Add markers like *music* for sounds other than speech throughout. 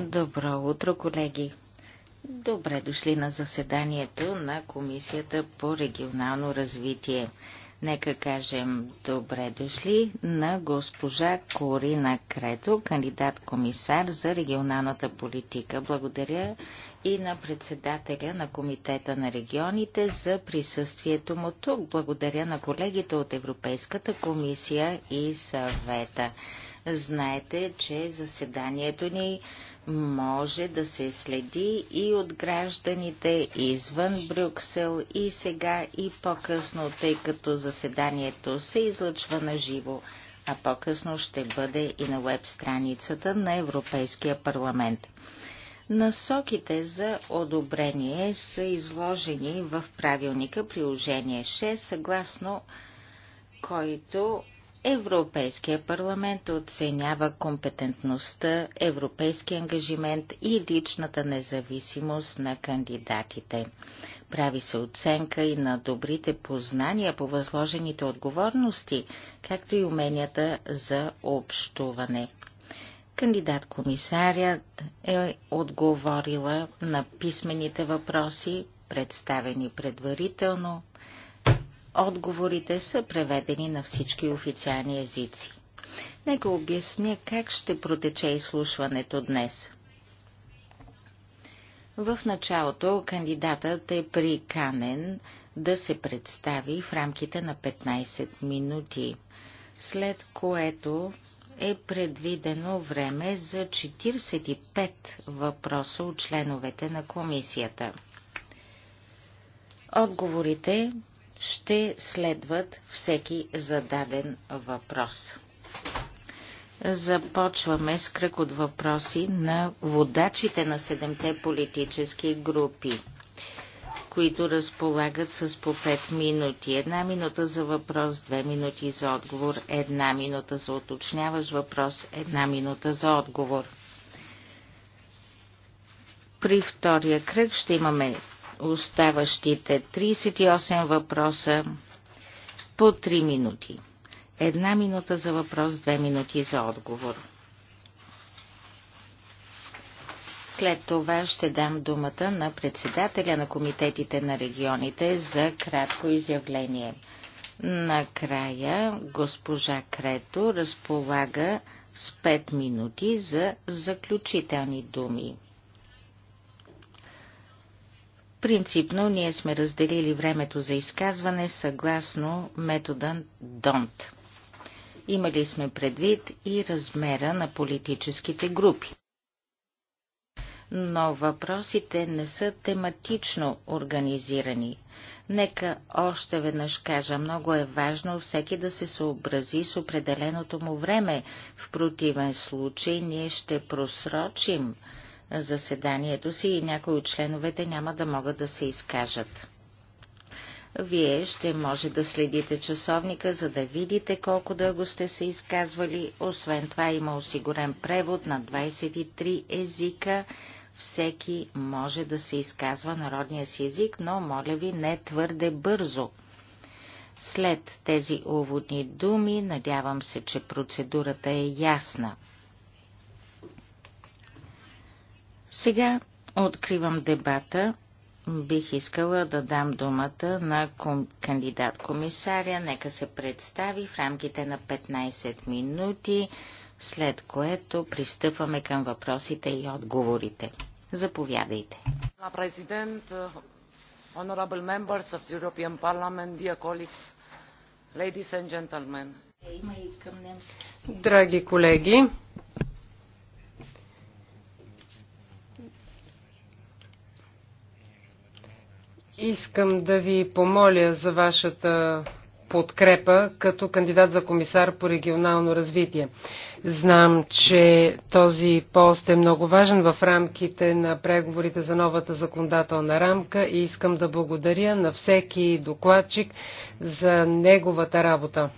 Добро утро, колеги! Добре дошли на заседанието на Комисията по регионално развитие. Нека кажем добре дошли на госпожа Корина Крето, кандидат-комисар за регионалната политика. Благодаря и на председателя на Комитета на регионите за присъствието му тук. Благодаря на колегите от Европейската комисия и съвета. Знаете, че заседанието ни може да се следи и от гражданите извън Брюксел и сега и по-късно, тъй като заседанието се излъчва на живо, а по-късно ще бъде и на веб страницата на Европейския парламент. Насоките за одобрение са изложени в правилника приложение 6, съгласно който Европейския парламент оценява компетентността, европейски ангажимент и личната независимост на кандидатите. Прави се оценка и на добрите познания по възложените отговорности, както и уменията за общуване. Кандидат-комисарят е отговорила на писмените въпроси, представени предварително. Отговорите са преведени на всички официални езици. Нека обясня как ще протече изслушването днес. В началото кандидатът е приканен да се представи в рамките на 15 минути, след което е предвидено време за 45 въпроса от членовете на комисията. Отговорите ще следват всеки зададен въпрос. Започваме с кръг от въпроси на водачите на седемте политически групи които разполагат с по 5 минути. Една минута за въпрос, две минути за отговор, една минута за уточняваш въпрос, една минута за отговор. При втория кръг ще имаме оставащите 38 въпроса по 3 минути. Една минута за въпрос, две минути за отговор. След това ще дам думата на председателя на комитетите на регионите за кратко изявление. Накрая госпожа Крето разполага с 5 минути за заключителни думи. Принципно ние сме разделили времето за изказване съгласно метода ДОНТ. Имали сме предвид и размера на политическите групи но въпросите не са тематично организирани. Нека още веднъж кажа, много е важно всеки да се съобрази с определеното му време. В противен случай ние ще просрочим заседанието си и някои от членовете няма да могат да се изкажат. Вие ще може да следите часовника, за да видите колко дълго сте се изказвали. Освен това има осигурен превод на 23 езика, всеки може да се изказва народния си език, но моля ви не твърде бързо. След тези уводни думи, надявам се, че процедурата е ясна. Сега откривам дебата. Бих искала да дам думата на кандидат-комисаря. Нека се представи в рамките на 15 минути след което пристъпваме към въпросите и отговорите. Заповядайте. Президент, honorable members of the European Parliament, dear colleagues, ladies and gentlemen. Драги колеги, искам да ви помоля за вашата подкрепа като кандидат за комисар по регионално развитие. Знам, че този пост е много важен в рамките на преговорите за новата законодателна рамка и искам да благодаря на всеки докладчик за неговата работа.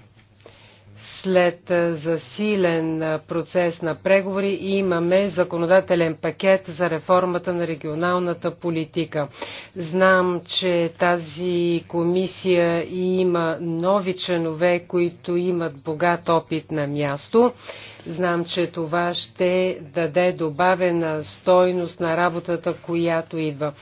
След засилен процес на преговори имаме законодателен пакет за реформата на регионалната политика. Знам, че тази комисия има нови членове, които имат богат опит на място. Знам, че това ще даде добавена стойност на работата, която идва.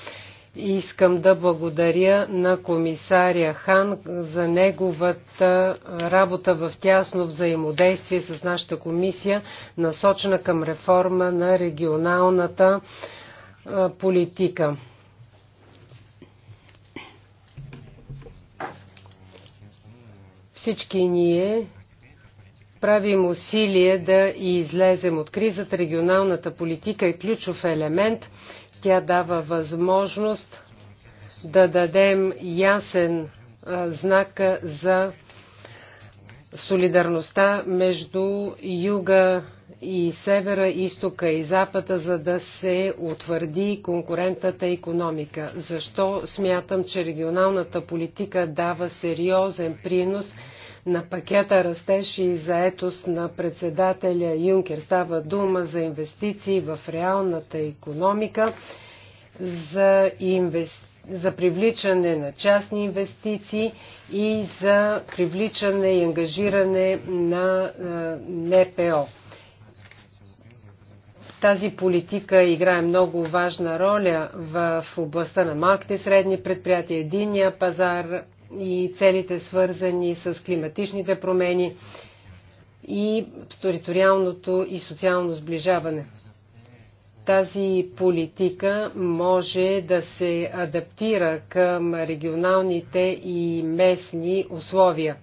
Искам да благодаря на комисаря Хан за неговата работа в тясно взаимодействие с нашата комисия, насочена към реформа на регионалната политика. Всички ние правим усилие да излезем от кризата. Регионалната политика е ключов елемент тя дава възможност да дадем ясен знак за солидарността между юга и севера, изтока и запада, за да се утвърди конкурентната економика. Защо смятам, че регионалната политика дава сериозен принос – на пакета растеж и заетост на председателя Юнкер. Става дума за инвестиции в реалната економика, за, инвести... за привличане на частни инвестиции и за привличане и ангажиране на е, НПО тази политика играе много важна роля в областта на малките и средни предприятия, единия пазар, и целите свързани с климатичните промени и териториалното и социално сближаване. Тази политика може да се адаптира към регионалните и местни условия.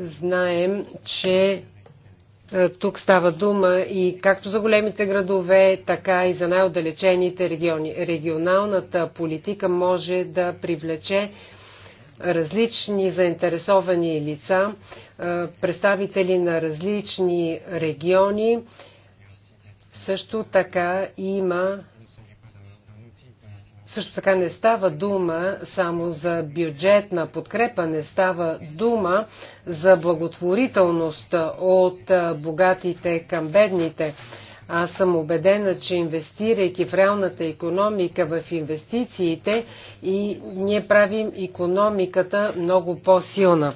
Знаем, че е, тук става дума и както за големите градове, така и за най-отдалечените региони. Регионалната политика може да привлече различни заинтересовани лица, представители на различни региони. Също така има също така не става дума само за бюджетна подкрепа, не става дума за благотворителност от богатите към бедните. Аз съм убедена, че инвестирайки в реалната економика, в инвестициите, и ние правим економиката много по-силна.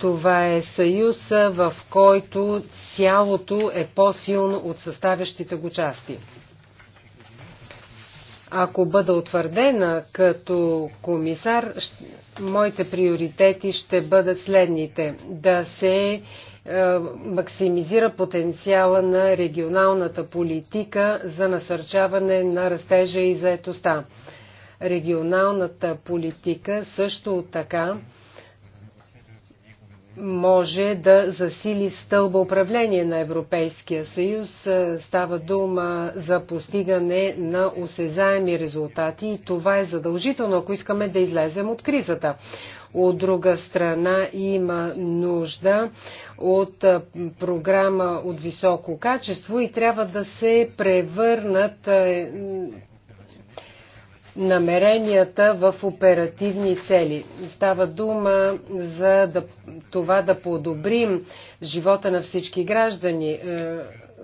Това е съюз, в който цялото е по-силно от съставящите го части. Ако бъда утвърдена като комисар, моите приоритети ще бъдат следните. Да се е, максимизира потенциала на регионалната политика за насърчаване на растежа и заетостта. Регионалната политика също така може да засили стълба управление на Европейския съюз. Е, става дума за постигане на осезаеми резултати и това е задължително, ако искаме да излезем от кризата. От друга страна има нужда от програма от високо качество и трябва да се превърнат е, намеренията в оперативни цели. Става дума за да, това да подобрим живота на всички граждани, е,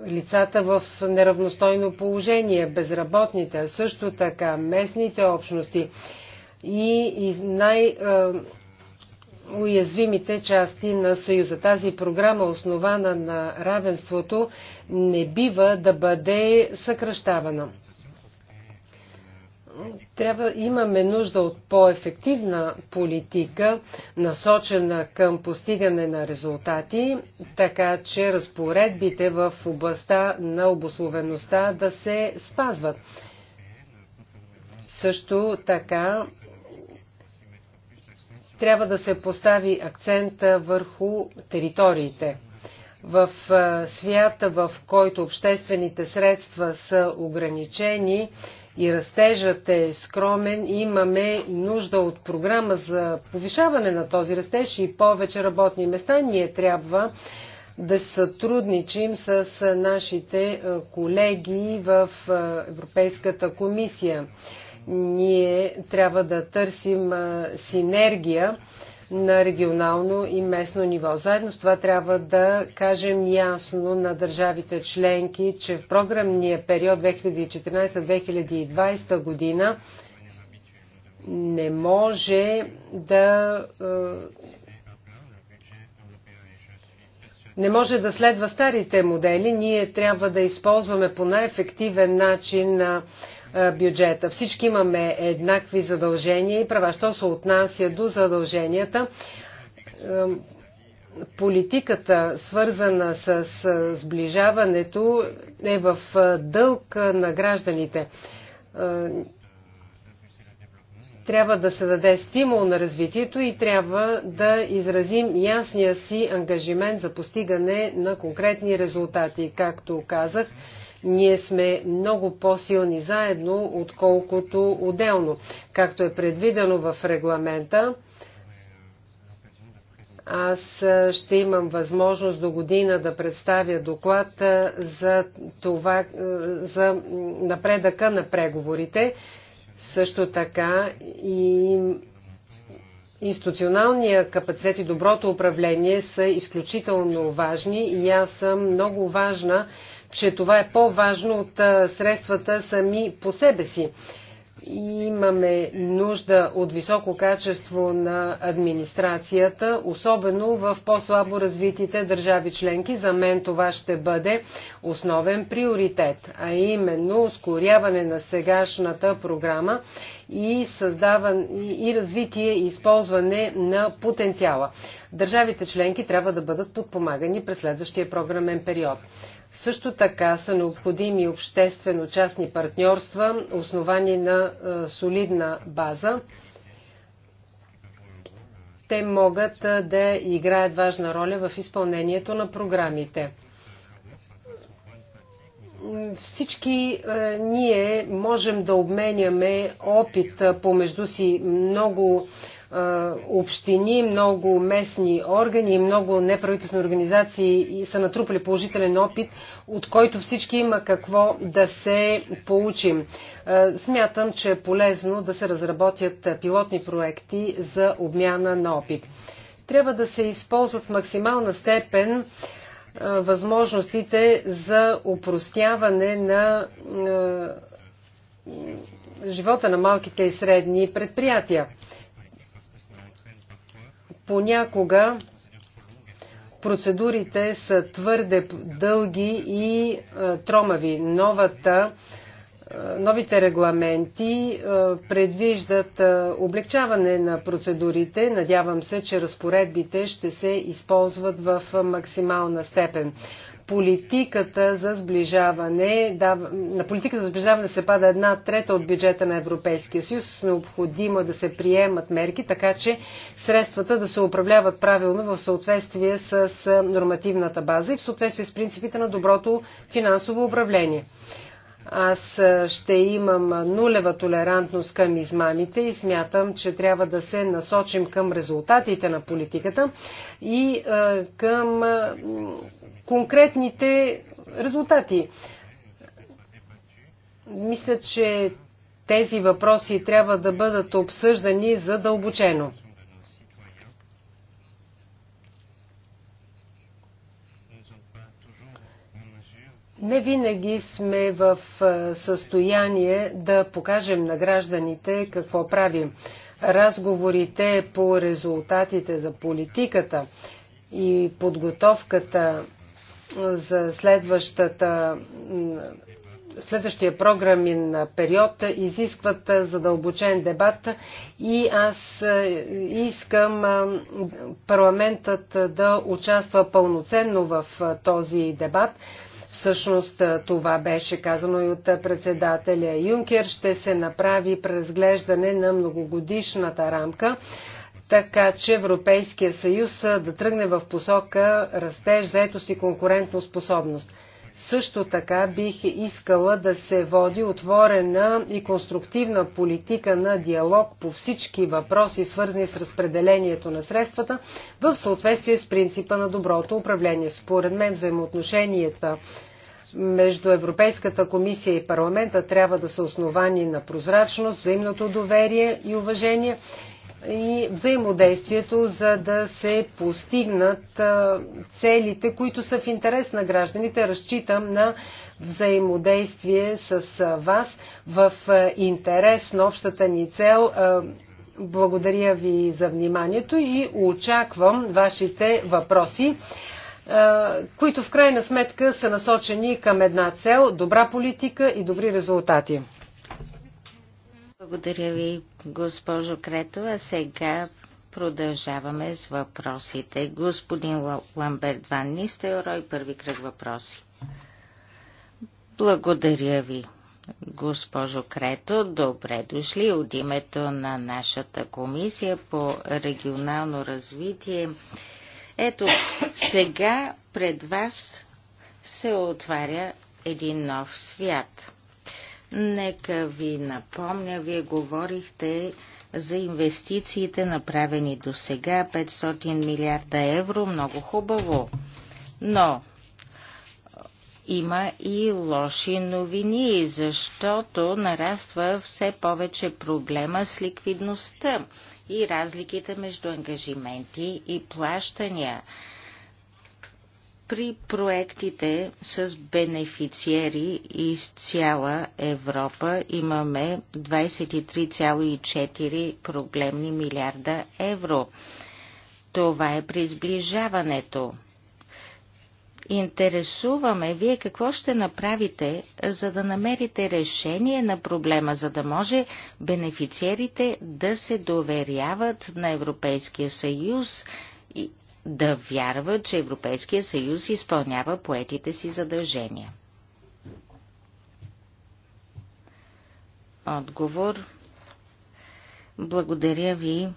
лицата в неравностойно положение, безработните, също така местните общности и най- уязвимите части на Съюза. Тази програма, основана на равенството, не бива да бъде съкръщавана. Трябва, имаме нужда от по-ефективна политика, насочена към постигане на резултати, така че разпоредбите в областта на обословеността да се спазват. Също така трябва да се постави акцент върху териториите. В свята, в който обществените средства са ограничени и растежът е скромен, имаме нужда от програма за повишаване на този растеж и повече работни места. Ние трябва да сътрудничим с нашите колеги в Европейската комисия ние трябва да търсим синергия на регионално и местно ниво. Заедно с това трябва да кажем ясно на държавите членки, че в програмния период 2014-2020 година не може да не може да следва старите модели. Ние трябва да използваме по най-ефективен начин на бюджета. Всички имаме еднакви задължения и права. Що се отнася до задълженията, политиката, свързана с сближаването, е в дълг на гражданите. Трябва да се даде стимул на развитието и трябва да изразим ясния си ангажимент за постигане на конкретни резултати. Както казах, ние сме много по-силни заедно, отколкото отделно, както е предвидено в регламента аз ще имам възможност до година да представя доклад за, това, за напредъка на преговорите. Също така и институционалния капацитет и доброто управление са изключително важни и аз съм много важна че това е по-важно от средствата сами по себе си. Имаме нужда от високо качество на администрацията, особено в по-слабо развитите държави членки. За мен това ще бъде основен приоритет, а именно ускоряване на сегашната програма и, създаван, и развитие и използване на потенциала. Държавите членки трябва да бъдат подпомагани през следващия програмен период. Също така са необходими обществено-частни партньорства, основани на е, солидна база. Те могат е, да играят важна роля в изпълнението на програмите. Всички е, ние можем да обменяме опит помежду си много общини, много местни органи и много неправителствени организации са натрупали положителен опит, от който всички има какво да се получим. Смятам, че е полезно да се разработят пилотни проекти за обмяна на опит. Трябва да се използват в максимална степен възможностите за упростяване на живота на малките и средни предприятия. Понякога процедурите са твърде дълги и тромави. Новата, новите регламенти предвиждат облегчаване на процедурите. Надявам се, че разпоредбите ще се използват в максимална степен политиката за сближаване, да, на политиката за сближаване се пада една трета от бюджета на Европейския съюз. Необходимо е да се приемат мерки, така че средствата да се управляват правилно в съответствие с нормативната база и в съответствие с принципите на доброто финансово управление. Аз ще имам нулева толерантност към измамите и смятам, че трябва да се насочим към резултатите на политиката и към конкретните резултати. Мисля, че тези въпроси трябва да бъдат обсъждани задълбочено. не винаги сме в състояние да покажем на гражданите какво правим. Разговорите по резултатите за политиката и подготовката за следващата, следващия програмен период изискват задълбочен дебат и аз искам парламентът да участва пълноценно в този дебат Всъщност това беше казано и от председателя Юнкер. Ще се направи преразглеждане на многогодишната рамка, така че Европейския съюз да тръгне в посока растеж, заетост и конкурентоспособност. способност. Също така бих искала да се води отворена и конструктивна политика на диалог по всички въпроси, свързани с разпределението на средствата, в съответствие с принципа на доброто управление. Според мен взаимоотношенията между Европейската комисия и парламента трябва да са основани на прозрачност, взаимното доверие и уважение и взаимодействието, за да се постигнат целите, които са в интерес на гражданите. Разчитам на взаимодействие с вас в интерес на общата ни цел. Благодаря ви за вниманието и очаквам вашите въпроси които в крайна сметка са насочени към една цел – добра политика и добри резултати. Благодаря ви, госпожо Крето. А сега продължаваме с въпросите. Господин Ламберт Ван Нистелрой, първи кръг въпроси. Благодаря ви, госпожо Крето. Добре дошли от името на нашата комисия по регионално развитие. Ето, сега пред вас се отваря един нов свят. Нека ви напомня, вие говорихте за инвестициите, направени до сега 500 милиарда евро. Много хубаво. Но има и лоши новини, защото нараства все повече проблема с ликвидността и разликите между ангажименти и плащания при проектите с бенефициери из цяла Европа имаме 23,4 проблемни милиарда евро. Това е при сближаването. Интересуваме вие какво ще направите, за да намерите решение на проблема, за да може бенефициерите да се доверяват на Европейския съюз и, да вярва, че Европейския съюз изпълнява поетите си задължения. Отговор. Благодаря ви.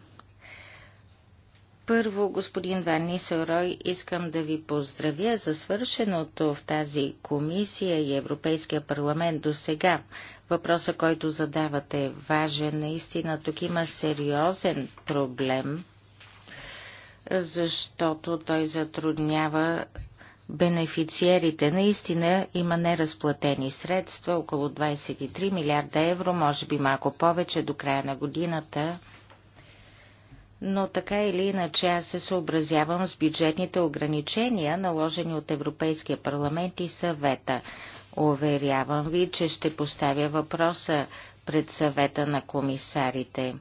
Първо, господин Ван Нисълрой, искам да ви поздравя за свършеното в тази комисия и Европейския парламент до сега. Въпросът, който задавате е важен. Наистина, тук има сериозен проблем – защото той затруднява бенефициерите. Наистина има неразплатени средства, около 23 милиарда евро, може би малко повече до края на годината. Но така или иначе аз се съобразявам с бюджетните ограничения, наложени от Европейския парламент и съвета. Уверявам ви, че ще поставя въпроса пред съвета на комисарите.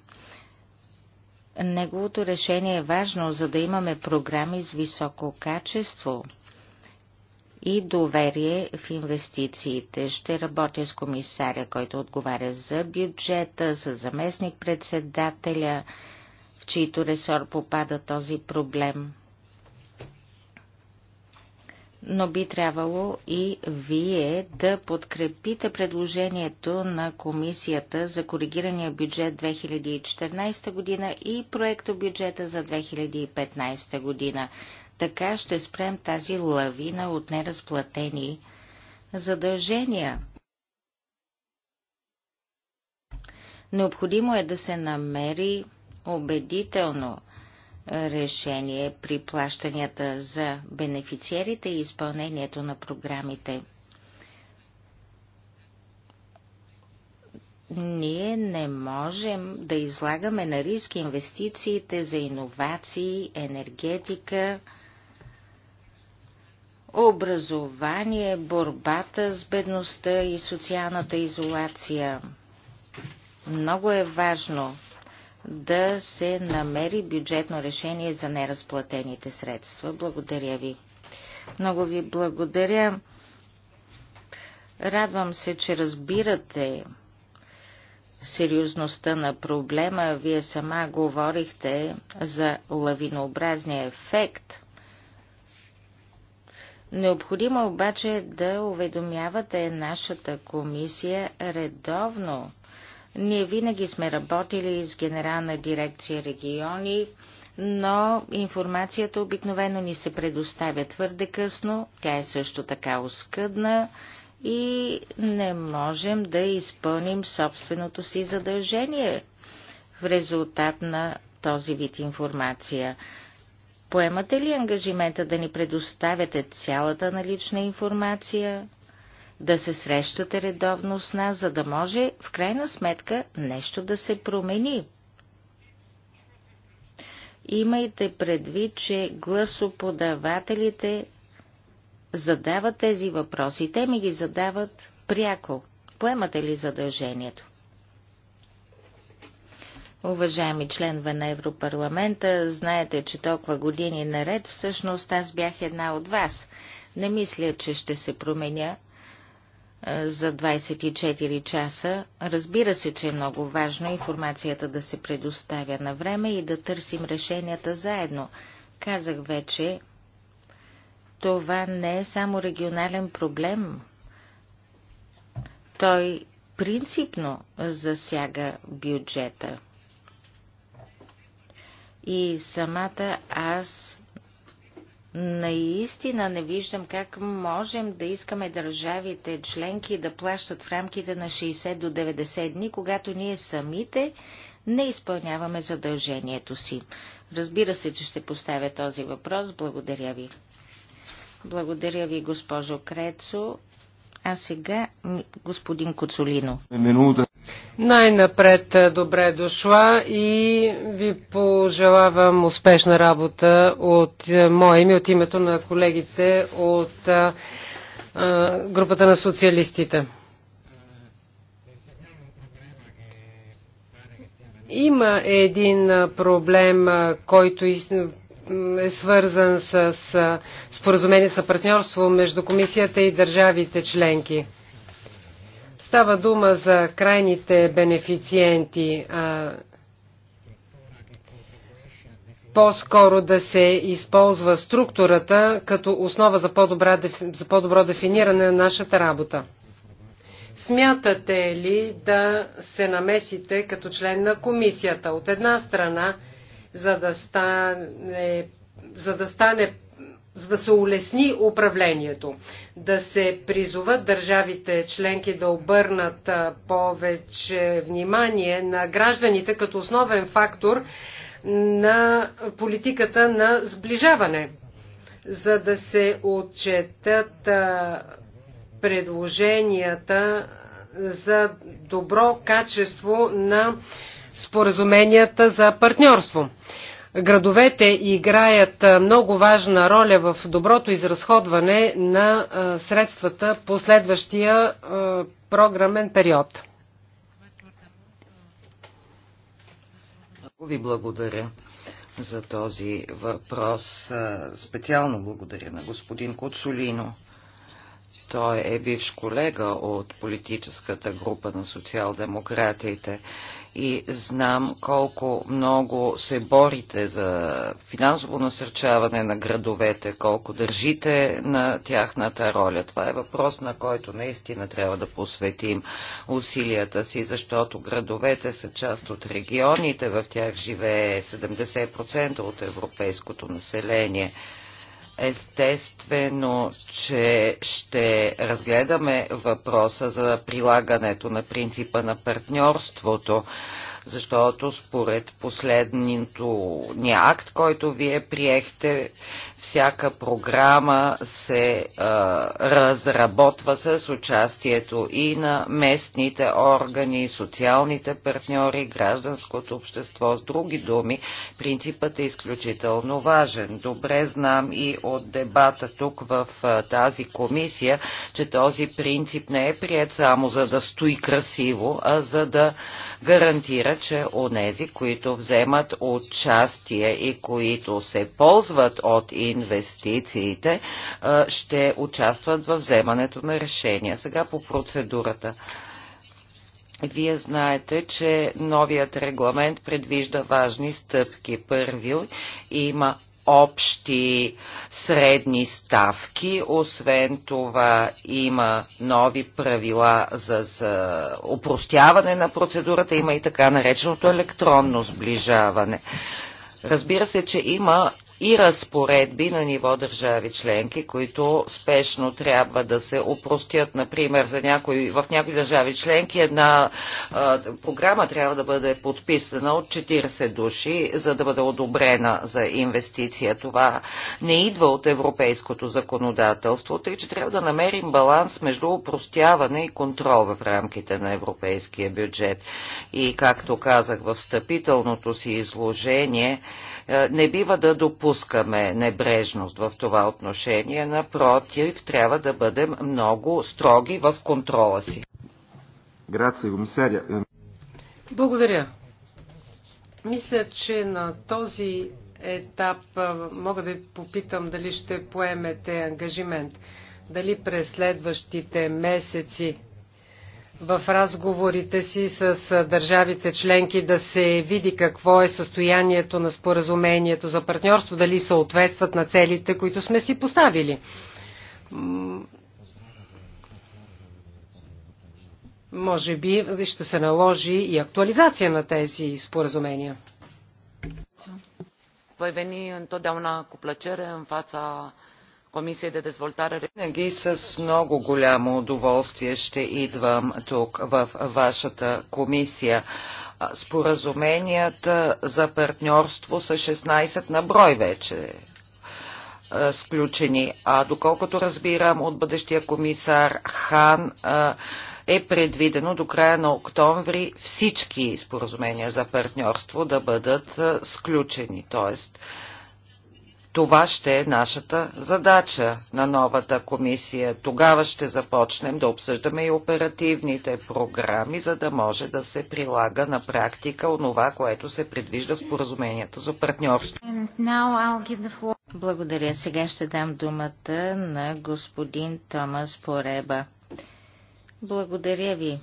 Неговото решение е важно, за да имаме програми с високо качество и доверие в инвестициите. Ще работя с комисаря, който отговаря за бюджета, за заместник-председателя, в чийто ресор попада този проблем но би трябвало и вие да подкрепите предложението на Комисията за коригирания бюджет 2014 година и проекто бюджета за 2015 година. Така ще спрем тази лавина от неразплатени задължения. Необходимо е да се намери убедително решение при плащанията за бенефициерите и изпълнението на програмите. Ние не можем да излагаме на риск инвестициите за иновации, енергетика, образование, борбата с бедността и социалната изолация. Много е важно да се намери бюджетно решение за неразплатените средства. Благодаря ви. Много ви благодаря. Радвам се, че разбирате сериозността на проблема. Вие сама говорихте за лавинообразния ефект. Необходимо обаче да уведомявате нашата комисия редовно – ние винаги сме работили с Генерална дирекция региони, но информацията обикновено ни се предоставя твърде късно, тя е също така оскъдна и не можем да изпълним собственото си задължение в резултат на този вид информация. Поемате ли ангажимента да ни предоставяте цялата налична информация? да се срещате редовно с нас, за да може в крайна сметка нещо да се промени. Имайте предвид, че гласоподавателите задават тези въпроси. Те ми ги задават пряко. Поемате ли задължението? Уважаеми членове на Европарламента, знаете, че толкова години наред всъщност аз бях една от вас. Не мисля, че ще се променя за 24 часа. Разбира се, че е много важно информацията да се предоставя на време и да търсим решенията заедно. Казах вече, това не е само регионален проблем. Той принципно засяга бюджета. И самата аз Наистина не виждам как можем да искаме държавите членки да плащат в рамките на 60 до 90 дни, когато ние самите не изпълняваме задължението си. Разбира се, че ще поставя този въпрос. Благодаря ви. Благодаря ви, госпожо Крецо. А сега господин Коцолино. Минута. Най-напред е, добре дошла и ви пожелавам успешна работа от е, мое име, от името на колегите от а, е, групата на социалистите. Има един проблем, който е свързан с споразумение за партньорство между комисията и държавите членки. Става дума за крайните бенефициенти, по-скоро да се използва структурата като основа за, по добро за по-добро дефиниране на нашата работа. Смятате ли да се намесите като член на комисията? От една страна, за да стане, за да стане за да се улесни управлението, да се призоват държавите членки да обърнат повече внимание на гражданите като основен фактор на политиката на сближаване, за да се отчетат предложенията за добро качество на споразуменията за партньорство. Градовете играят много важна роля в доброто изразходване на средствата по следващия програмен период. Много ви благодаря за този въпрос. Специално благодаря на господин Куцулино. Той е бивш колега от политическата група на социал-демократите и знам колко много се борите за финансово насърчаване на градовете, колко държите на тяхната роля. Това е въпрос, на който наистина трябва да посветим усилията си, защото градовете са част от регионите, в тях живее 70% от европейското население. Естествено, че ще разгледаме въпроса за прилагането на принципа на партньорството защото според последното ни акт, който вие приехте, всяка програма се а, разработва с участието и на местните органи, социалните партньори, гражданското общество. С други думи, принципът е изключително важен. Добре знам и от дебата тук в а, тази комисия, че този принцип не е прият само за да стои красиво, а за да гарантира, че онези, които вземат участие и които се ползват от инвестициите, ще участват в вземането на решения. Сега по процедурата. Вие знаете, че новият регламент предвижда важни стъпки. Първи има общи средни ставки. Освен това има нови правила за, за упростяване на процедурата. Има и така нареченото електронно сближаване. Разбира се, че има и разпоредби на ниво държави членки, които спешно трябва да се упростят. Например, за някой, в някои държави членки една а, програма трябва да бъде подписана от 40 души, за да бъде одобрена за инвестиция. Това не идва от европейското законодателство, тъй че трябва да намерим баланс между упростяване и контрол в рамките на европейския бюджет. И както казах в встъпителното си изложение, е, не бива да допускаме небрежност в това отношение. Напротив, трябва да бъдем много строги в контрола си. Благодаря. Мисля, че на този етап е, мога да ви попитам дали ще поемете ангажимент. Дали през следващите месеци в разговорите си с държавите членки да се види какво е състоянието на споразумението за партньорство, дали съответстват на целите, които сме си поставили. Може би ще се наложи и актуализация на тези споразумения. Voi veni întotdeauna cu plăcere în fața Комисия за дezvoltare. Винаги с много голямо удоволствие ще идвам тук в вашата комисия. Споразуменията за партньорство са 16 на брой вече е, сключени. А доколкото разбирам от бъдещия комисар Хан, е предвидено до края на октомври всички споразумения за партньорство да бъдат сключени. Тоест, това ще е нашата задача на новата комисия. Тогава ще започнем да обсъждаме и оперативните програми, за да може да се прилага на практика онова, което се предвижда в споразуменията за партньорство. Благодаря. Сега ще дам думата на господин Томас Пореба. Благодаря ви.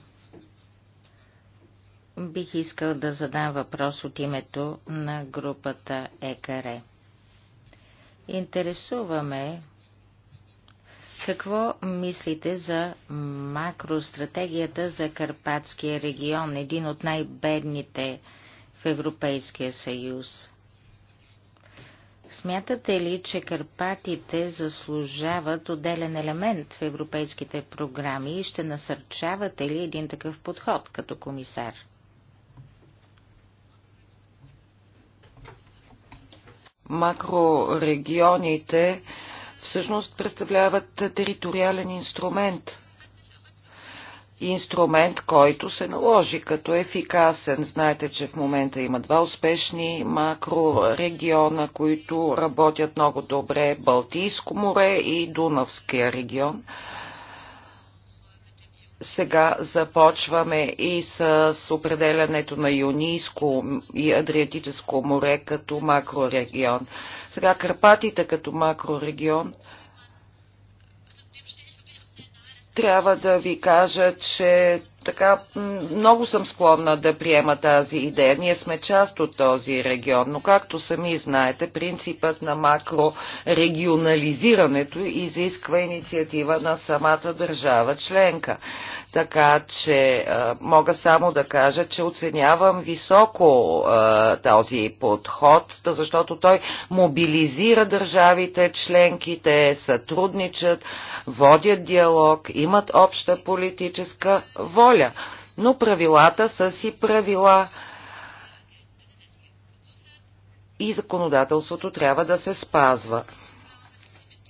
Бих искал да задам въпрос от името на групата ЕКАРЕ интересуваме какво мислите за макростратегията за Карпатския регион, един от най-бедните в Европейския съюз? Смятате ли, че Карпатите заслужават отделен елемент в европейските програми и ще насърчавате ли един такъв подход като комисар? макрорегионите всъщност представляват териториален инструмент. Инструмент, който се наложи като ефикасен. Знаете, че в момента има два успешни макрорегиона, които работят много добре. Балтийско море и Дунавския регион. Сега започваме и с определянето на Юнийско и Адриатическо море като макрорегион. Сега Карпатите като макрорегион трябва да ви кажа, че така много съм склонна да приема тази идея. Ние сме част от този регион, но както сами знаете, принципът на макрорегионализирането изисква инициатива на самата държава членка. Така че а, мога само да кажа, че оценявам високо а, този подход, защото той мобилизира държавите, членките, сътрудничат, водят диалог, имат обща политическа воля воля, но правилата са си правила и законодателството трябва да се спазва.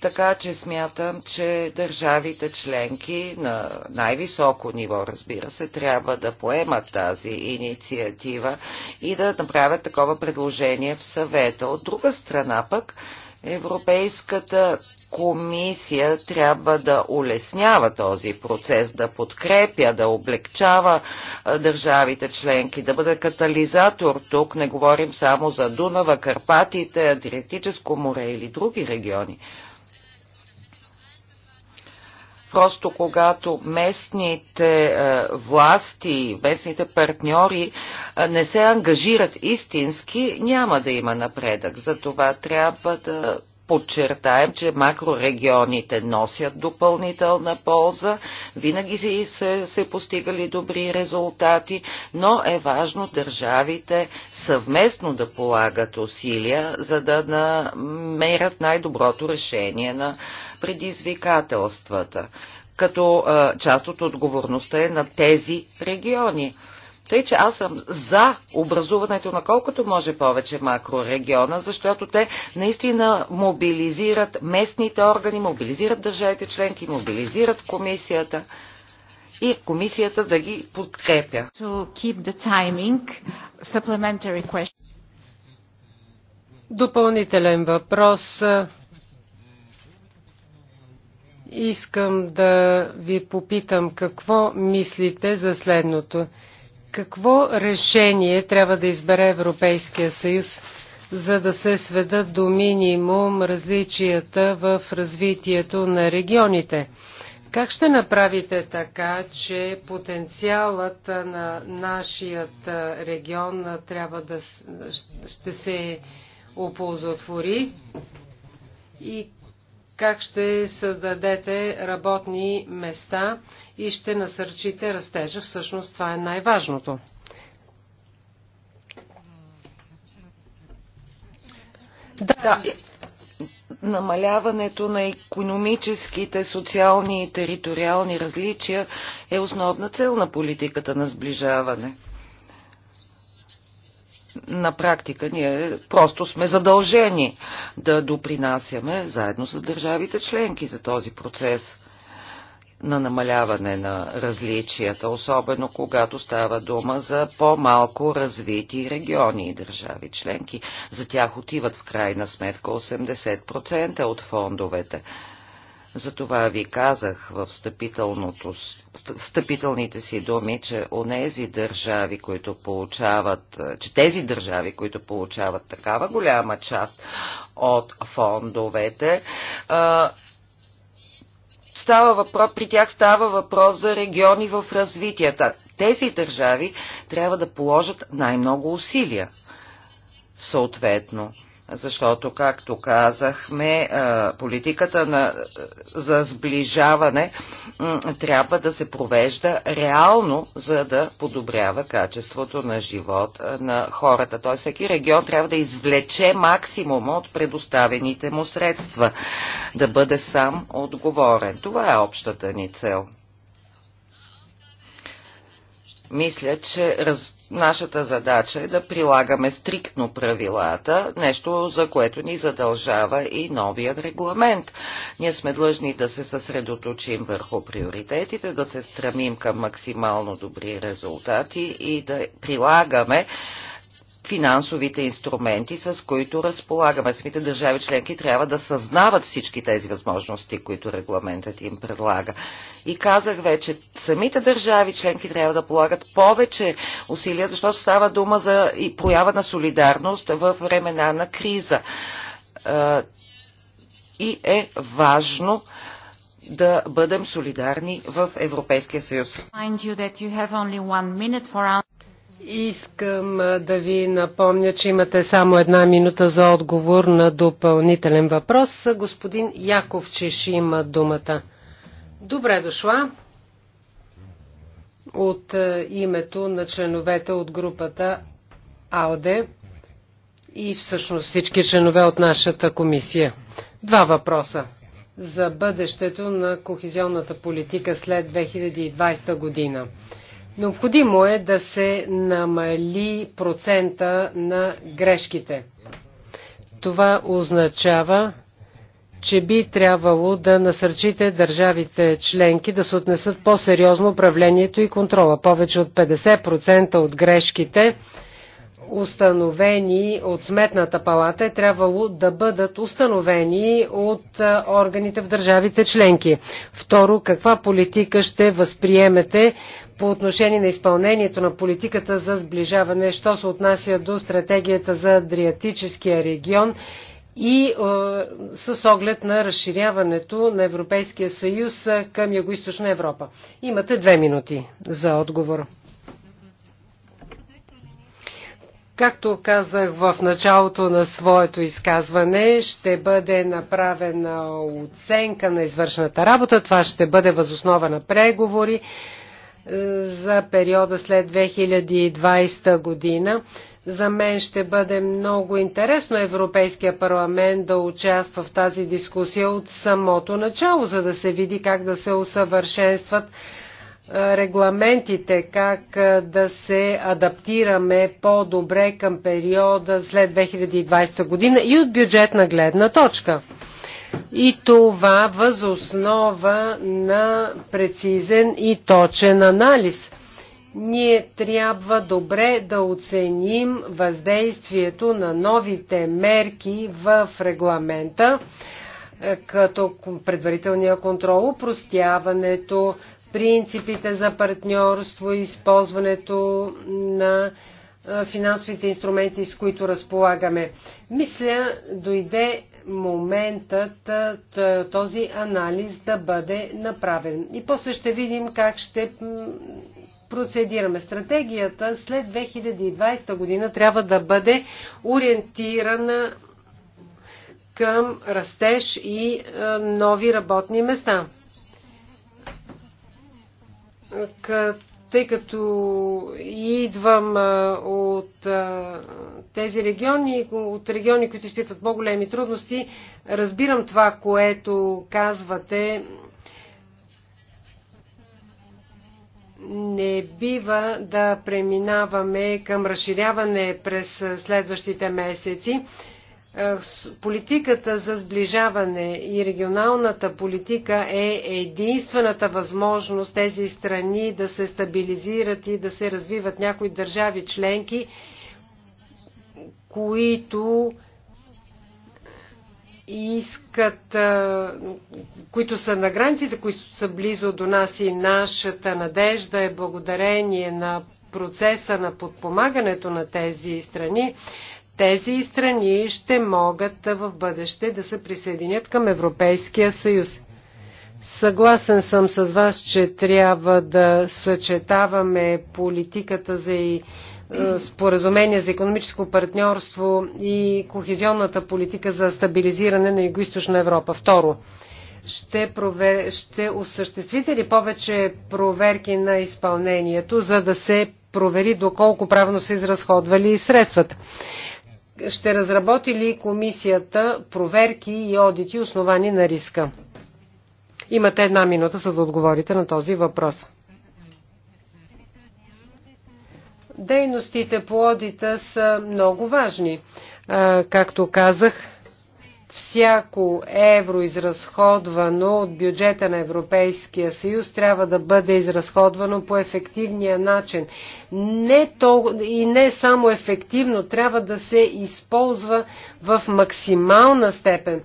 Така че смятам, че държавите членки на най-високо ниво, разбира се, трябва да поемат тази инициатива и да направят такова предложение в съвета. От друга страна пък, Европейската комисия трябва да улеснява този процес, да подкрепя, да облегчава държавите членки, да бъде катализатор тук. Не говорим само за Дунава, Карпатите, Адриатическо море или други региони. Просто когато местните е, власти, местните партньори е, не се ангажират истински, няма да има напредък. Затова трябва да подчертаем, че макрорегионите носят допълнителна полза, винаги са се постигали добри резултати, но е важно държавите съвместно да полагат усилия, за да намерят най-доброто решение на предизвикателствата, като а, част от отговорността е на тези региони. Тъй, че аз съм за образуването на колкото може повече макрорегиона, защото те наистина мобилизират местните органи, мобилизират държавите членки, мобилизират комисията и комисията да ги подкрепя. Timing, Допълнителен въпрос Искам да ви попитам какво мислите за следното. Какво решение трябва да избере Европейския съюз, за да се сведат до минимум различията в развитието на регионите? Как ще направите така, че потенциалът на нашият регион трябва да ще се оползотвори? И как ще създадете работни места и ще насърчите растежа. Всъщност това е най-важното. Да, намаляването на економическите, социални и териториални различия е основна цел на политиката на сближаване на практика ние просто сме задължени да допринасяме заедно с държавите членки за този процес на намаляване на различията, особено когато става дума за по-малко развити региони и държави членки. За тях отиват в крайна сметка 80% от фондовете. Затова ви казах в встъпителните си думи, че онези държави, които получават, е, че тези държави, които получават такава голяма част от фондовете, е, става въпрос, при тях става въпрос за региони в развитията. Тези държави трябва да положат най-много усилия. Съответно, защото, както казахме, е, политиката на, за сближаване трябва да се провежда реално, за да подобрява качеството на живот е, на хората. Тоест, всеки регион трябва да извлече максимума от предоставените му средства, да бъде сам отговорен. Това е общата ни цел. Мисля, че раз, Нашата задача е да прилагаме стриктно правилата, нещо за което ни задължава и новият регламент. Ние сме длъжни да се съсредоточим върху приоритетите, да се стремим към максимално добри резултати и да прилагаме финансовите инструменти, с които разполагаме. Самите държави членки трябва да съзнават всички тези възможности, които регламентът им предлага. И казах вече, самите държави членки трябва да полагат повече усилия, защото става дума за и проява на солидарност в времена на криза. И е важно да бъдем солидарни в Европейския съюз. Искам да ви напомня, че имате само една минута за отговор на допълнителен въпрос. Господин Яков Чеши има думата. Добре дошла от името на членовете от групата АОДЕ и всъщност всички членове от нашата комисия. Два въпроса за бъдещето на кохезионната политика след 2020 година. Необходимо е да се намали процента на грешките. Това означава, че би трябвало да насърчите държавите членки да се отнесат по-сериозно управлението и контрола. Повече от 50% от грешките, установени от Сметната палата, е трябвало да бъдат установени от органите в държавите членки. Второ, каква политика ще възприемете по отношение на изпълнението на политиката за сближаване, що се отнася до стратегията за Адриатическия регион и е, с оглед на разширяването на Европейския съюз е, към Юго-Источна Европа. Имате две минути за отговор. Както казах в началото на своето изказване, ще бъде направена оценка на извършната работа. Това ще бъде възоснова на преговори за периода след 2020 година. За мен ще бъде много интересно Европейския парламент да участва в тази дискусия от самото начало, за да се види как да се усъвършенстват регламентите, как да се адаптираме по-добре към периода след 2020 година и от бюджетна гледна точка и това възоснова на прецизен и точен анализ. Ние трябва добре да оценим въздействието на новите мерки в регламента, е, като предварителния контрол, упростяването, принципите за партньорство, използването на е, финансовите инструменти, с които разполагаме. Мисля, дойде моментът този анализ да бъде направен. И после ще видим как ще процедираме. Стратегията след 2020 година трябва да бъде ориентирана към растеж и нови работни места. Като тъй като идвам от тези региони, от региони, които изпитват по-големи трудности, разбирам това, което казвате. Не бива да преминаваме към разширяване през следващите месеци е, политиката за сближаване и регионалната политика е единствената възможност тези страни да се стабилизират и да се развиват някои държави членки, които искат, е, които са на границите, които са близо до нас и нашата надежда е благодарение на процеса на подпомагането на тези страни тези страни ще могат в бъдеще да се присъединят към Европейския съюз. Съгласен съм с вас, че трябва да съчетаваме политиката за и е, споразумение за економическо партньорство и кохезионната политика за стабилизиране на Юго-Источна Европа. Второ, ще, провер... ще осъществите ли повече проверки на изпълнението, за да се провери доколко правно са изразходвали средствата? ще разработи ли комисията проверки и одити основани на риска? Имате една минута, за да отговорите на този въпрос. Дейностите по одита са много важни. Както казах, всяко евро изразходвано от бюджета на Европейския съюз трябва да бъде изразходвано по ефективния начин. Не то, и не само ефективно, трябва да се използва в максимална степен.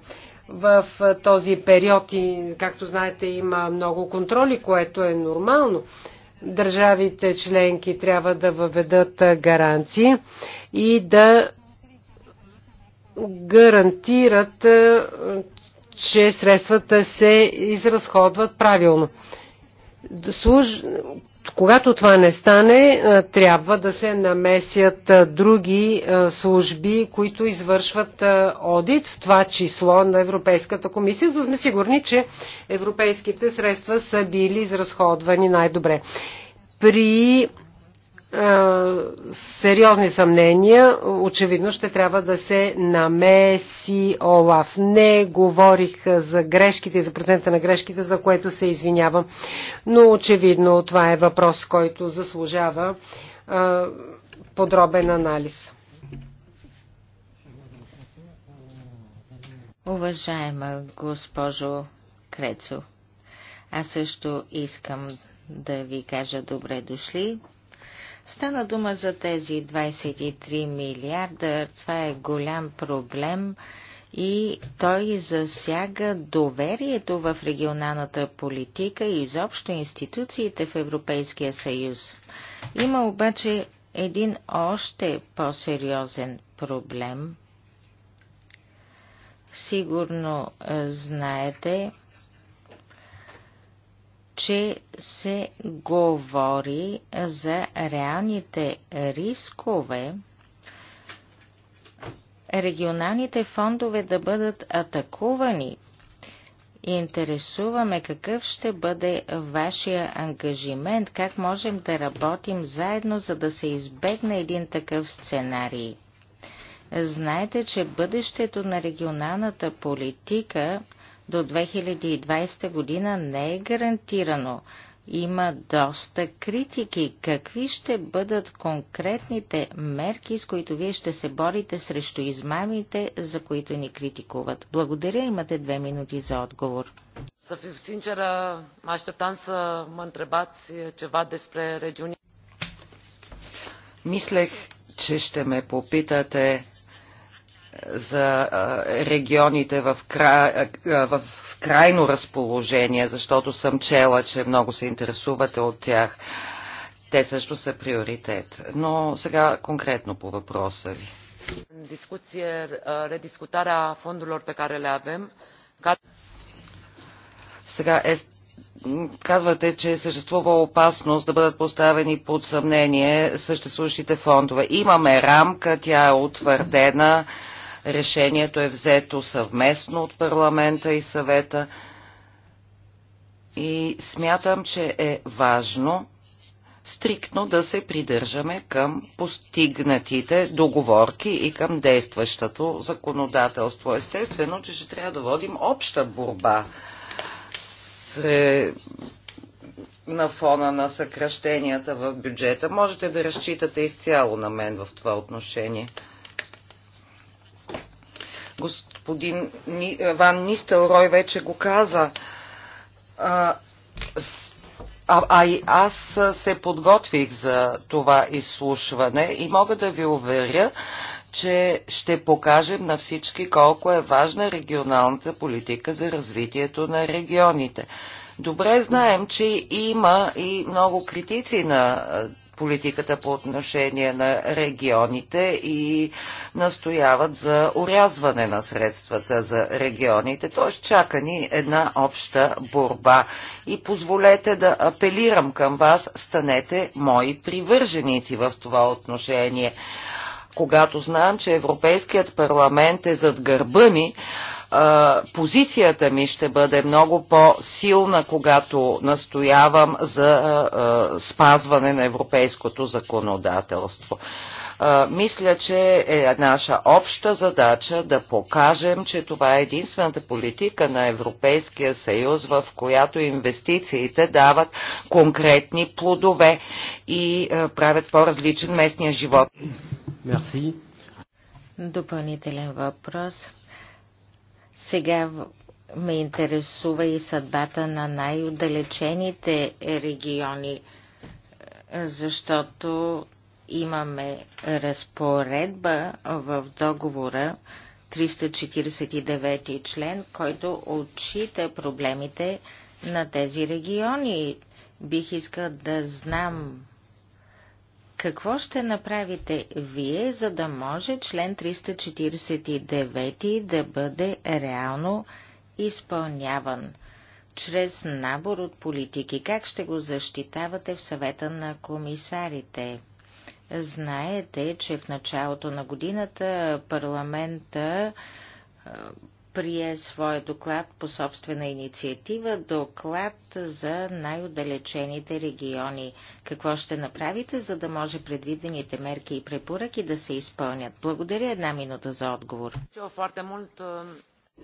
В този период, и, както знаете, има много контроли, което е нормално държавите членки трябва да въведат гаранции и да гарантират, е, че средствата се изразходват правилно. Служ... Когато това не стане, е, трябва да се намесят е, други служби, които извършват одит, в това число на Европейската комисия, за да сме сигурни, че европейските средства са били изразходвани най-добре. При е, сериозни съмнения, очевидно ще трябва да се намеси Олаф. Не говорих за грешките и за процента на грешките, за което се извинявам, но очевидно това е въпрос, който заслужава е, подробен анализ. Уважаема госпожо Крецо, аз също искам да ви кажа добре дошли. Стана дума за тези 23 милиарда. Това е голям проблем и той засяга доверието в регионалната политика и изобщо институциите в Европейския съюз. Има обаче един още по-сериозен проблем. Сигурно знаете, че се говори за реалните рискове регионалните фондове да бъдат атакувани. Интересуваме какъв ще бъде вашия ангажимент, как можем да работим заедно, за да се избегне един такъв сценарий. Знаете, че бъдещето на регионалната политика до 2020 година не е гарантирано. Има доста критики. Какви ще бъдат конкретните мерки, с които вие ще се борите срещу измамите, за които ни критикуват? Благодаря, имате две минути за отговор. Să fiu sinceră, mă așteptam să ceva despre regiunea. Мислех, че ще ме попитате за регионите в, кра... в крайно разположение, защото съм чела, че много се интересувате от тях. Те също са приоритет. Но сега конкретно по въпроса ви. Сега е казвате, че съществува опасност да бъдат поставени под съмнение съществуващите фондове. Имаме рамка, тя е утвърдена Решението е взето съвместно от парламента и съвета и смятам, че е важно стриктно да се придържаме към постигнатите договорки и към действащото законодателство. Естествено, че ще трябва да водим обща борба с, на фона на съкръщенията в бюджета. Можете да разчитате изцяло на мен в това отношение. Господин Ван Нистелрой вече го каза. А, а и аз се подготвих за това изслушване и мога да ви уверя, че ще покажем на всички колко е важна регионалната политика за развитието на регионите. Добре знаем, че има и много критици на политиката по отношение на регионите и настояват за урязване на средствата за регионите. Т.е. чака ни една обща борба. И позволете да апелирам към вас, станете мои привърженици в това отношение. Когато знам, че Европейският парламент е зад гърба ми, позицията ми ще бъде много по-силна, когато настоявам за спазване на европейското законодателство. Мисля, че е наша обща задача да покажем, че това е единствената политика на Европейския съюз, в която инвестициите дават конкретни плодове и правят по-различен местния живот. Мерси. Допълнителен въпрос. Сега ме интересува и съдбата на най-отдалечените региони, е, защото имаме разпоредба в договора 349 член, който отчита проблемите на тези региони. Бих искал да знам какво ще направите вие, за да може член 349 да бъде реално изпълняван? Чрез набор от политики, как ще го защитавате в съвета на комисарите? Знаете, че в началото на годината парламента прие своя доклад по собствена инициатива, доклад за най-отдалечените региони. Какво ще направите, за да може предвидените мерки и препоръки да се изпълнят? Благодаря една минута за отговор.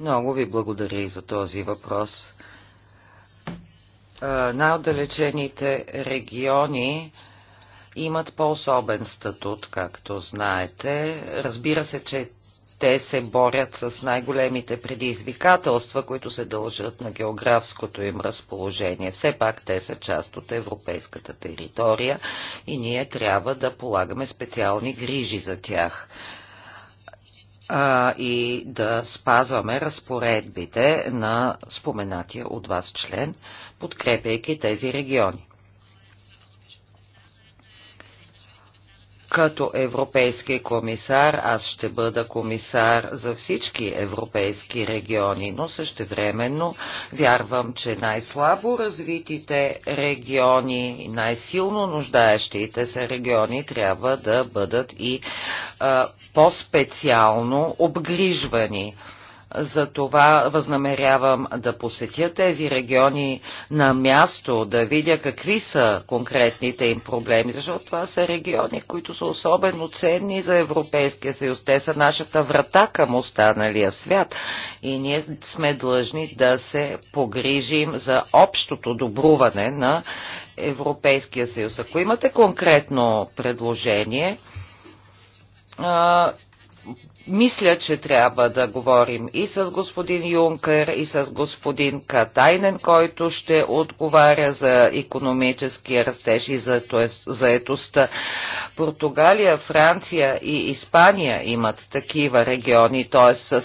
Много ви благодаря и за този въпрос. Най-отдалечените региони имат по-особен статут, както знаете. Разбира се, че те се борят с най-големите предизвикателства, които се дължат на географското им разположение. Все пак те са част от европейската територия и ние трябва да полагаме специални грижи за тях а, и да спазваме разпоредбите на споменатия от вас член, подкрепяйки тези региони. Като европейски комисар аз ще бъда комисар за всички европейски региони, но същевременно вярвам, че най-слабо развитите региони, най-силно нуждаещите се региони трябва да бъдат и по-специално обгрижвани за това възнамерявам да посетя тези региони на място, да видя какви са конкретните им проблеми, защото това са региони, които са особено ценни за Европейския съюз. Те са нашата врата към останалия свят и ние сме длъжни да се погрижим за общото добруване на Европейския съюз. Ако имате конкретно предложение, мисля, че трябва да говорим и с господин Юнкер, и с господин Катайнен, който ще отговаря за економическия растеж и за заетостта. Португалия, Франция и Испания имат такива региони, т.е. с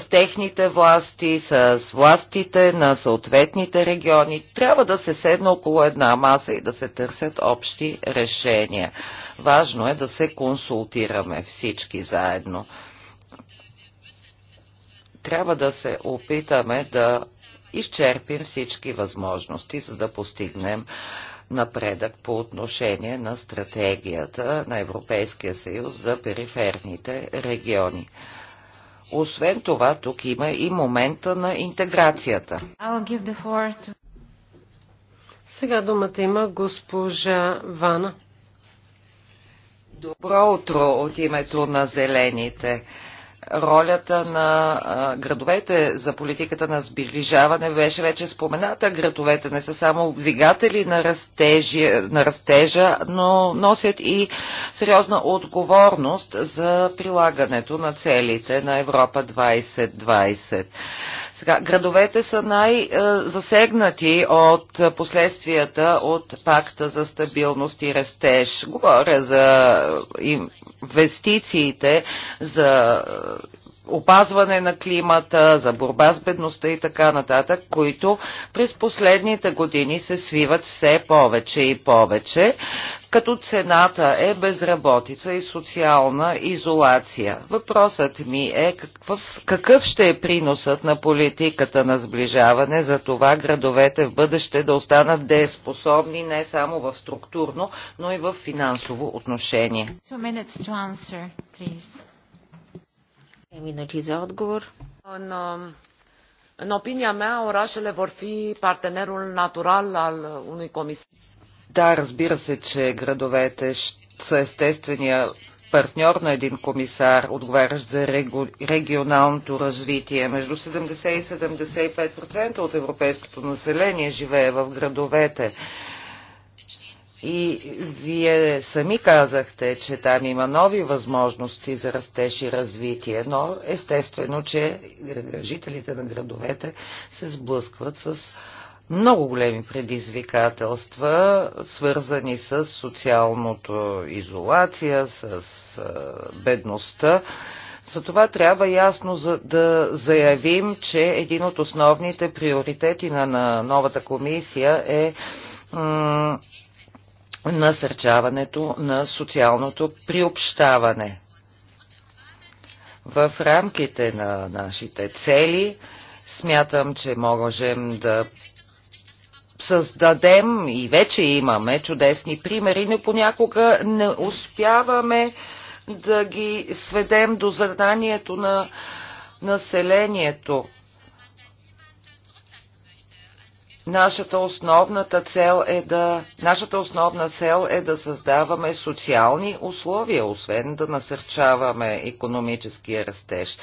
с техните власти, с властите на съответните региони. Трябва да се седна около една маса и да се търсят общи решения. Важно е да се консултираме всички заедно. Трябва да се опитаме да изчерпим всички възможности, за да постигнем напредък по отношение на стратегията на Европейския съюз за периферните региони. Освен това, тук има и момента на интеграцията. To... Сега думата има госпожа Вана. Добро утро от името на Зелените. Ролята на градовете за политиката на сближаване беше вече спомената. Градовете не са само двигатели на, растежи, на растежа, но носят и сериозна отговорност за прилагането на целите на Европа 2020. Сега, градовете са най-засегнати от последствията от пакта за стабилност и растеж. Говоря за инвестициите, за опазване на климата, за борба с бедността и така нататък, които през последните години се свиват все повече и повече, като цената е безработица и социална изолация. Въпросът ми е какъв, какъв ще е приносът на политиката на сближаване за това градовете в бъдеще да останат дееспособни не само в структурно, но и в финансово отношение. Two minutes to answer, please. Минути за отговор. Uh, în opinia mea, orașele vor fi partenerul natural al unui comisar. Да, разбира се, че градовете са естествения партньор на един комисар, отговарящ за регионалното развитие. Между 70 и 75% от европейското население живее в градовете. И вие сами казахте, че там има нови възможности за растеж и развитие, но естествено, че жителите на градовете се сблъскват с много големи предизвикателства, свързани с социалното изолация, с бедността. Затова трябва ясно да заявим, че един от основните приоритети на, новата комисия е насърчаването на социалното приобщаване. В рамките на нашите цели смятам, че можем да създадем и вече имаме чудесни примери, но понякога не успяваме да ги сведем до заданието на населението. Нашата основна цел е да, нашата основна цел е да създаваме социални условия, освен да насърчаваме економическия растеж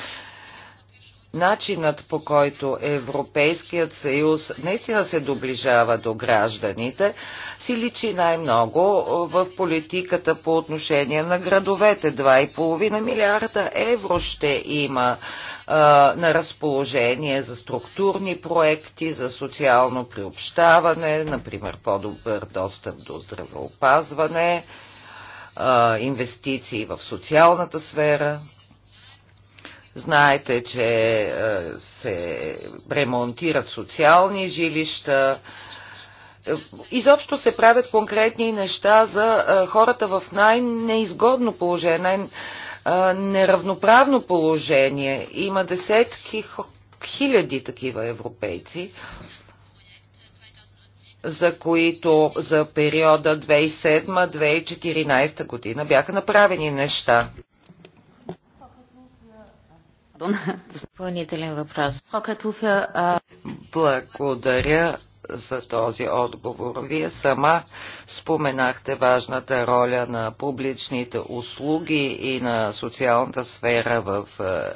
начинът по който Европейският съюз наистина се доближава до гражданите, си личи най-много в политиката по отношение на градовете. 2,5 милиарда евро ще има на разположение за структурни проекти, за социално приобщаване, например по-добър достъп до здравеопазване, инвестиции в социалната сфера. Знаете, че е, се ремонтират социални жилища. Е, изобщо се правят конкретни неща за е, хората в най-неизгодно положение, най-неравноправно положение. Има десетки хиляди такива европейци, за които за периода 2007-2014 година бяха направени неща. Допълнителен въпрос. Благодаря за този отговор. Вие сама споменахте важната роля на публичните услуги и на социалната сфера в е,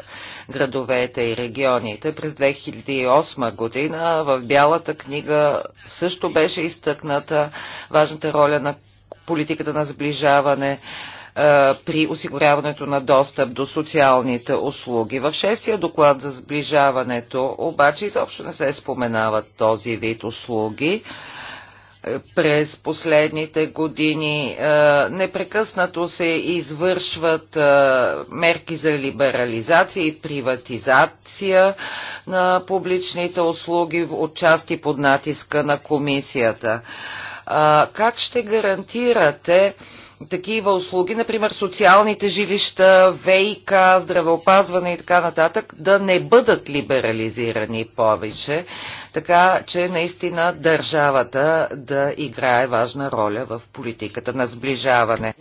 градовете и регионите. През 2008 година в Бялата книга също беше изтъкната важната роля на политиката на сближаване е, при осигуряването на достъп до социалните услуги. В шестия доклад за сближаването обаче изобщо не се споменават този вид услуги е, през последните години. Е, непрекъснато се извършват мерки за либерализация и приватизация на публичните услуги от части под натиска на комисията а, как ще гарантирате такива услуги, например социалните жилища, ВИК, здравеопазване и така нататък, да не бъдат либерализирани повече, така че наистина държавата да играе важна роля в политиката на сближаване.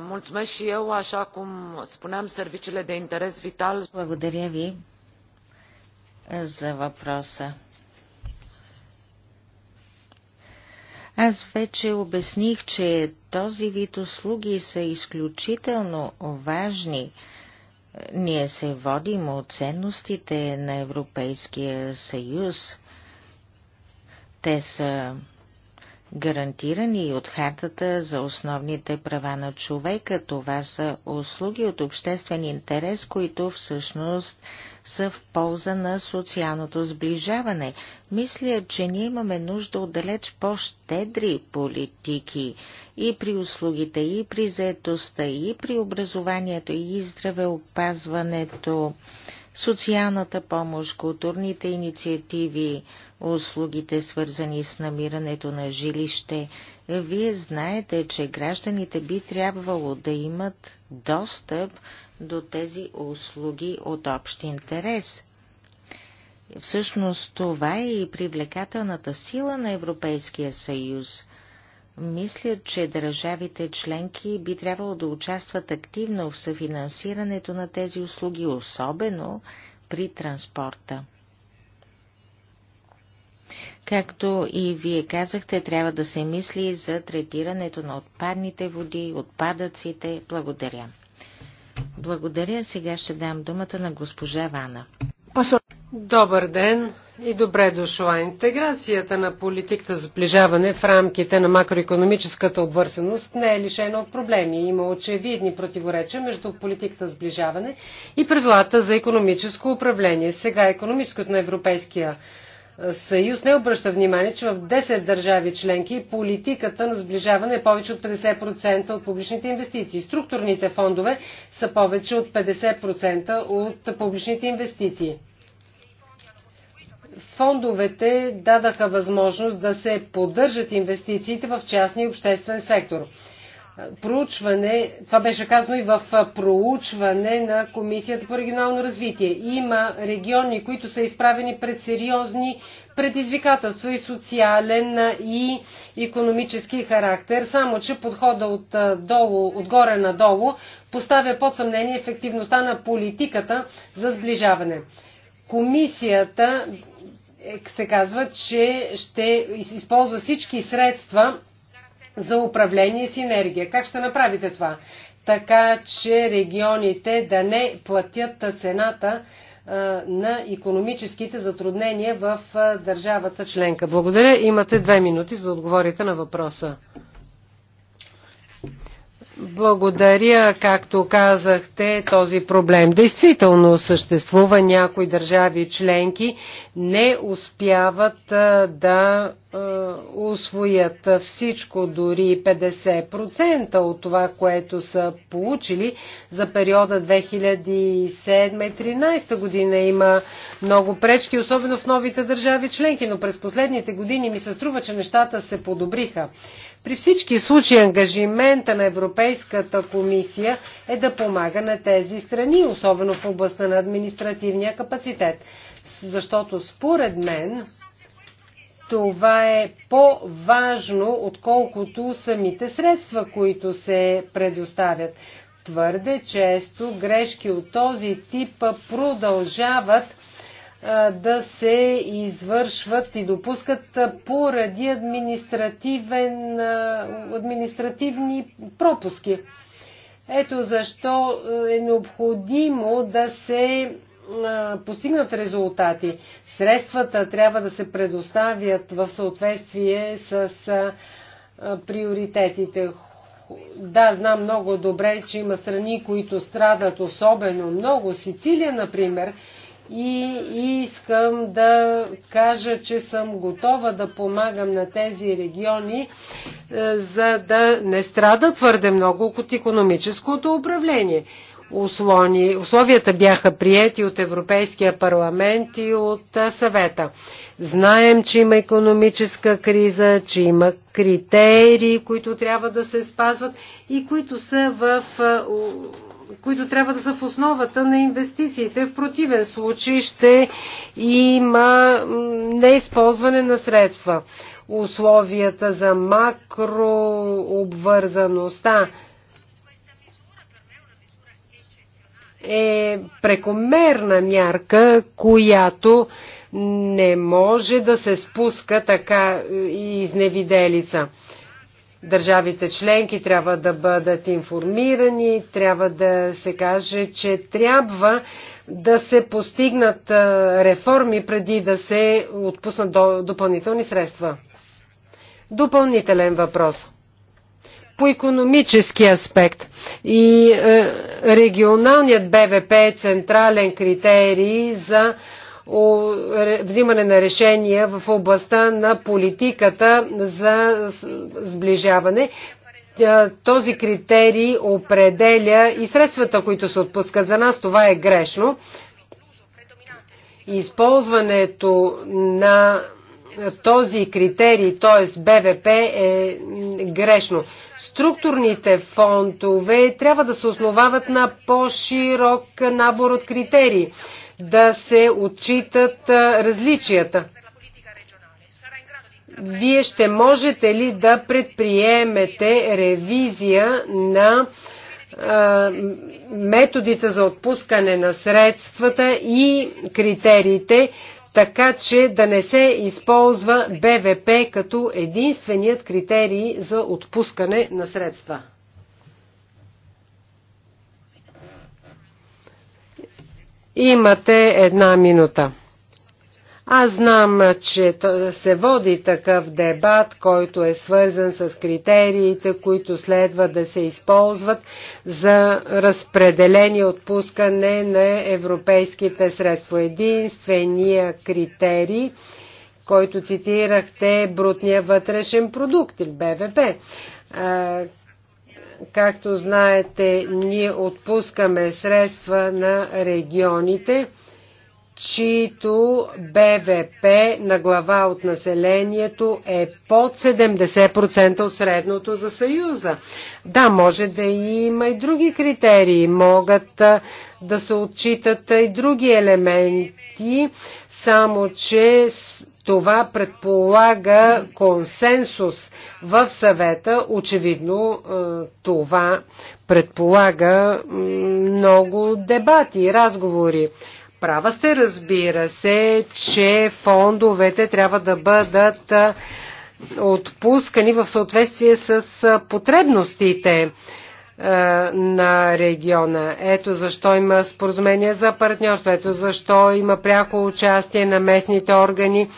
Mulțumesc și eu, așa cum spuneam, serviciile de interes vital. Благодаря ви за въпроса. Аз вече обясних, че този вид услуги са изключително важни. Ние се водим от ценностите на Европейския съюз. Те са гарантирани и от Хартата за основните права на човека. Това са услуги от обществен интерес, които всъщност са в полза на социалното сближаване. Мисля, че ние имаме нужда от далеч по-щедри политики и при услугите, и при заетостта, и при образованието, и здравеопазването. опазването социалната помощ, културните инициативи, услугите свързани с намирането на жилище. Вие знаете, че гражданите би трябвало да имат достъп до тези услуги от общ интерес. Всъщност това е и привлекателната сила на Европейския съюз. Мисля, че държавите членки би трябвало да участват активно в съфинансирането на тези услуги, особено при транспорта. Както и вие казахте, трябва да се мисли за третирането на отпадните води, отпадъците. Благодаря. Благодаря. Сега ще дам думата на госпожа Вана. Добър ден и добре дошла. Интеграцията на политиката за сближаване в рамките на макроекономическата обвързаност не е лишена от проблеми. Има очевидни противоречия между политиката за сближаване и правилата за економическо управление. Сега економическото на Европейския съюз не обръща внимание, че в 10 държави членки политиката на сближаване е повече от 50% от публичните инвестиции. Структурните фондове са повече от 50% от публичните инвестиции фондовете дадаха възможност да се поддържат инвестициите в частния и обществен сектор. Проучване, това беше казано и в проучване на Комисията по регионално развитие. Има региони, които са изправени пред сериозни предизвикателства и социален и економически характер, само че подхода от долу, отгоре надолу поставя под съмнение ефективността на политиката за сближаване. Комисията е, се казва, че ще използва всички средства за управление и синергия. Как ще направите това? Така, че регионите да не платят цената на економическите затруднения в държавата членка. Благодаря. Имате две минути за да отговорите на въпроса. Благодаря, както казахте, този проблем. Действително съществува някои държави членки не успяват да освоят всичко, дори 50% от това, което са получили за периода 2007-2013 година. Има много пречки, особено в новите държави членки, но през последните години ми се струва, че нещата се подобриха. При всички случаи ангажимента на Европейската комисия е да помага на тези страни, особено в областта на административния капацитет. Защото според мен това е по-важно, отколкото самите средства, които се предоставят. Твърде често грешки от този тип продължават да се извършват и допускат поради административен, административни пропуски. Ето защо е необходимо да се постигнат резултати. Средствата трябва да се предоставят в съответствие с приоритетите. Да, знам много добре, че има страни, които страдат особено много. Сицилия, например, и искам да кажа, че съм готова да помагам на тези региони, е, за да не страда твърде много от економическото управление. Услони, условията бяха приети от Европейския парламент и от е, съвета. Знаем, че има економическа криза, че има критерии, които трябва да се спазват и които са в е, които трябва да са в основата на инвестициите. В противен случай ще има неизползване на средства. Условията за макрообвързаността е прекомерна мярка, която не може да се спуска така и е, изневиделица. Държавите членки трябва да бъдат информирани, трябва да се каже, че трябва да се постигнат реформи преди да се отпуснат допълнителни средства. Допълнителен въпрос по економически аспект. И е, регионалният БВП е централен критерий за взимане на решения в областта на политиката за сближаване. Този критерий определя и средствата, които се отпускат за нас. Това е грешно. Използването на този критерий, т.е. БВП, е грешно. Структурните фондове трябва да се основават на по-широк набор от критерии да се отчитат различията. Вие ще можете ли да предприемете ревизия на методите за отпускане на средствата и критериите, така че да не се използва БВП като единственият критерий за отпускане на средства. Имате една минута. Аз знам, че се води такъв дебат, който е свързан с критериите, които следва да се използват за разпределение, отпускане на европейските средства. Единствения критерий, който цитирахте, брутния вътрешен продукт или БВП Както знаете, ние отпускаме средства на регионите, чието БВП на глава от населението е под 70% от средното за Съюза. Да, може да има и други критерии. Могат да се отчитат и други елементи, само че това предполага консенсус в съвета. Очевидно е, това предполага много дебати и разговори. Права сте, разбира се, че фондовете трябва да бъдат е, отпускани в съответствие с е, потребностите е, на региона. Ето защо има споразумение за партньорство, ето защо има пряко участие на местните органи, е,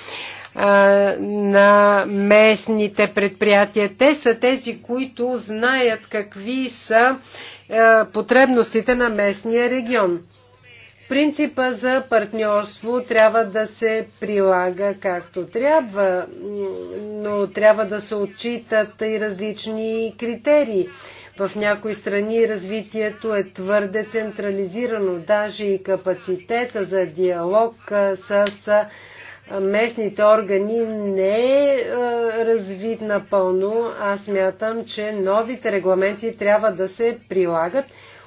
на местните предприятия. Те са тези, които знаят какви са е, потребностите на местния регион. Принципа за партньорство трябва да се прилага както трябва, но трябва да се отчитат и различни критерии в някои страни развитието е твърде централизирано, даже и капацитета за диалог с местните органи не е развит напълно. Аз мятам, че новите регламенти трябва да се прилагат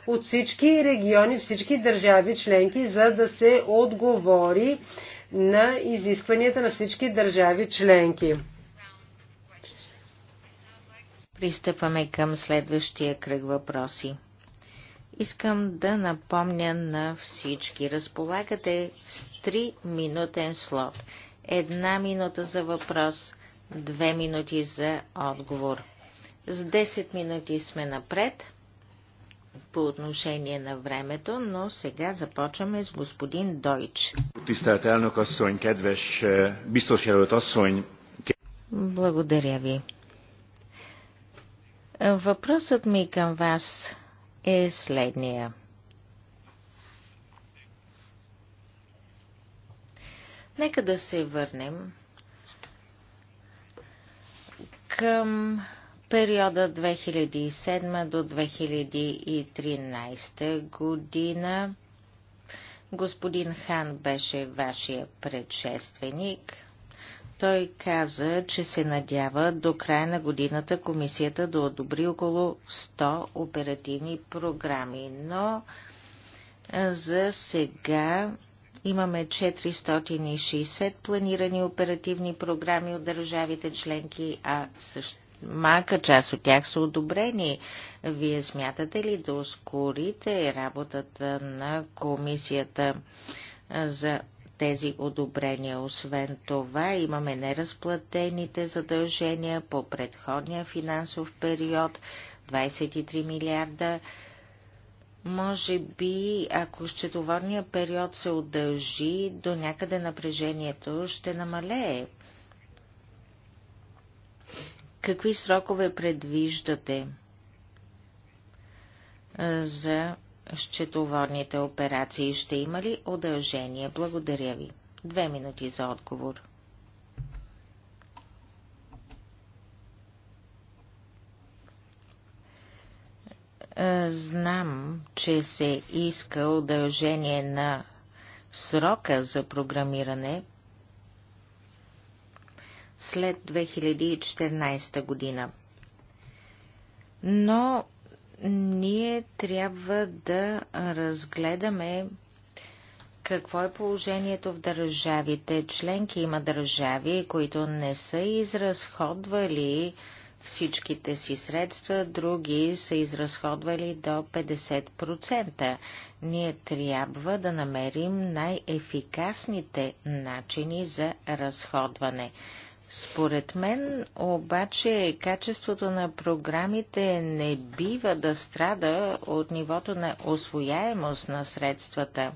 от всички региони, всички държави членки, за да се отговори на изискванията на всички държави членки. Пристъпваме към следващия кръг въпроси. Искам да напомня на всички. Разполагате с 3-минутен слот. Една минута за въпрос, две минути за отговор. С 10 минути сме напред по отношение на времето, но сега започваме с господин Дойч. Е, Благодаря ви. Въпросът ми към вас е следния. Нека да се върнем към периода 2007 до 2013 година. Господин Хан беше вашия предшественик. Той каза, че се надява до края на годината комисията да одобри около 100 оперативни програми, но за сега имаме 460 планирани оперативни програми от държавите членки, а също малка част от тях са одобрени. Вие смятате ли да ускорите работата на комисията за тези одобрения. Освен това, имаме неразплатените задължения по предходния финансов период 23 милиарда. Може би, ако счетоводния период се удължи, до някъде напрежението ще намалее. Какви срокове предвиждате за счетоводните операции. Ще има ли удължение? Благодаря ви. Две минути за отговор. Е, знам, че се иска удължение на срока за програмиране след 2014 година. Но ние трябва да разгледаме какво е положението в държавите. Членки има държави, които не са изразходвали всичките си средства, други са изразходвали до 50%. Ние трябва да намерим най-ефикасните начини за разходване. Според мен обаче качеството на програмите не бива да страда от нивото на освояемост на средствата.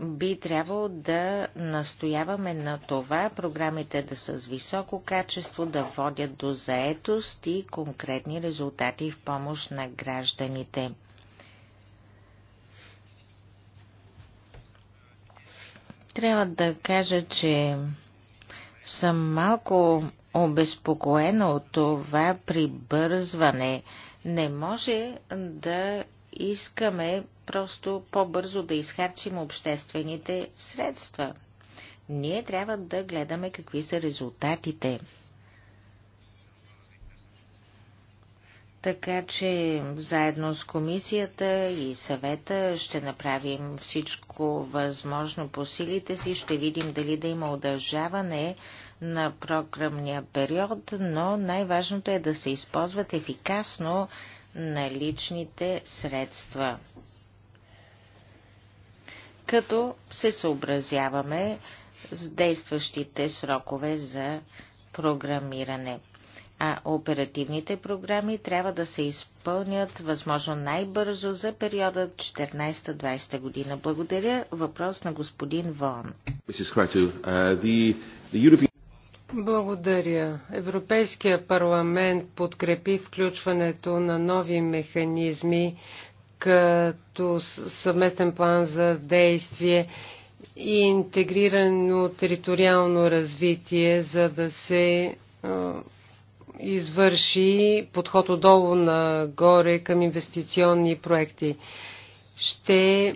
Би трябвало да настояваме на това програмите да са с високо качество, да водят до заетост и конкретни резултати в помощ на гражданите. Трябва да кажа, че съм малко обезпокоена от това прибързване. Не може да искаме просто по-бързо да изхарчим обществените средства. Ние трябва да гледаме какви са резултатите. Така че заедно с комисията и съвета ще направим всичко възможно по силите си. Ще видим дали да има удължаване на програмния период, но най-важното е да се използват ефикасно наличните средства. Като се съобразяваме с действащите срокове за програмиране а оперативните програми трябва да се изпълнят възможно най-бързо за периода 14-20 година. Благодаря. Въпрос на господин Вон. Uh, Благодаря. Европейския парламент подкрепи включването на нови механизми като съвместен план за действие и интегрирано териториално развитие, за да се извърши подход отдолу нагоре към инвестиционни проекти. Ще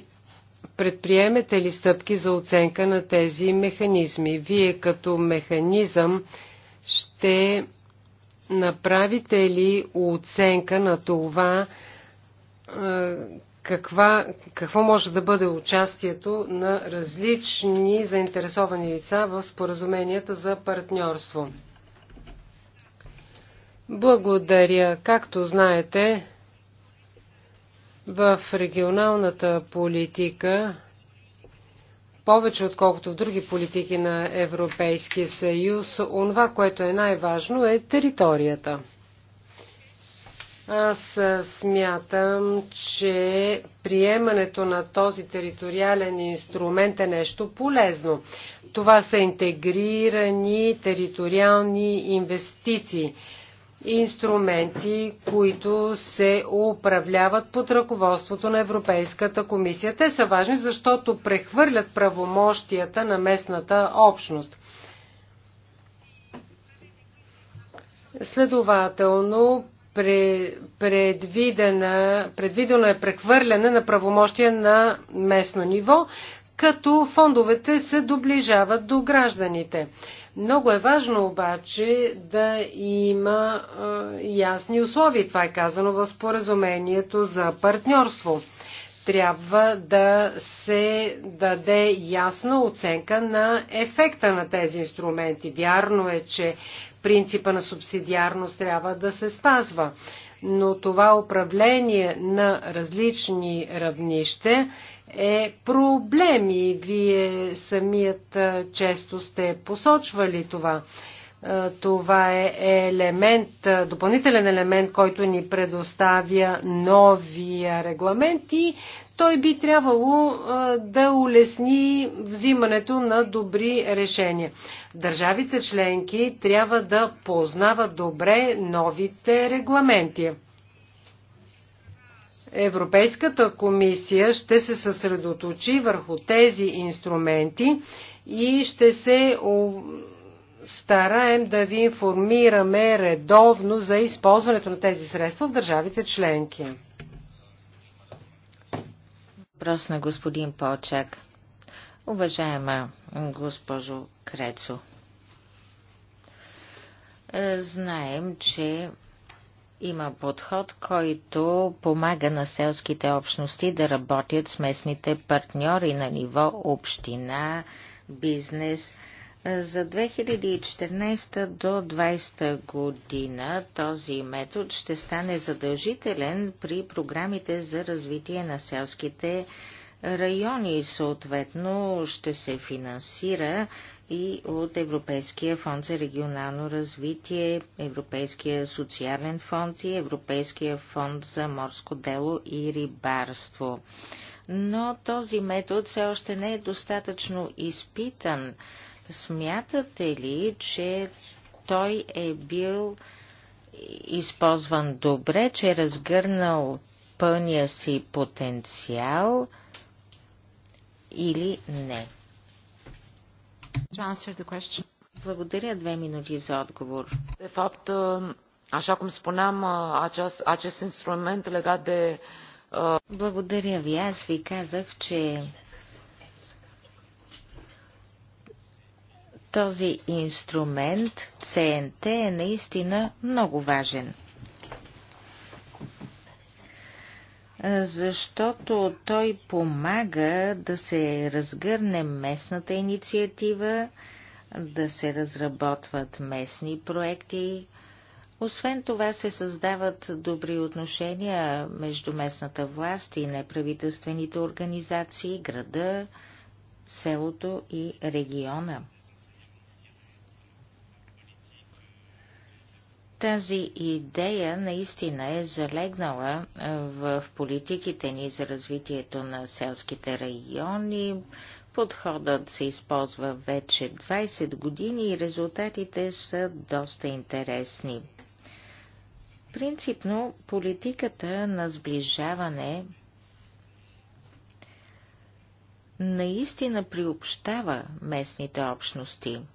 предприемете ли стъпки за оценка на тези механизми? Вие като механизъм ще направите ли оценка на това каква, какво може да бъде участието на различни заинтересовани лица в споразуменията за партньорство? Благодаря. Както знаете, в регионалната политика, повече отколкото в други политики на Европейския съюз, онова, което е най-важно, е територията. Аз смятам, че приемането на този териториален инструмент е нещо полезно. Това са интегрирани териториални инвестиции – инструменти, които се управляват под ръководството на Европейската комисия. Те са важни, защото прехвърлят правомощията на местната общност. Следователно, предвидено е прехвърляне на правомощия на местно ниво, като фондовете се доближават до гражданите. Много е важно обаче да има е, ясни условия. Това е казано в споразумението за партньорство. Трябва да се даде ясна оценка на ефекта на тези инструменти. Вярно е, че принципа на субсидиарност трябва да се спазва но това управление на различни равнище е проблем и вие самият често сте посочвали това. Това е елемент, допълнителен елемент, който ни предоставя новия регламент и той би трябвало да улесни взимането на добри решения. Държавите членки трябва да познават добре новите регламенти. Европейската комисия ще се съсредоточи върху тези инструменти и ще се стараем да ви информираме редовно за използването на тези средства в държавите членки. Въпрос на господин Почек. Уважаема госпожо Крецо, е, знаем, че има подход, който помага на селските общности да работят с местните партньори на ниво община, бизнес. За 2014 до 2020 година този метод ще стане задължителен при програмите за развитие на селските райони. Съответно ще се финансира и от Европейския фонд за регионално развитие, Европейския социален фонд и Европейския фонд за морско дело и рибарство. Но този метод все още не е достатъчно изпитан. Смятате ли, че той е бил използван добре, че е разгърнал пълния си потенциал – или не? Благодаря две минути за отговор. De fapt, așa cum spuneam, acest, acest instrument legat de... Uh, Благодаря ви. Аз ви казах, че този инструмент, ЦНТ, е наистина много важен. защото той помага да се разгърне местната инициатива, да се разработват местни проекти. Освен това се създават добри отношения между местната власт и неправителствените организации, града, селото и региона. Тази идея наистина е залегнала в политиките ни за развитието на селските райони. Подходът се използва вече 20 години и резултатите са доста интересни. Принципно политиката на сближаване наистина приобщава местните общности –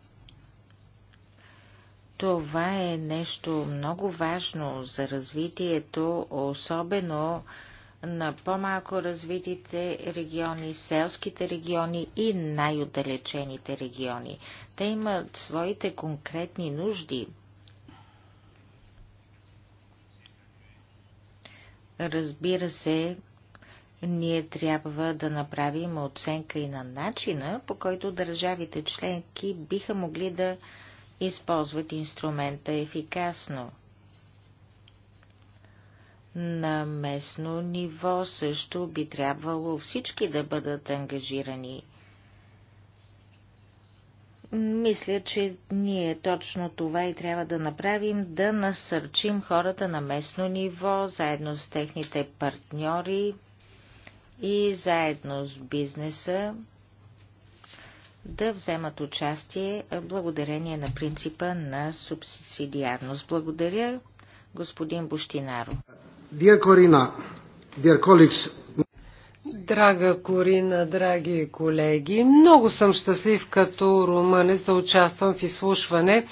това е нещо много важно за развитието, особено на по-малко развитите региони, селските региони и най-отдалечените региони. Те имат своите конкретни нужди. Разбира се, ние трябва да направим оценка и на начина, по който държавите членки биха могли да използват инструмента ефикасно. На местно ниво също би трябвало всички да бъдат ангажирани. Мисля, че ние точно това и трябва да направим, да насърчим хората на местно ниво, заедно с техните партньори и заедно с бизнеса, да вземат участие благодарение на принципа на субсидиарност. Благодаря, господин Буштинаро. Dear Corina, dear colleagues, Драга Корина, драги колеги, много съм щастлив като румънец да участвам в изслушване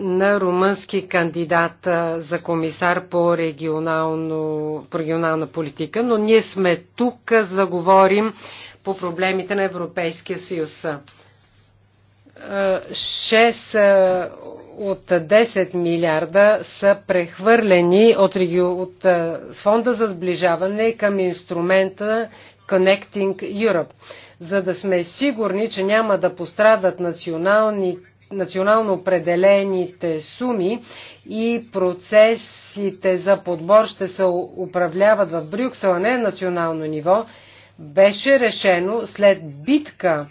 на румънски кандидат за комисар по, регионално, по регионална политика, но ние сме тук за да говорим по проблемите на Европейския съюз. 6 е, е, от 10 милиарда са прехвърлени от, реги... от е, фонда за сближаване към инструмента Connecting Europe, за да сме сигурни, че няма да пострадат национални, национално определените суми и процесите за подбор ще се управляват в Брюксел, а не национално ниво беше решено след битка,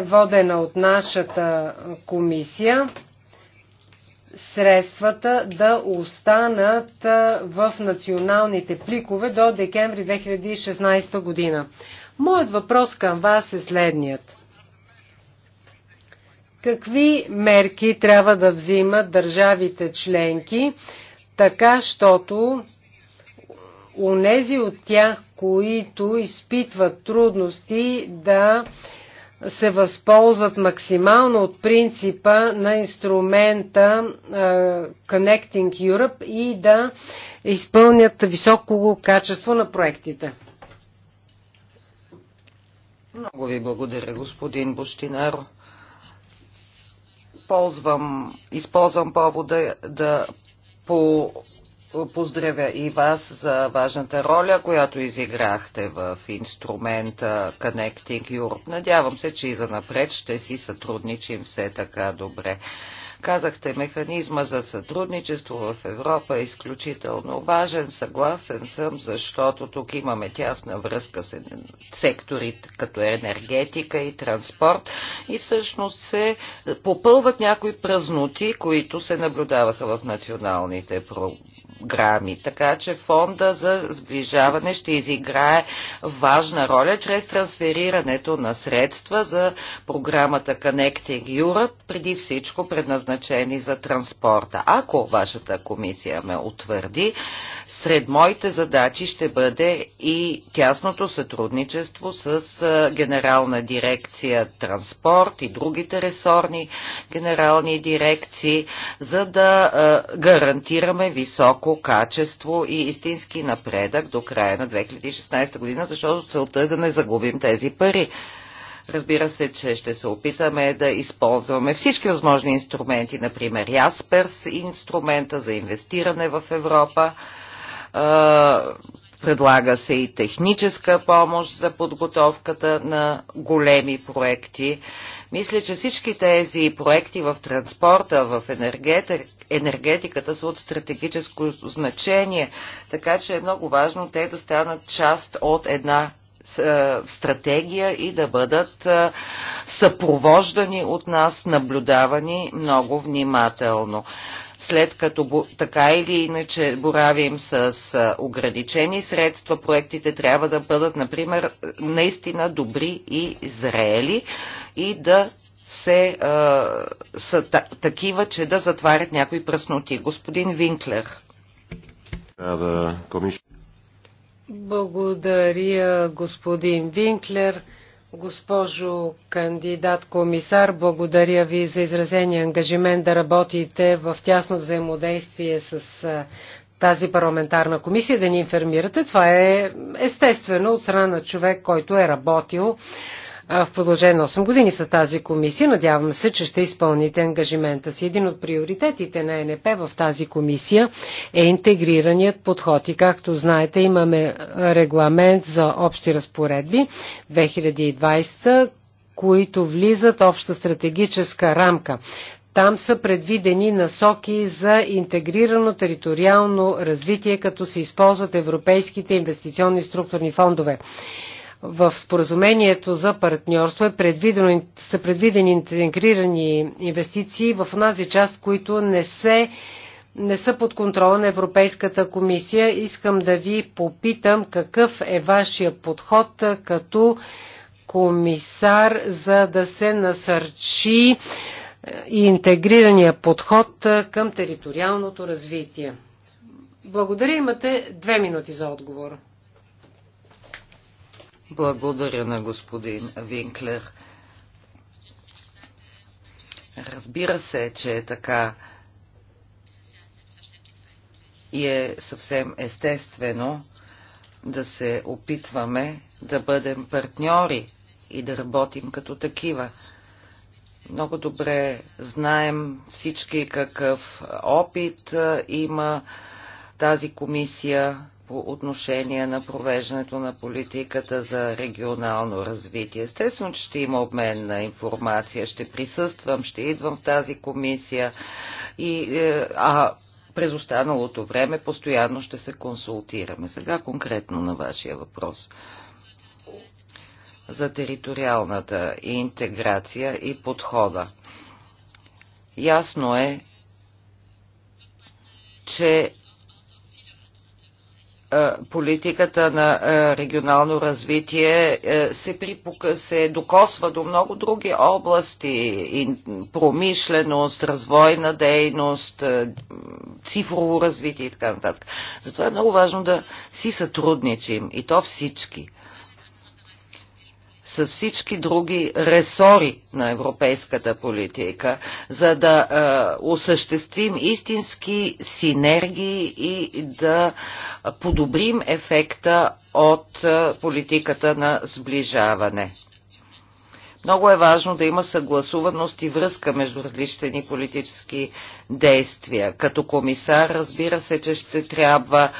водена от нашата комисия, средствата да останат в националните пликове до декември 2016 година. Моят въпрос към вас е следният. Какви мерки трябва да взимат държавите членки, така щото унези от тях, които изпитват трудности да се възползват максимално от принципа на инструмента Connecting Europe и да изпълнят високо качество на проектите. Много ви благодаря, господин Бощинаро. Ползвам, използвам повода да по поздравя и вас за важната роля, която изиграхте в инструмента Connecting Europe. Надявам се, че и за напред ще си сътрудничим все така добре. Казахте, механизма за сътрудничество в Европа е изключително важен. Съгласен съм, защото тук имаме тясна връзка с сектори като енергетика и транспорт и всъщност се попълват някои празноти, които се наблюдаваха в националните програми. Така че фонда за сближаване ще изиграе важна роля чрез трансферирането на средства за програмата Connecting Europe, преди всичко предназначени за транспорта. Ако вашата комисия ме утвърди, сред моите задачи ще бъде и тясното сътрудничество с Генерална дирекция транспорт и другите ресорни генерални дирекции, за да гарантираме високо високо качество и истински напредък до края на 2016 година, защото целта е да не загубим тези пари. Разбира се, че ще се опитаме да използваме всички възможни инструменти, например Ясперс, инструмента за инвестиране в Европа. Предлага се и техническа помощ за подготовката на големи проекти. Мисля, че всички тези проекти в транспорта, в енергетиката са от стратегическо значение, така че е много важно те да станат част от една е, стратегия и да бъдат е, съпровождани от нас, наблюдавани много внимателно след като така или иначе боравим с ограничени средства, проектите трябва да бъдат, например, наистина добри и зрели и да се, а, са та, такива, че да затварят някои пръсноти. Господин Винклер. Благодаря, господин Винклер. Госпожо кандидат комисар, благодаря ви за изразения ангажимент да работите в тясно взаимодействие с тази парламентарна комисия, да ни информирате. Това е естествено от страна на човек, който е работил в продължение на 8 години с тази комисия. Надявам се, че ще изпълните ангажимента си. Един от приоритетите на ЕНП в тази комисия е интегрираният подход. И както знаете, имаме регламент за общи разпоредби 2020 които влизат обща стратегическа рамка. Там са предвидени насоки за интегрирано териториално развитие, като се използват европейските инвестиционни структурни фондове. В споразумението за партньорство е предвидено, са предвидени интегрирани инвестиции в онази част, които не се не са под контрола на Европейската комисия. Искам да ви попитам какъв е вашия подход като комисар, за да се насърчи и интегрирания подход към териториалното развитие. Благодаря, имате две минути за отговор. Благодаря на господин Винклер. Разбира се, че е така и е съвсем естествено да се опитваме да бъдем партньори и да работим като такива. Много добре знаем всички какъв опит има тази комисия по отношение на провеждането на политиката за регионално развитие. Естествено, че ще има обмен на информация, ще присъствам, ще идвам в тази комисия, и, е, а през останалото време постоянно ще се консултираме. Сега конкретно на вашия въпрос за териториалната интеграция и подхода. Ясно е, че политиката на регионално развитие се, припука, се докосва до много други области промишленост, развойна дейност, цифрово развитие и така нататък. Затова е много важно да си сътрудничим и то всички – с всички други ресори на европейската политика, за да е, осъществим истински синергии и да подобрим ефекта от е, политиката на сближаване. Много е важно да има съгласуваност и връзка между различните ни политически действия. Като комисар, разбира се, че ще трябва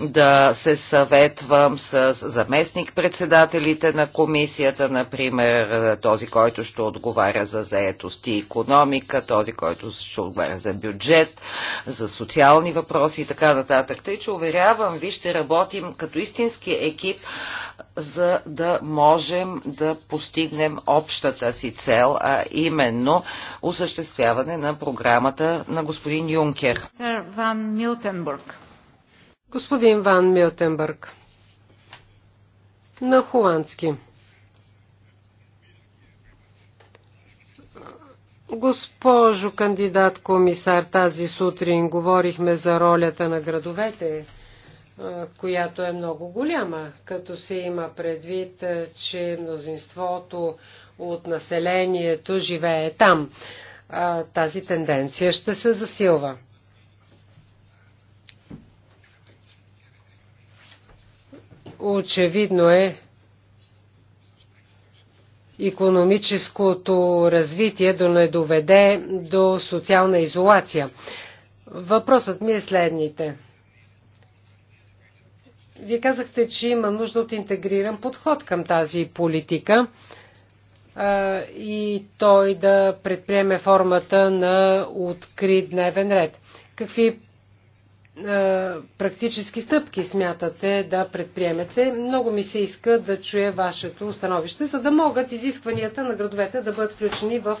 да се съветвам с заместник-председателите на комисията, например този, който ще отговаря за заетост и економика, този, който ще отговаря за бюджет, за социални въпроси и така нататък. Тъй, че уверявам ви, ще работим като истински екип, за да можем да постигнем общата си цел, а именно осъществяване на програмата на господин Юнкер. Милтенбург. Господин Ван Милтенбърг. На холандски. Госпожо кандидат комисар, тази сутрин говорихме за ролята на градовете, която е много голяма, като се има предвид, че мнозинството от населението живее там. Тази тенденция ще се засилва. Очевидно е, економическото развитие да не доведе до социална изолация. Въпросът ми е следните. Вие казахте, че има нужда от интегриран подход към тази политика а, и той да предприеме формата на открит дневен ред. Какви е, практически стъпки смятате да предприемете. Много ми се иска да чуя вашето установище, за да могат изискванията на градовете да бъдат включени в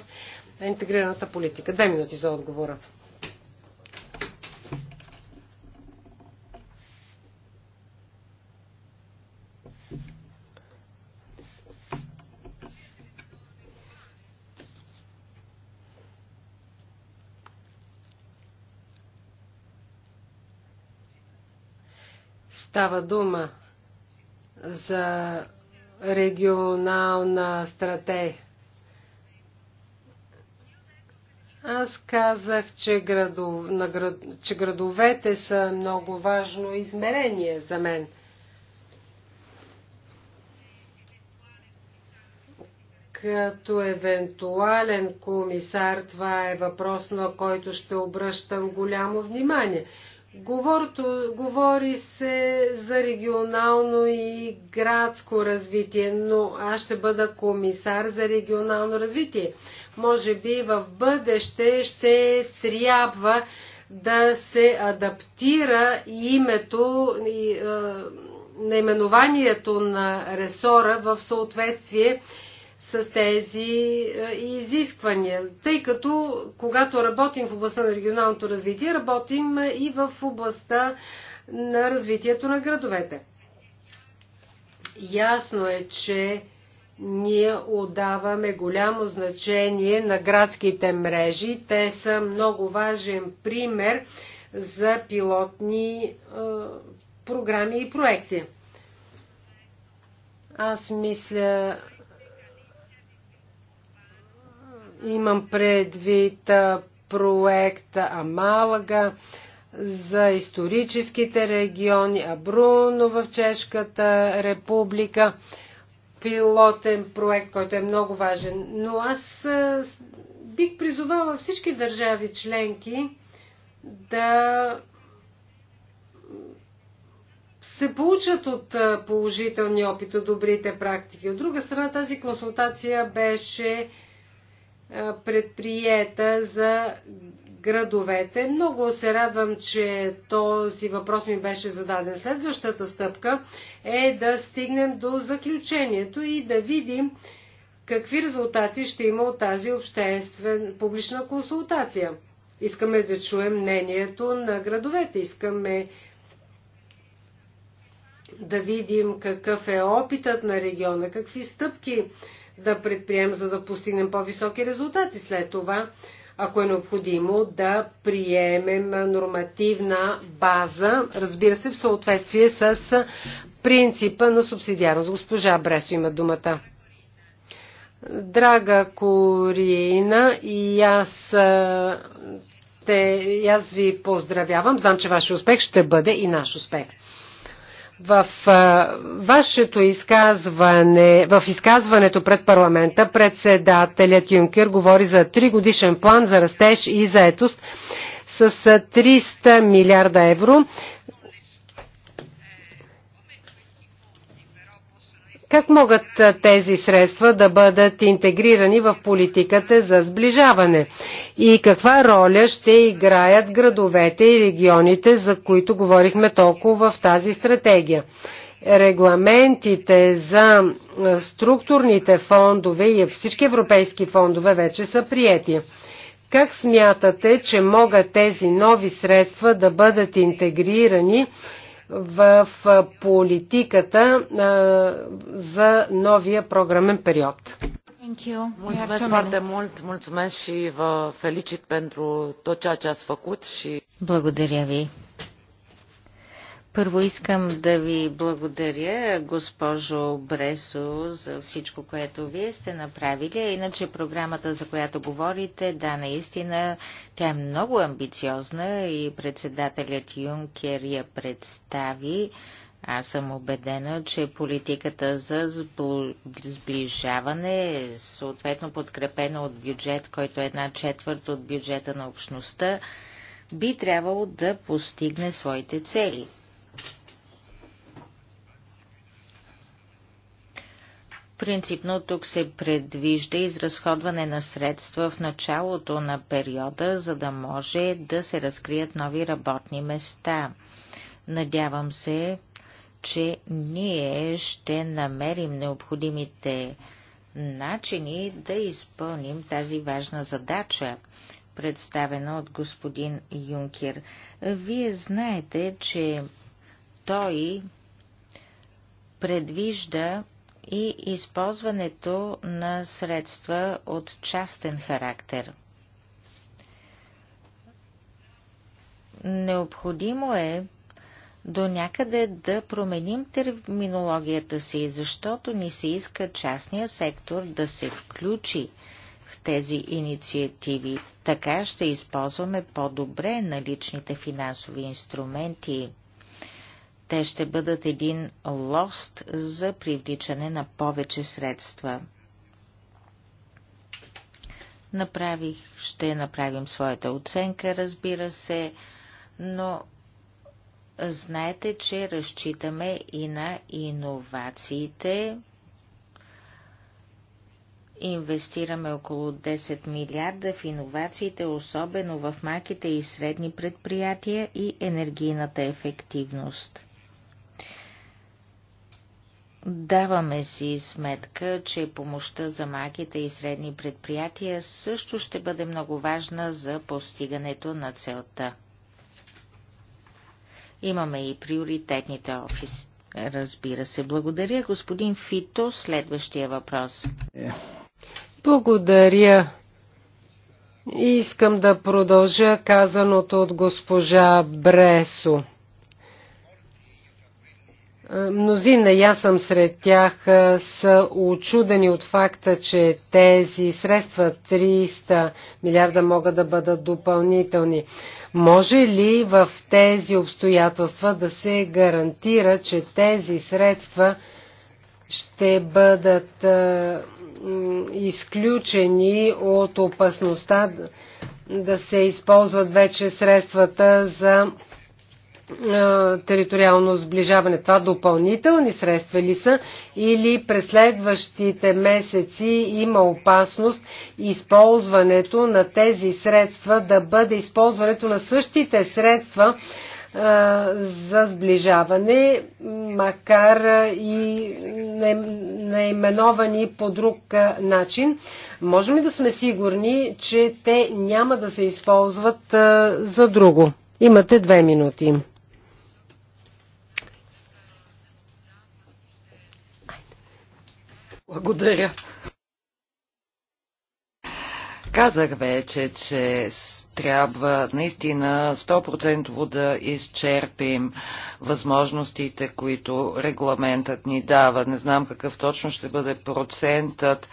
интегрираната политика. Две минути за отговора. Става дума за регионална стратегия. Аз казах, че, градов, на град, че градовете са много важно измерение за мен. Като евентуален комисар, това е въпрос, на който ще обръщам голямо внимание. Говорто, говори се за регионално и градско развитие, но аз ще бъда комисар за регионално развитие. Може би в бъдеще ще трябва да се адаптира името и наименованието на ресора в съответствие с тези е, изисквания. Тъй като, когато работим в областта на регионалното развитие, работим е, и в областта на развитието на градовете. Ясно е, че ние отдаваме голямо значение на градските мрежи. Те са много важен пример за пилотни е, програми и проекти. Аз мисля, Имам предвид проекта Амалага за историческите региони Абруно в Чешката република. Пилотен проект, който е много важен. Но аз бих призовала всички държави членки да се получат от положителни опит, от добрите практики. От друга страна, тази консултация беше предприета за градовете. Много се радвам, че този въпрос ми беше зададен. Следващата стъпка е да стигнем до заключението и да видим какви резултати ще има от тази обществен публична консултация. Искаме да чуем мнението на градовете, искаме да видим какъв е опитът на региона, какви стъпки да предприем, за да постигнем по-високи резултати. След това, ако е необходимо, да приемем нормативна база, разбира се, в съответствие с принципа на субсидиарност. Госпожа Бресо има думата. Драга Корина, и аз, те, и аз ви поздравявам. Знам, че вашия успех ще бъде и наш успех в а, вашето изказване, в изказването пред парламента, председателят Юнкер говори за тригодишен план за растеж и заетост с 300 милиарда евро, Как могат тези средства да бъдат интегрирани в политиката за сближаване? И каква роля ще играят градовете и регионите, за които говорихме толкова в тази стратегия? Регламентите за структурните фондове и всички европейски фондове вече са приети. Как смятате, че могат тези нови средства да бъдат интегрирани в политиката за новия програмен период. Mulțumesc foarte mult, mulțumesc și vă felicit pentru tot ceea ce ați făcut și... Благодаря ви. Първо искам да ви благодаря, госпожо Бресо, за всичко, което вие сте направили. Иначе програмата, за която говорите, да, наистина, тя е много амбициозна и председателят Юнкер я представи. Аз съм убедена, че политиката за сближаване е съответно подкрепена от бюджет, който е една четвърт от бюджета на общността, би трябвало да постигне своите цели – Принципно тук се предвижда изразходване на средства в началото на периода, за да може да се разкрият нови работни места. Надявам се, че ние ще намерим необходимите начини да изпълним тази важна задача, представена от господин Юнкер. Вие знаете, че той предвижда и използването на средства от частен характер. Необходимо е до някъде да променим терминологията си, защото ни се иска частния сектор да се включи в тези инициативи. Така ще използваме по-добре наличните финансови инструменти – те ще бъдат един лост за привличане на повече средства. Направих, ще направим своята оценка, разбира се, но знаете, че разчитаме и на иновациите. Инвестираме около 10 милиарда в иновациите, особено в малките и средни предприятия и енергийната ефективност. Даваме си сметка, че помощта за малките и средни предприятия също ще бъде много важна за постигането на целта. Имаме и приоритетните офиси. Разбира се. Благодаря, господин Фито. Следващия въпрос. Благодаря. Искам да продължа казаното от госпожа Бресо. Е, мнозина, и аз съм сред тях, е, са очудени от факта, че тези средства 300 милиарда могат да бъдат допълнителни. Може ли в тези обстоятелства да се гарантира, че тези средства ще бъдат е, изключени от опасността да се използват вече средствата за е, териториално сближаване. Това допълнителни средства ли са или през следващите месеци има опасност използването на тези средства да бъде използването на същите средства е, за сближаване, макар и наименовани по друг е, начин. Можем ли да сме сигурни, че те няма да се използват за друго? Имате две минути. Благодаря. Казах вече, че трябва наистина 100% да изчерпим възможностите, които регламентът ни дава. Не знам какъв точно ще бъде процентът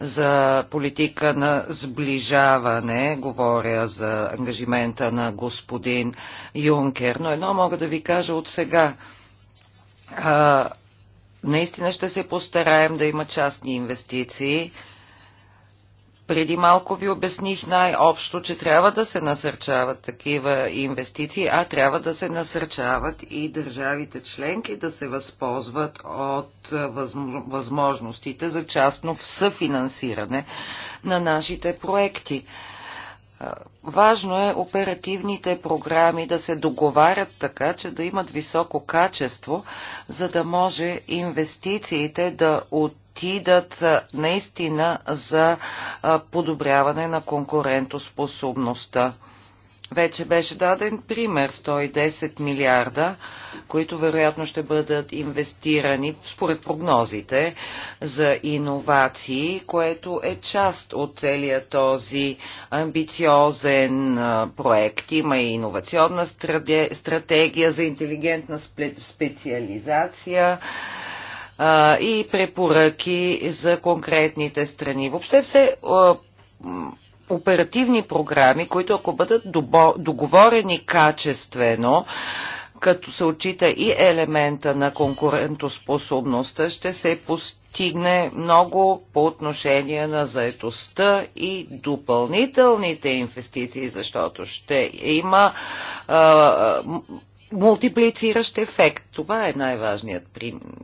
за политика на сближаване, говоря за ангажимента на господин Юнкер, но едно мога да ви кажа от сега Наистина ще се постараем да има частни инвестиции. Преди малко ви обясних най-общо, че трябва да се насърчават такива инвестиции, а трябва да се насърчават и държавите членки да се възползват от възможностите за частно съфинансиране на нашите проекти. Важно е оперативните програми да се договарят така, че да имат високо качество, за да може инвестициите да отидат наистина за подобряване на конкурентоспособността. Вече беше даден пример 110 милиарда, които вероятно ще бъдат инвестирани според прогнозите за иновации, което е част от целия този амбициозен проект. Има и иновационна стратегия за интелигентна специализация и препоръки за конкретните страни. Въобще все оперативни програми, които ако бъдат договорени качествено, като се отчита и елемента на конкурентоспособността, ще се постигне много по отношение на заетостта и допълнителните инвестиции, защото ще има а, мултиплициращ ефект. Това е най-важният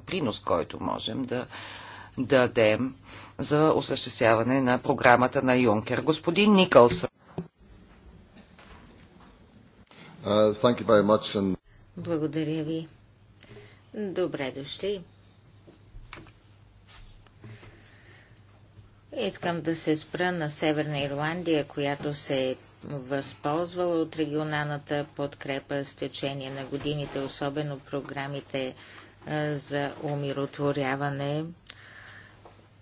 принос, който можем да дадем за осъществяване на програмата на Юнкер. Господин Никълсън. Uh, Благодаря ви. Добре дошли. Искам да се спра на Северна Ирландия, която се е възползвала от регионалната подкрепа с течение на годините, особено програмите за умиротворяване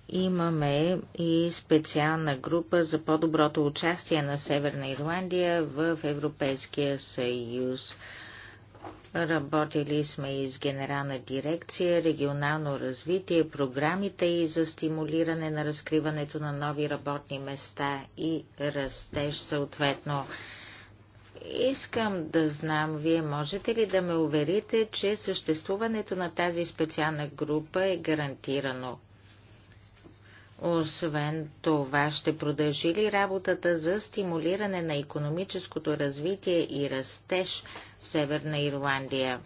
имаме и специална група за по-доброто участие на Северна Ирландия в Европейския съюз. Работили сме и с Генерална дирекция, регионално развитие, програмите и за стимулиране на разкриването на нови работни места и растеж съответно. Искам да знам, вие можете ли да ме уверите, че съществуването на тази специална група е гарантирано? Освен това, ще продължи ли работата за стимулиране на економическото развитие и растеж в Северна Ирландия?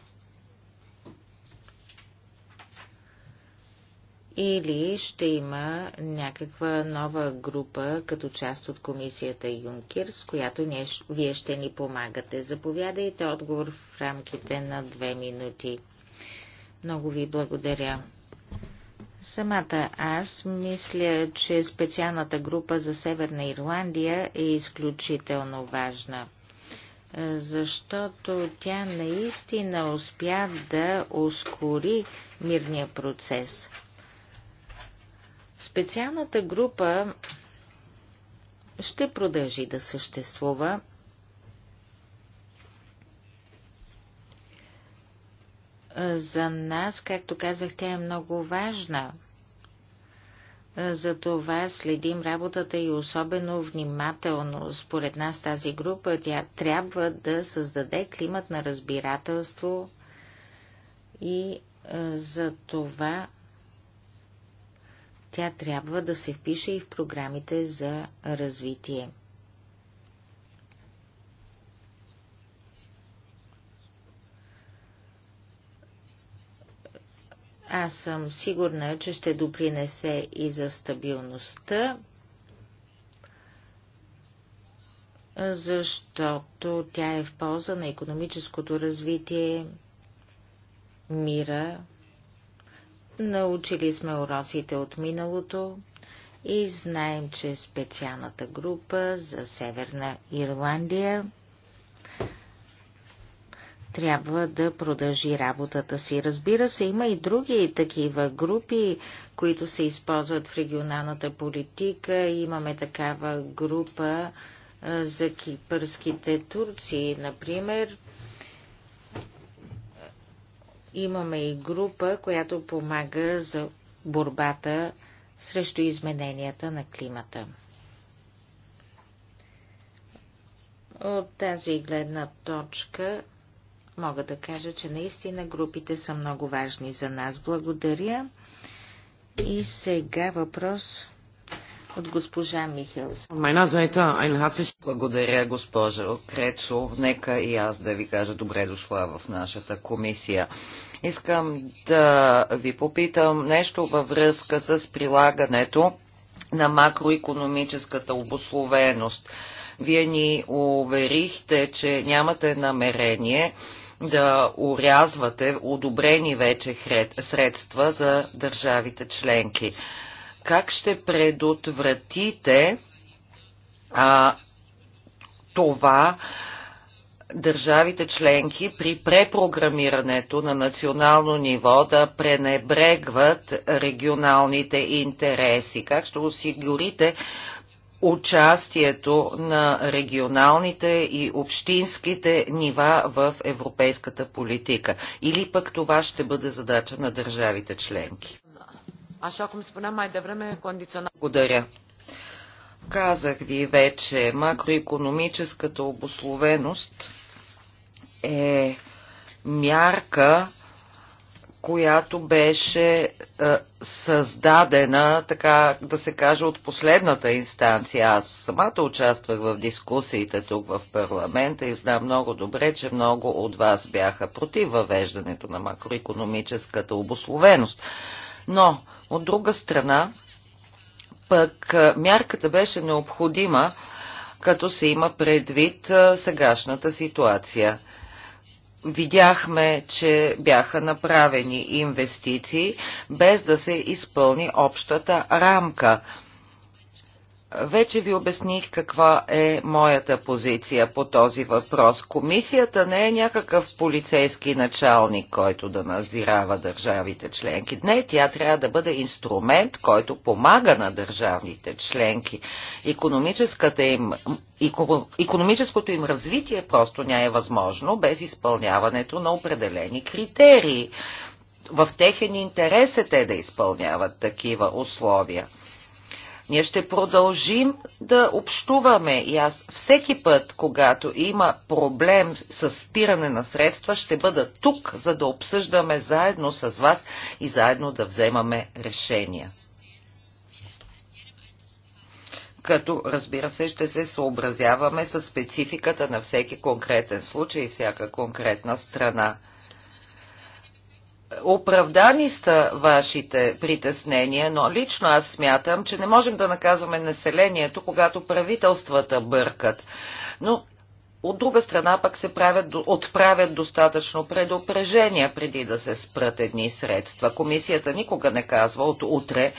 Или ще има някаква нова група като част от комисията Юнкер, с която не, вие ще ни помагате. Заповядайте отговор в рамките на две минути. Много ви благодаря. Самата аз мисля, че специалната група за Северна Ирландия е изключително важна, е, защото тя наистина успя да ускори мирния процес. Специалната група ще продължи да съществува Е, за нас, както казах, тя е много важна. Е, Затова следим работата и особено внимателно. Според нас тази група тя трябва да създаде климат на разбирателство и е, за това тя трябва да се впише и в програмите за развитие. Аз съм сигурна, че ще допринесе и за стабилността, защото тя е в полза на економическото развитие, мира. Научили сме уроците от миналото и знаем, че специалната група за Северна Ирландия трябва да продължи работата си. Разбира се, има и други такива групи, които се използват в регионалната политика. Имаме такава група за кипърските турци, например. Имаме и група, която помага за борбата срещу измененията на климата. От тази гледна точка мога да кажа, че наистина групите са много важни за нас. Благодаря. И сега въпрос от госпожа Михелс. Благодаря, госпожа Крецо. Нека и аз да ви кажа добре дошла в нашата комисия. Искам да ви попитам нещо във връзка с прилагането на макроекономическата обословеност. Вие ни уверихте, че нямате намерение да урязвате одобрени вече средства за държавите членки? Как ще предотвратите а, това, държавите членки при препрограмирането на национално ниво да пренебрегват регионалните интереси? Как ще осигурите участието на регионалните и общинските нива в европейската политика? Или пък това ще бъде задача на държавите членки? Благодаря. Казах ви вече, макроекономическата обословеност е мярка, която беше е, създадена, така да се каже, от последната инстанция. Аз самата участвах в дискусиите тук в парламента и знам много добре, че много от вас бяха против въвеждането на макроекономическата обословеност. Но, от друга страна, пък е, мярката беше необходима, като се има предвид е, сегашната ситуация видяхме, че бяха направени инвестиции, без да се изпълни общата рамка – вече ви обясних каква е моята позиция по този въпрос. Комисията не е някакъв полицейски началник, който да назирава държавите членки. Не, тя трябва да бъде инструмент, който помага на държавните членки. Им, економическото им развитие просто не е възможно без изпълняването на определени критерии. В техен интерес е те да изпълняват такива условия. Ние ще продължим да общуваме и аз всеки път, когато има проблем с спиране на средства, ще бъда тук, за да обсъждаме заедно с вас и заедно да вземаме решения. Като, разбира се, ще се съобразяваме с спецификата на всеки конкретен случай и всяка конкретна страна оправдани са вашите притеснения, но лично аз смятам, че не можем да наказваме населението, когато правителствата бъркат. Но от друга страна пък се правят, отправят достатъчно предупреждения преди да се спрат едни средства. Комисията никога не казва от утре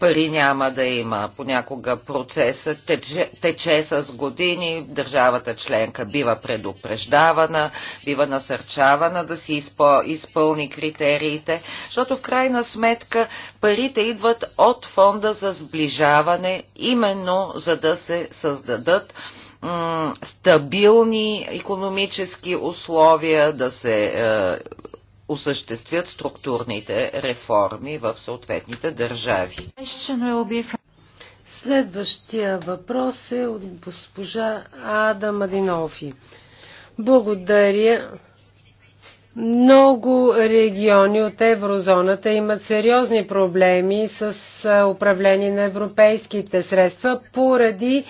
пари няма да има. Понякога процесът тече, тече с години, държавата членка бива предупреждавана, бива насърчавана да си изпъл, изпълни критериите, защото в крайна сметка парите идват от фонда за сближаване, именно за да се създадат стабилни економически условия, да се е, осъществят структурните реформи в съответните държави. Следващия въпрос е от госпожа Ада Мадинофи. Благодаря. Много региони от еврозоната имат сериозни проблеми с управление на европейските средства поради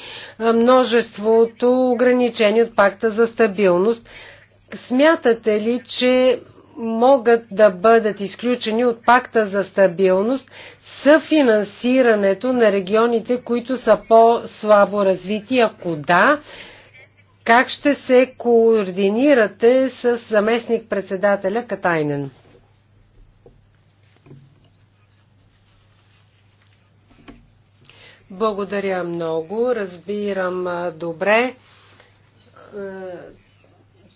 множеството ограничени от пакта за стабилност. Смятате ли, че могат да бъдат изключени от пакта за стабилност съфинансирането на регионите, които са по-слабо развити? Ако да, как ще се координирате с заместник-председателя Катайнен? Благодаря много. Разбирам добре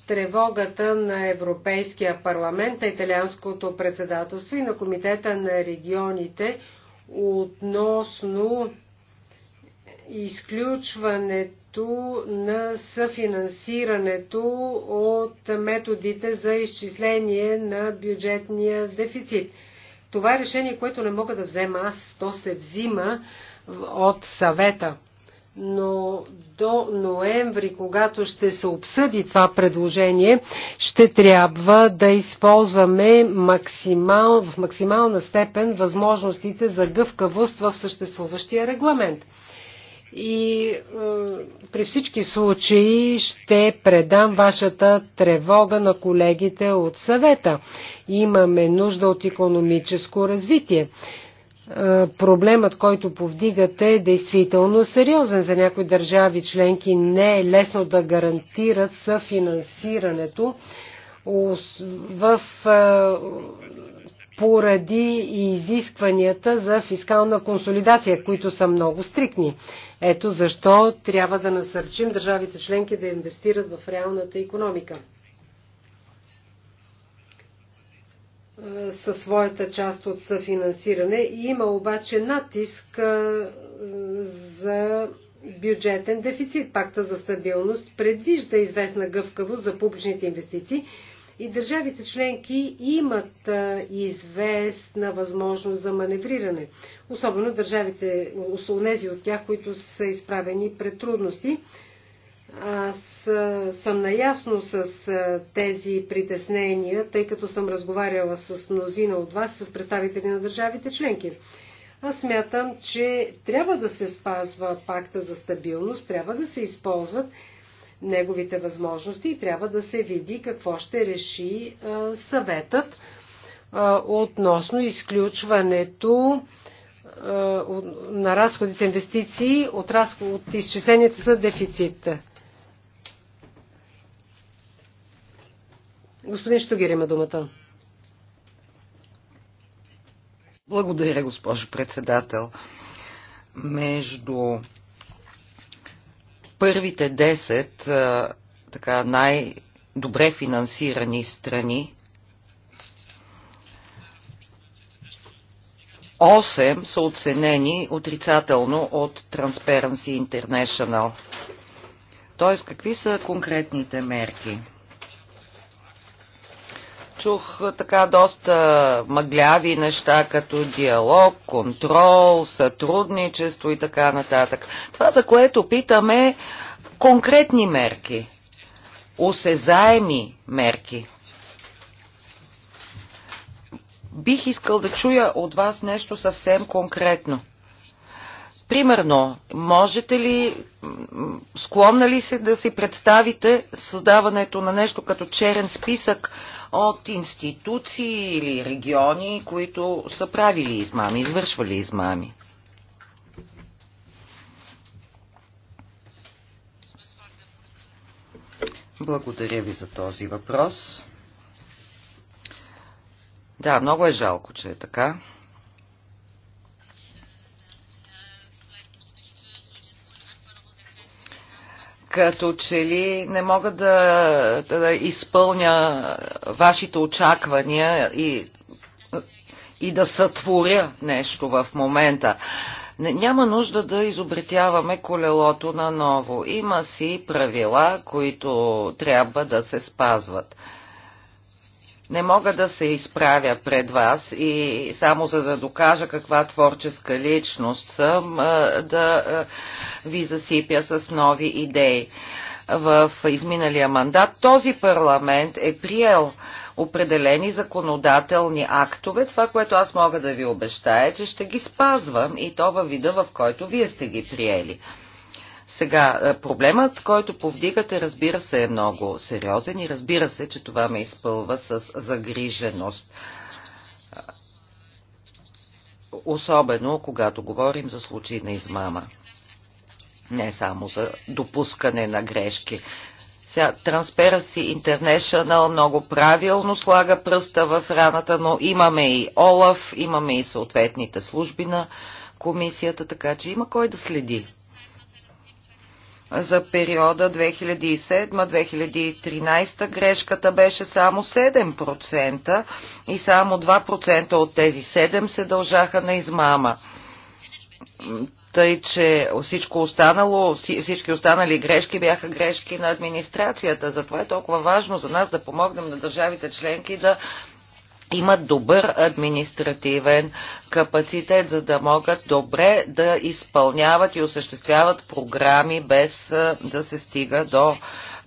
тревогата на Европейския парламент, на Италианското председателство и на Комитета на регионите относно изключването на съфинансирането от методите за изчисление на бюджетния дефицит. Това е решение, което не мога да взема аз, то се взима от съвета. Но до ноември, когато ще се обсъди това предложение, ще трябва да използваме максимал, в максимална степен възможностите за гъвкавост в съществуващия регламент и е, при всички случаи ще предам вашата тревога на колегите от съвета. Имаме нужда от економическо развитие. Е, проблемът, който повдигате, е действително сериозен. За някои държави членки не е лесно да гарантират съфинансирането в е, поради изискванията за фискална консолидация, които са много стрикни. Ето защо трябва да насърчим държавите членки да инвестират в реалната економика. със своята част от съфинансиране. Има обаче натиск за бюджетен дефицит. Пакта за стабилност предвижда известна гъвкавост за публичните инвестиции, и държавите членки имат известна възможност за маневриране, особено държавите, тези от тях, които са изправени пред трудности. Аз съм наясно с тези притеснения, тъй като съм разговаряла с мнозина от вас, с представители на държавите членки. Аз смятам, че трябва да се спазва пакта за стабилност, трябва да се използват неговите възможности и трябва да се види какво ще реши съветът относно изключването на разходи с инвестиции от, разход, от изчисленията за дефицит. Господин Штогир има думата. Благодаря, госпожо председател. Между първите 10 така, най-добре финансирани страни 8 са оценени отрицателно от Transparency International. Тоест, какви са конкретните мерки? Чух така доста мъгляви неща, като диалог, контрол, сътрудничество и така нататък. Това, за което питаме, конкретни мерки, осезаеми мерки. Бих искал да чуя от вас нещо съвсем конкретно. Примерно, можете ли, склонна ли се да си представите създаването на нещо като черен списък от институции или региони, които са правили измами, извършвали измами. Благодаря ви за този въпрос. Да, много е жалко, че е така. като че ли не мога да, да изпълня вашите очаквания и, и да сътворя нещо в момента. Не, няма нужда да изобретяваме колелото наново. Има си правила, които трябва да се спазват. Не мога да се изправя пред вас и само за да докажа каква творческа личност съм, да ви засипя с нови идеи. В изминалия мандат този парламент е приел определени законодателни актове. Това, което аз мога да ви обещая, е, че ще ги спазвам и то във вида, в който вие сте ги приели. Сега, е, проблемът, който повдигате, разбира се, е много сериозен и разбира се, че това ме изпълва с загриженост. Особено, когато говорим за случаи на измама. Не само за допускане на грешки. Сега, Transparency International много правилно слага пръста в раната, но имаме и ОЛАФ, имаме и съответните служби на комисията, така че има кой да следи за периода 2007-2013 грешката беше само 7% и само 2% от тези 7 се дължаха на измама. Тъй, че всичко останало, всички останали грешки бяха грешки на администрацията. Затова е толкова важно за нас да помогнем на държавите членки да имат добър административен капацитет, за да могат добре да изпълняват и осъществяват програми без да се стига до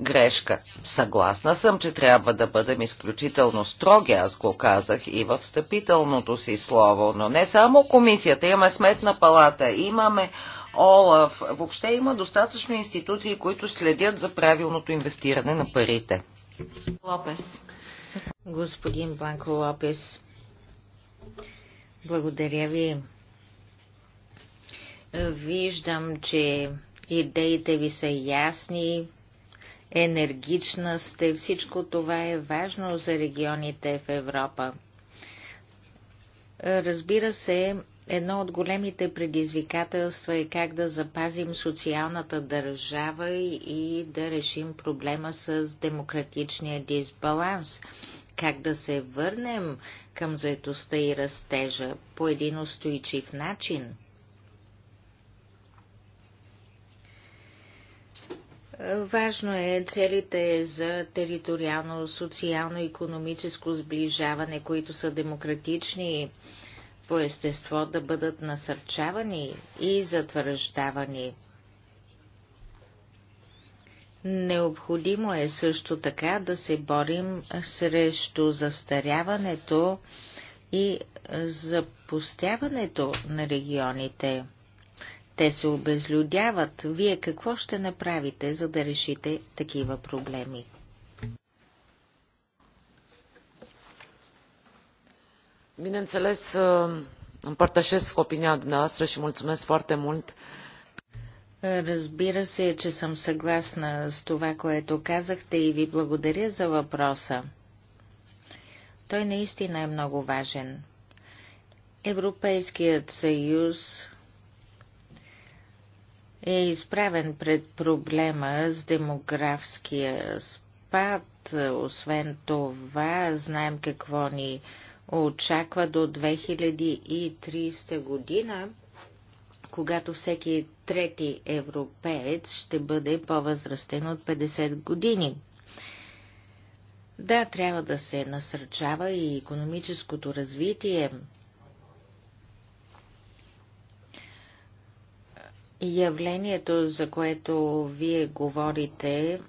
грешка. Съгласна съм, че трябва да бъдем изключително строги, аз го казах и в встъпителното си слово, но не само комисията, имаме сметна палата, имаме ОЛАФ, въобще има достатъчно институции, които следят за правилното инвестиране на парите. Лопес. Господин Банко Лопес, благодаря ви. Виждам, че идеите ви са ясни, енергична сте. Всичко това е важно за регионите в Европа. Разбира се, Едно от големите предизвикателства е как да запазим социалната държава и да решим проблема с демократичния дисбаланс. Как да се върнем към заетостта и растежа по един устойчив начин. Важно е целите за териториално, социално, економическо сближаване, които са демократични по естество да бъдат насърчавани и затвърждавани. Необходимо е също така да се борим срещу застаряването и запустяването на регионите. Те се обезлюдяват. Вие какво ще направите, за да решите такива проблеми? bineînțeles uh, împărtășesc opinia dumneavoastră și mulțumesc foarte mult. Разбира се, че съм съгласна с това, което казахте и ви благодаря за въпроса. Той наистина е много важен. Европейският съюз е изправен пред проблема с демографския спад. Освен това, знаем какво ни очаква до 2030 година, когато всеки трети европеец ще бъде по-възрастен от 50 години. Да, трябва да се насърчава и економическото развитие. Явлението, за което вие говорите,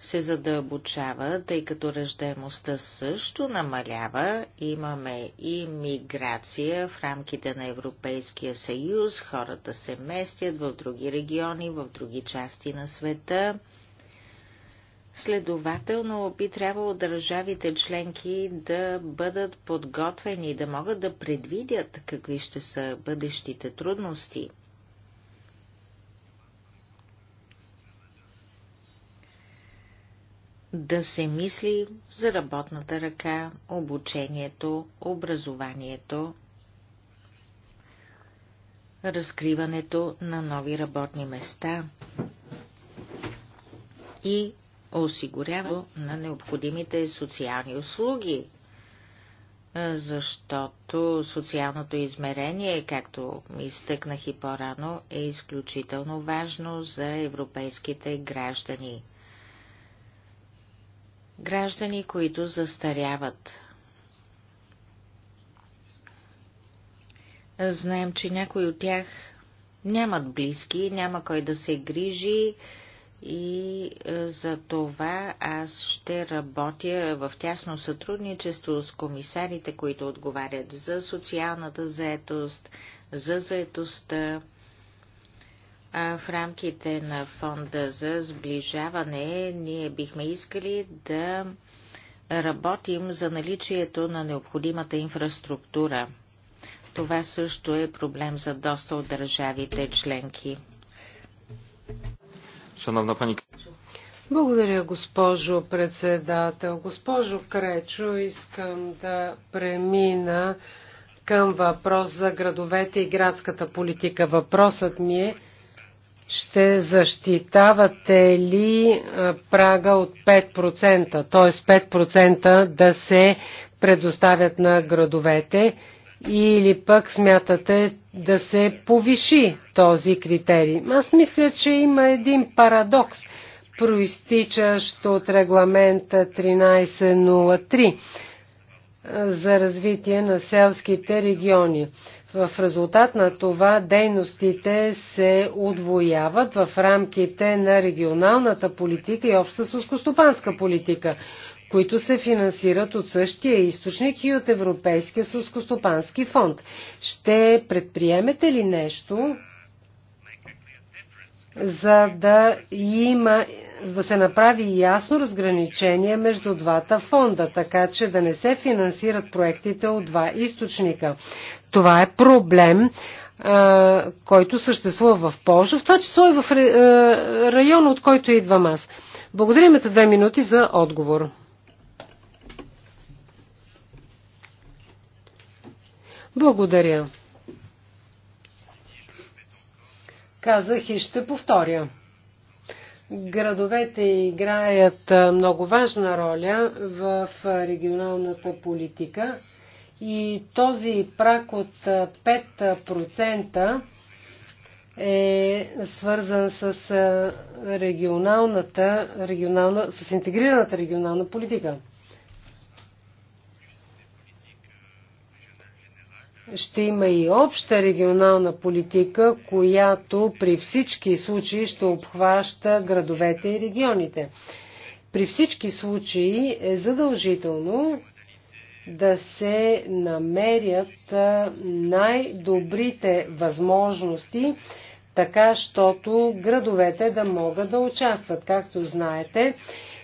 се задълбочава, тъй като ръждаемостта също намалява. Имаме и миграция в рамките на Европейския съюз, хората се местят в други региони, в други части на света. Следователно би трябвало държавите членки да бъдат подготвени, да могат да предвидят какви ще са бъдещите трудности – да се мисли за работната ръка, обучението, образованието, разкриването на нови работни места и осигуряването на необходимите социални услуги, защото социалното измерение, както изтъкнах и по-рано, е изключително важно за европейските граждани – граждани, които застаряват. Знаем, че някои от тях нямат близки, няма кой да се грижи и е, за това аз ще работя в тясно сътрудничество с комисарите, които отговарят за социалната заетост, за заетостта, в рамките на фонда за сближаване ние бихме искали да работим за наличието на необходимата инфраструктура. Това също е проблем за доста от държавите членки. Благодаря, госпожо председател. Госпожо Кречо, искам да премина към въпрос за градовете и градската политика. Въпросът ми е ще защитавате ли прага от 5%, т.е. 5% да се предоставят на градовете или пък смятате да се повиши този критерий? Аз мисля, че има един парадокс, проистичащ от регламента 1303 за развитие на селските региони. В резултат на това дейностите се отвояват в рамките на регионалната политика и обща сълскостопанска политика, които се финансират от същия източник и от Европейския сълскостопански фонд. Ще предприемете ли нещо, за да има да се направи ясно разграничение между двата фонда, така че да не се финансират проектите от два източника. Това е проблем, който съществува в Польша, в това число и в района, от който идвам аз. Благодарим за две минути за отговор. Благодаря. Казах и ще повторя. Градовете играят много важна роля в регионалната политика и този прак от 5% е свързан с регионалната, регионална, с интегрираната регионална политика. Ще има и обща регионална политика, която при всички случаи ще обхваща градовете и регионите. При всички случаи е задължително да се намерят най-добрите възможности, така, щото градовете да могат да участват. Както знаете,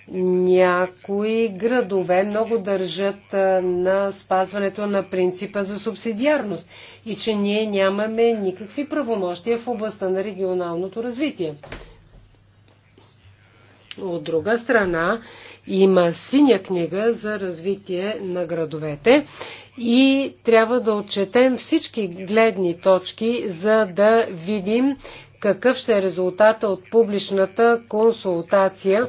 някои градове много държат на спазването на принципа за субсидиарност и че ние нямаме никакви правомощия в областта на регионалното развитие. От друга страна, има синя книга за развитие на градовете и трябва да отчетем всички гледни точки, за да видим какъв ще е резултата от публичната консултация,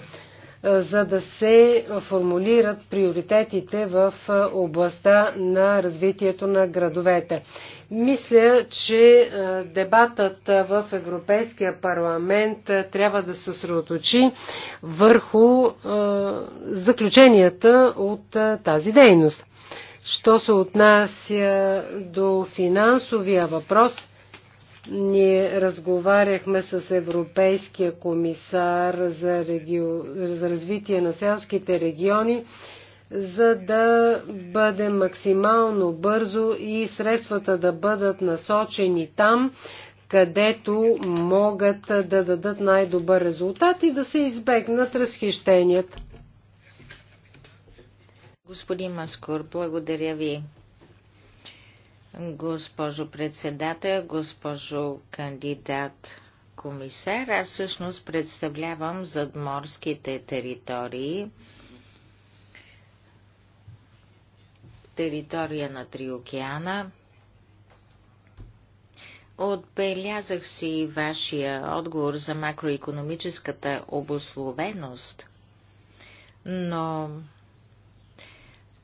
е, за да се формулират приоритетите в е, областта на развитието на градовете. Мисля, че е, дебатът е, в Европейския парламент е, трябва да се съсредоточи върху заключенията от тази дейност. Що се отнася до финансовия въпрос, ние разговаряхме с Европейския комисар за, регио... за развитие на селските региони за да бъде максимално бързо и средствата да бъдат насочени там, където могат да дадат най-добър резултат и да се избегнат разхищенията. Господин Маскур, благодаря ви. Госпожо председател, госпожо кандидат комисар, аз всъщност представлявам задморските територии територия на три океана. Отбелязах си вашия отговор за макроекономическата обословеност, но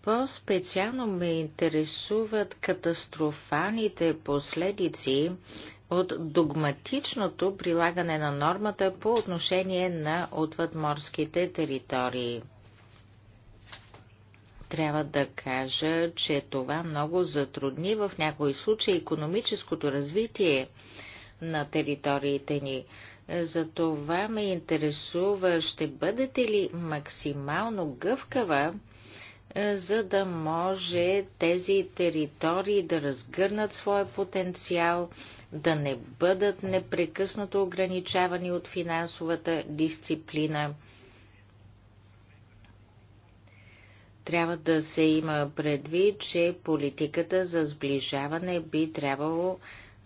по-специално ме интересуват катастрофалните последици от догматичното прилагане на нормата по отношение на отвъдморските територии. Трябва да кажа, че това много затрудни в някои случаи економическото развитие на териториите ни. За това ме интересува, ще бъдете ли максимално гъвкава, е, за да може тези територии да разгърнат своя потенциал, да не бъдат непрекъснато ограничавани от финансовата дисциплина. Трябва да се има предвид, че политиката за сближаване би трябвало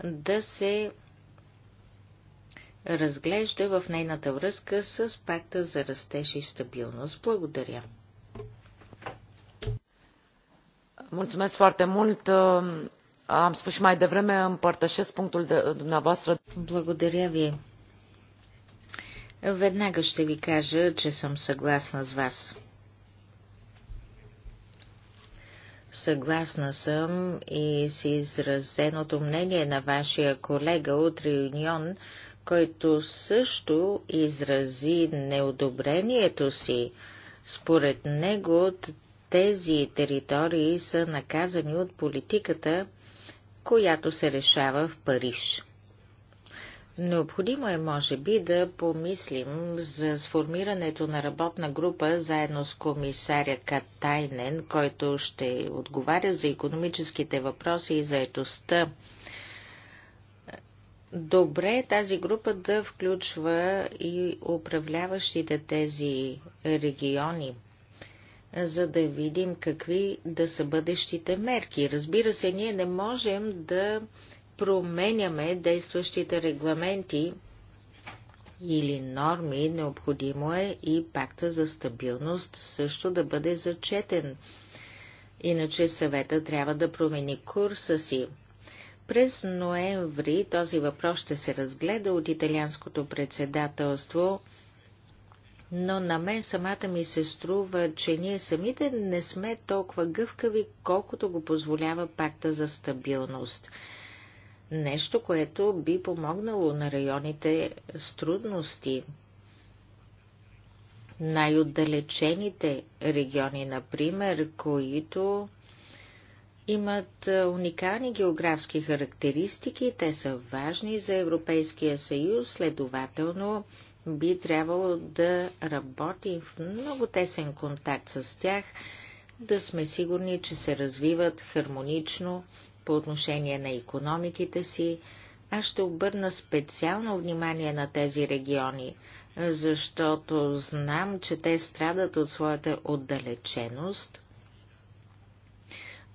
да се разглежда в нейната връзка с пакта за растеж и стабилност. Благодаря. Mulțumesc foarte mult. Am spus și mai devreme, împărtășesc punctul de, dumneavoastră. Благодаря ви. Веднага ще ви кажа, че съм съгласна с вас. Съгласна съм и с изразеното мнение на вашия колега от Реюнион, който също изрази неодобрението си. Според него тези територии са наказани от политиката, която се решава в Париж. Необходимо е, може би, да помислим за сформирането на работна група заедно с комисаря Катайнен, който ще отговаря за економическите въпроси и заетостта. Добре е тази група да включва и управляващите тези региони, за да видим какви да са бъдещите мерки. Разбира се, ние не можем да променяме действащите регламенти или норми, необходимо е и пакта за стабилност също да бъде зачетен. Иначе съвета трябва да промени курса си. През ноември този въпрос ще се разгледа от италианското председателство, но на мен самата ми се струва, че ние самите не сме толкова гъвкави, колкото го позволява пакта за стабилност – нещо, което би помогнало на районите с трудности. Най-отдалечените региони, например, които имат уникални географски характеристики, те са важни за Европейския съюз, следователно би трябвало да работим в много тесен контакт с тях, да сме сигурни, че се развиват хармонично по отношение на економиките си. Аз ще обърна специално внимание на тези региони, защото знам, че те страдат от своята отдалеченост,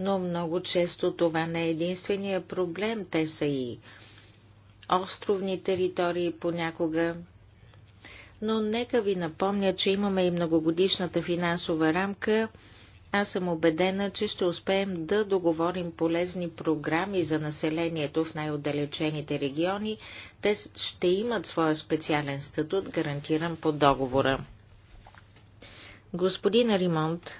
но много често това не е единствения проблем. Те са и островни територии понякога. Но нека ви напомня, че имаме и многогодишната финансова рамка – аз съм убедена, че ще успеем да договорим полезни програми за населението в най-отдалечените региони. Те ще имат своя специален статут, гарантиран по договора. Господин Римонт.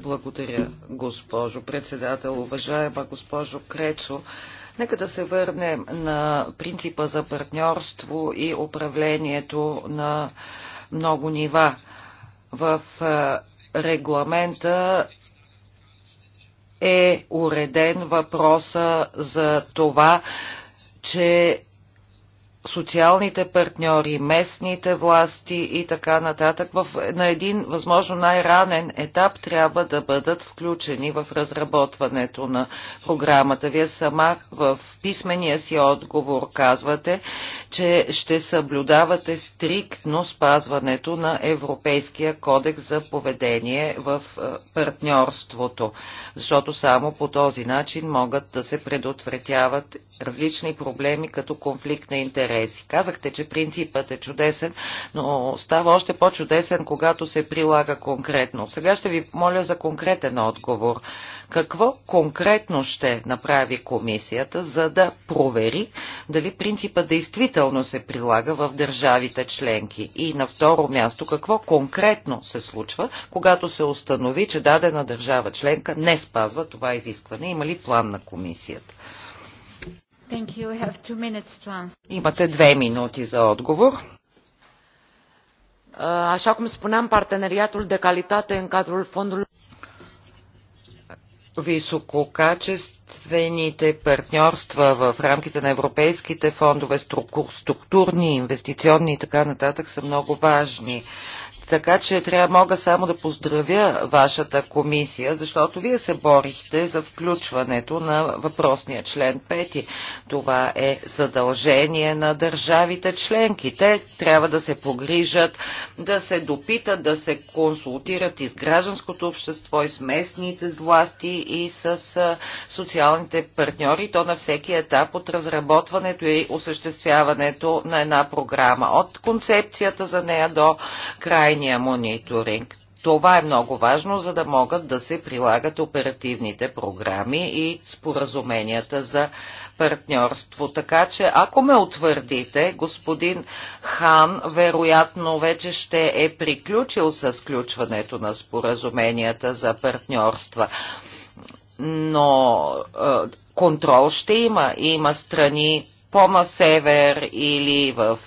Благодаря, госпожо председател. Уважаема госпожо Крецо, Нека да се върнем на принципа за партньорство и управлението на много нива. В е, регламента е уреден въпроса за това, че социалните партньори, местните власти и така нататък в, на един възможно най-ранен етап трябва да бъдат включени в разработването на програмата. Вие сама в писмения си отговор казвате, че ще съблюдавате стриктно спазването на Европейския кодекс за поведение в е, партньорството, защото само по този начин могат да се предотвратяват различни проблеми като конфликт на интерес интереси. Казахте, че принципът е чудесен, но става още по-чудесен, когато се прилага конкретно. Сега ще ви моля за конкретен отговор. Какво конкретно ще направи комисията, за да провери дали принципът действително се прилага в държавите членки? И на второ място, какво конкретно се случва, когато се установи, че дадена държава членка не спазва това изискване? Има ли план на комисията? Имате две минути за отговор. Așa cum spuneam, parteneriatul de calitate în cadrul fondului висококачествените партньорства в рамките на европейските фондове, структурни, инвестиционни и така нататък са много важни. Така че трябва мога само да поздравя вашата комисия, защото вие се борихте за включването на въпросния член 5. Това е задължение на държавите членки. Те трябва да се погрижат, да се допитат, да се консултират и с гражданското общество, и с местните власти, и с социалните партньори, то на всеки етап от разработването и осъществяването на една програма. От концепцията за нея до крайния ежегодния мониторинг. Това е много важно, за да могат да се прилагат оперативните програми и споразуменията за партньорство. Така че, ако ме утвърдите, господин Хан вероятно вече ще е приключил с включването на споразуменията за партньорства. Но е, контрол ще има. Има страни Пома Север или в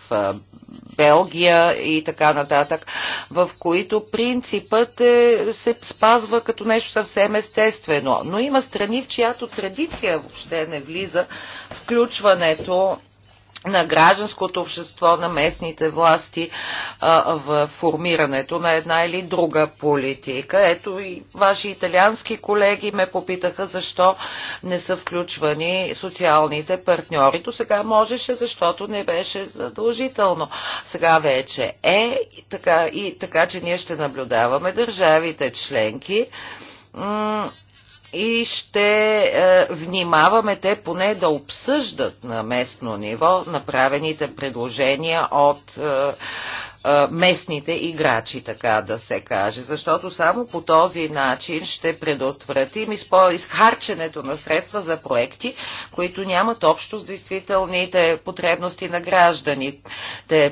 Белгия и така нататък, в които принципът е, се спазва като нещо съвсем естествено. Но има страни, в чиято традиция въобще не влиза включването на гражданското общество, на местните власти а, в формирането на една или друга политика. Ето и ваши италиански колеги ме попитаха защо не са включвани социалните партньори. До сега можеше, защото не беше задължително. Сега вече е, така, и така че ние ще наблюдаваме държавите членки и ще е, внимаваме те поне да обсъждат на местно ниво направените предложения от е, е, местните играчи, така да се каже. Защото само по този начин ще предотвратим изхарченето на средства за проекти, които нямат общо с действителните потребности на гражданите.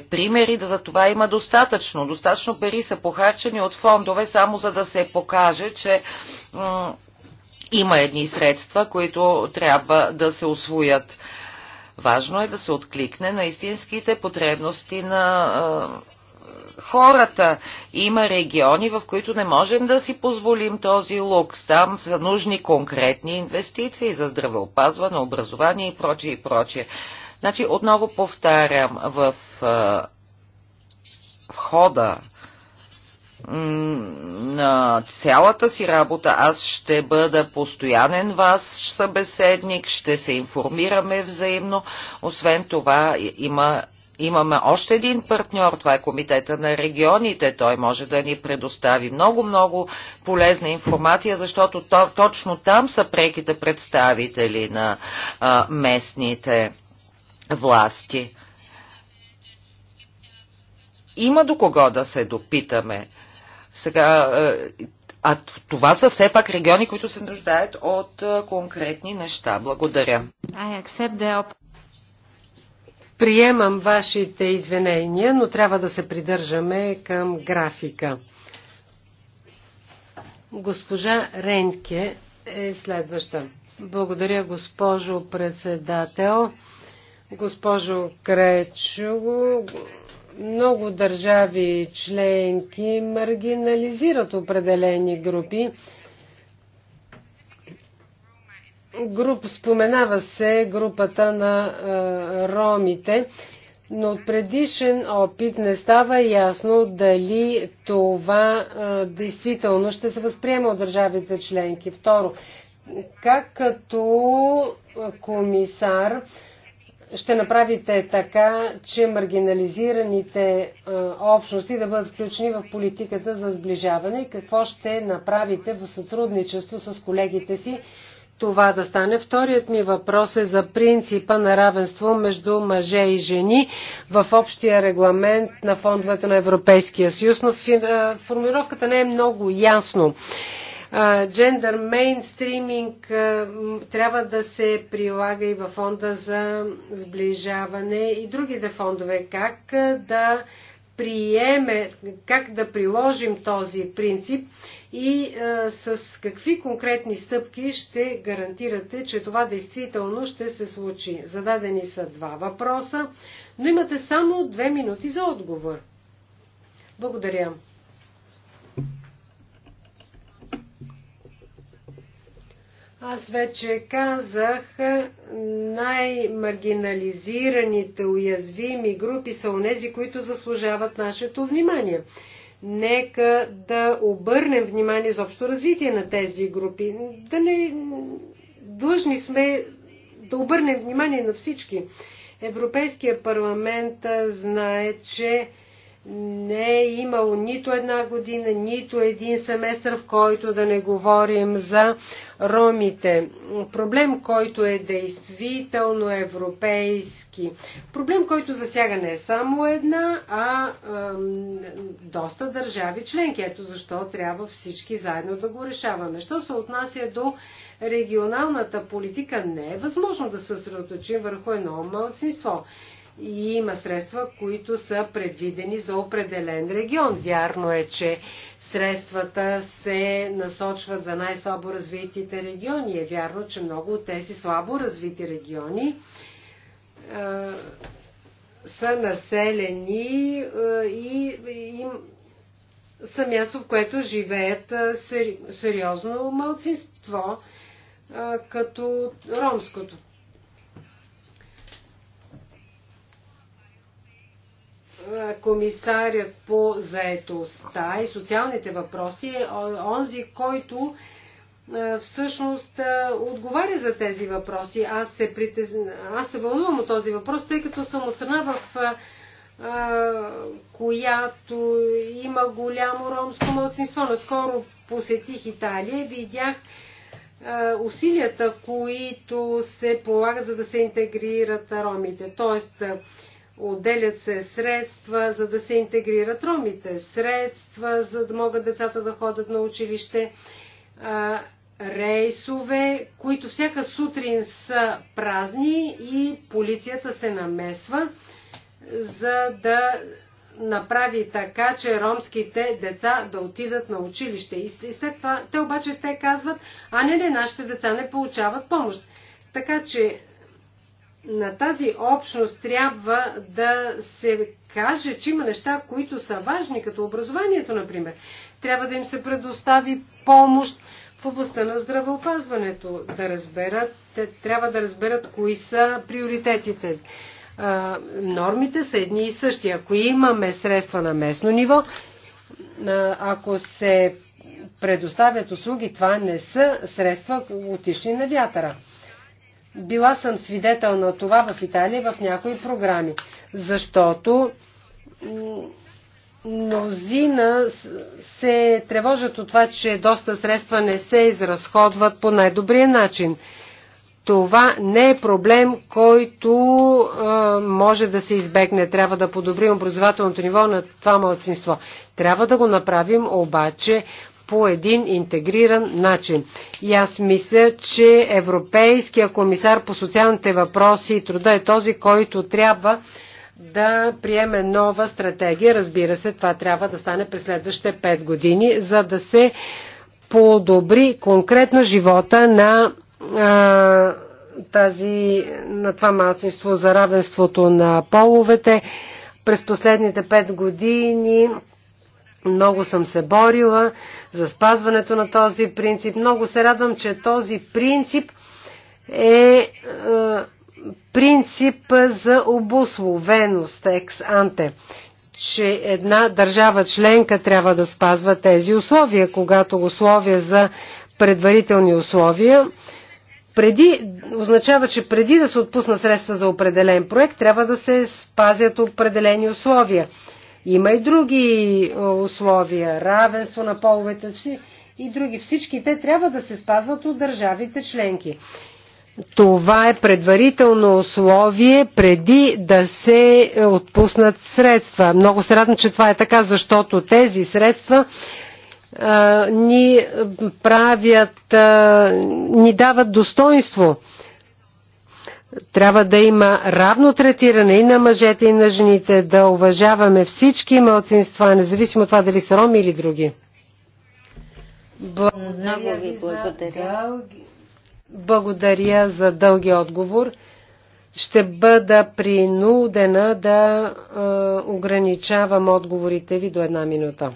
Примери за това има достатъчно. Достатъчно пари са похарчени от фондове, само за да се покаже, че има едни средства, които трябва да се освоят. Важно е да се откликне на истинските потребности на хората. Има региони, в които не можем да си позволим този лукс. Там са нужни конкретни инвестиции за здравеопазване, образование и прочее и прочее. Значи, отново повтарям, в, в хода на цялата си работа аз ще бъда постоянен вас събеседник, ще се информираме взаимно. Освен това има Имаме още един партньор, това е Комитета на регионите. Той може да ни предостави много-много полезна информация, защото то, точно там са преките представители на а, местните власти. Има до кого да се допитаме. Сега, е, а това са все пак региони, които се нуждаят от е, конкретни неща. Благодаря. I accept the Приемам вашите извинения, но трябва да се придържаме към графика. Госпожа Ренке е следваща. Благодаря, госпожо председател. Госпожо Кречо, много държави членки маргинализират определени групи. Груп, споменава се групата на а, ромите, но от предишен опит не става ясно дали това а, действително ще се възприема от държавите членки. Второ, как като комисар ще направите така, че маргинализираните е, общности да бъдат включени в политиката за сближаване? Какво ще направите в сътрудничество с колегите си това да стане? Вторият ми въпрос е за принципа на равенство между мъже и жени в общия регламент на фондовете на Европейския съюз, но е, формировката не е много ясно. Джендър мейнстриминг трябва да се прилага и във фонда за сближаване и другите фондове. Как да приеме, как да приложим този принцип и а, с какви конкретни стъпки ще гарантирате, че това действително ще се случи. Зададени са два въпроса, но имате само две минути за отговор. Благодаря. Аз вече казах, най-маргинализираните, уязвими групи са онези, които заслужават нашето внимание. Нека да обърнем внимание за общо развитие на тези групи. Да не... Длъжни сме да обърнем внимание на всички. Европейския парламент знае, че не е имало нито една година, нито един семестър, в който да не говорим за ромите. Проблем, който е действително европейски. Проблем, който засяга не само една, а ем, доста държави членки. Ето защо трябва всички заедно да го решаваме. Що се отнася до регионалната политика, не е възможно да се съсредоточим върху едно малцинство и има средства, които са предвидени за определен регион. Вярно е, че средствата се насочват за най-слабо развитите региони. Е вярно, че много от тези слабо развити региони а, са населени а, и и са място, в което живеят а, сери, сериозно малцинство, а, като ромското. комисарят по заетостта и социалните въпроси е онзи, който всъщност отговаря за тези въпроси. Аз се, притез... Аз се вълнувам от този въпрос, тъй като съм от страна в която има голямо ромско младсинство. Наскоро посетих Италия и видях усилията, които се полагат за да се интегрират ромите. Тоест, Отделят се средства, за да се интегрират ромите, средства, за да могат децата да ходят на училище, рейсове, които всяка сутрин са празни и полицията се намесва, за да направи така, че ромските деца да отидат на училище. И след това те обаче те казват, а не, не, нашите деца не получават помощ. Така че на тази общност трябва да се каже, че има неща, които са важни, като образованието, например. Трябва да им се предостави помощ в областта на здравеопазването, да разберат, трябва да разберат кои са приоритетите. Нормите са едни и същи. Ако имаме средства на местно ниво, ако се предоставят услуги, това не са средства отишли на вятъра. Била съм свидетел на това в Италия в някои програми, защото мнозина се тревожат от това, че доста средства не се изразходват по най-добрия начин. Това не е проблем, който е, може да се избегне. Трябва да подобрим образователното ниво на това малцинство. Трябва да го направим обаче по един интегриран начин. И аз мисля, че Европейския комисар по социалните въпроси и труда е този, който трябва да приеме нова стратегия. Разбира се, това трябва да стане през следващите 5 години, за да се подобри конкретно живота на а, тази, на това малцинство за равенството на половете. През последните 5 години много съм се борила за спазването на този принцип. Много се радвам, че този принцип е, е принцип за обусловеност екс анте, че една държава членка трябва да спазва тези условия, когато условия за предварителни условия преди, означава, че преди да се отпусна средства за определен проект, трябва да се спазят определени условия. Има и други е, условия, равенство на половете и други. Всички те трябва да се спазват от държавите членки. Това е предварително условие преди да се е, отпуснат средства. Много се радвам, че това е така, защото тези средства а, е, ни правят, а, ни дават достоинство. Трябва да има равно третиране и на мъжете, и на жените, да уважаваме всички младсинства, независимо от това дали са роми или други. Благодаря ви благодаря. За... Благодаря за дългия отговор. Ще бъда принудена да е, ограничавам отговорите ви до една минута.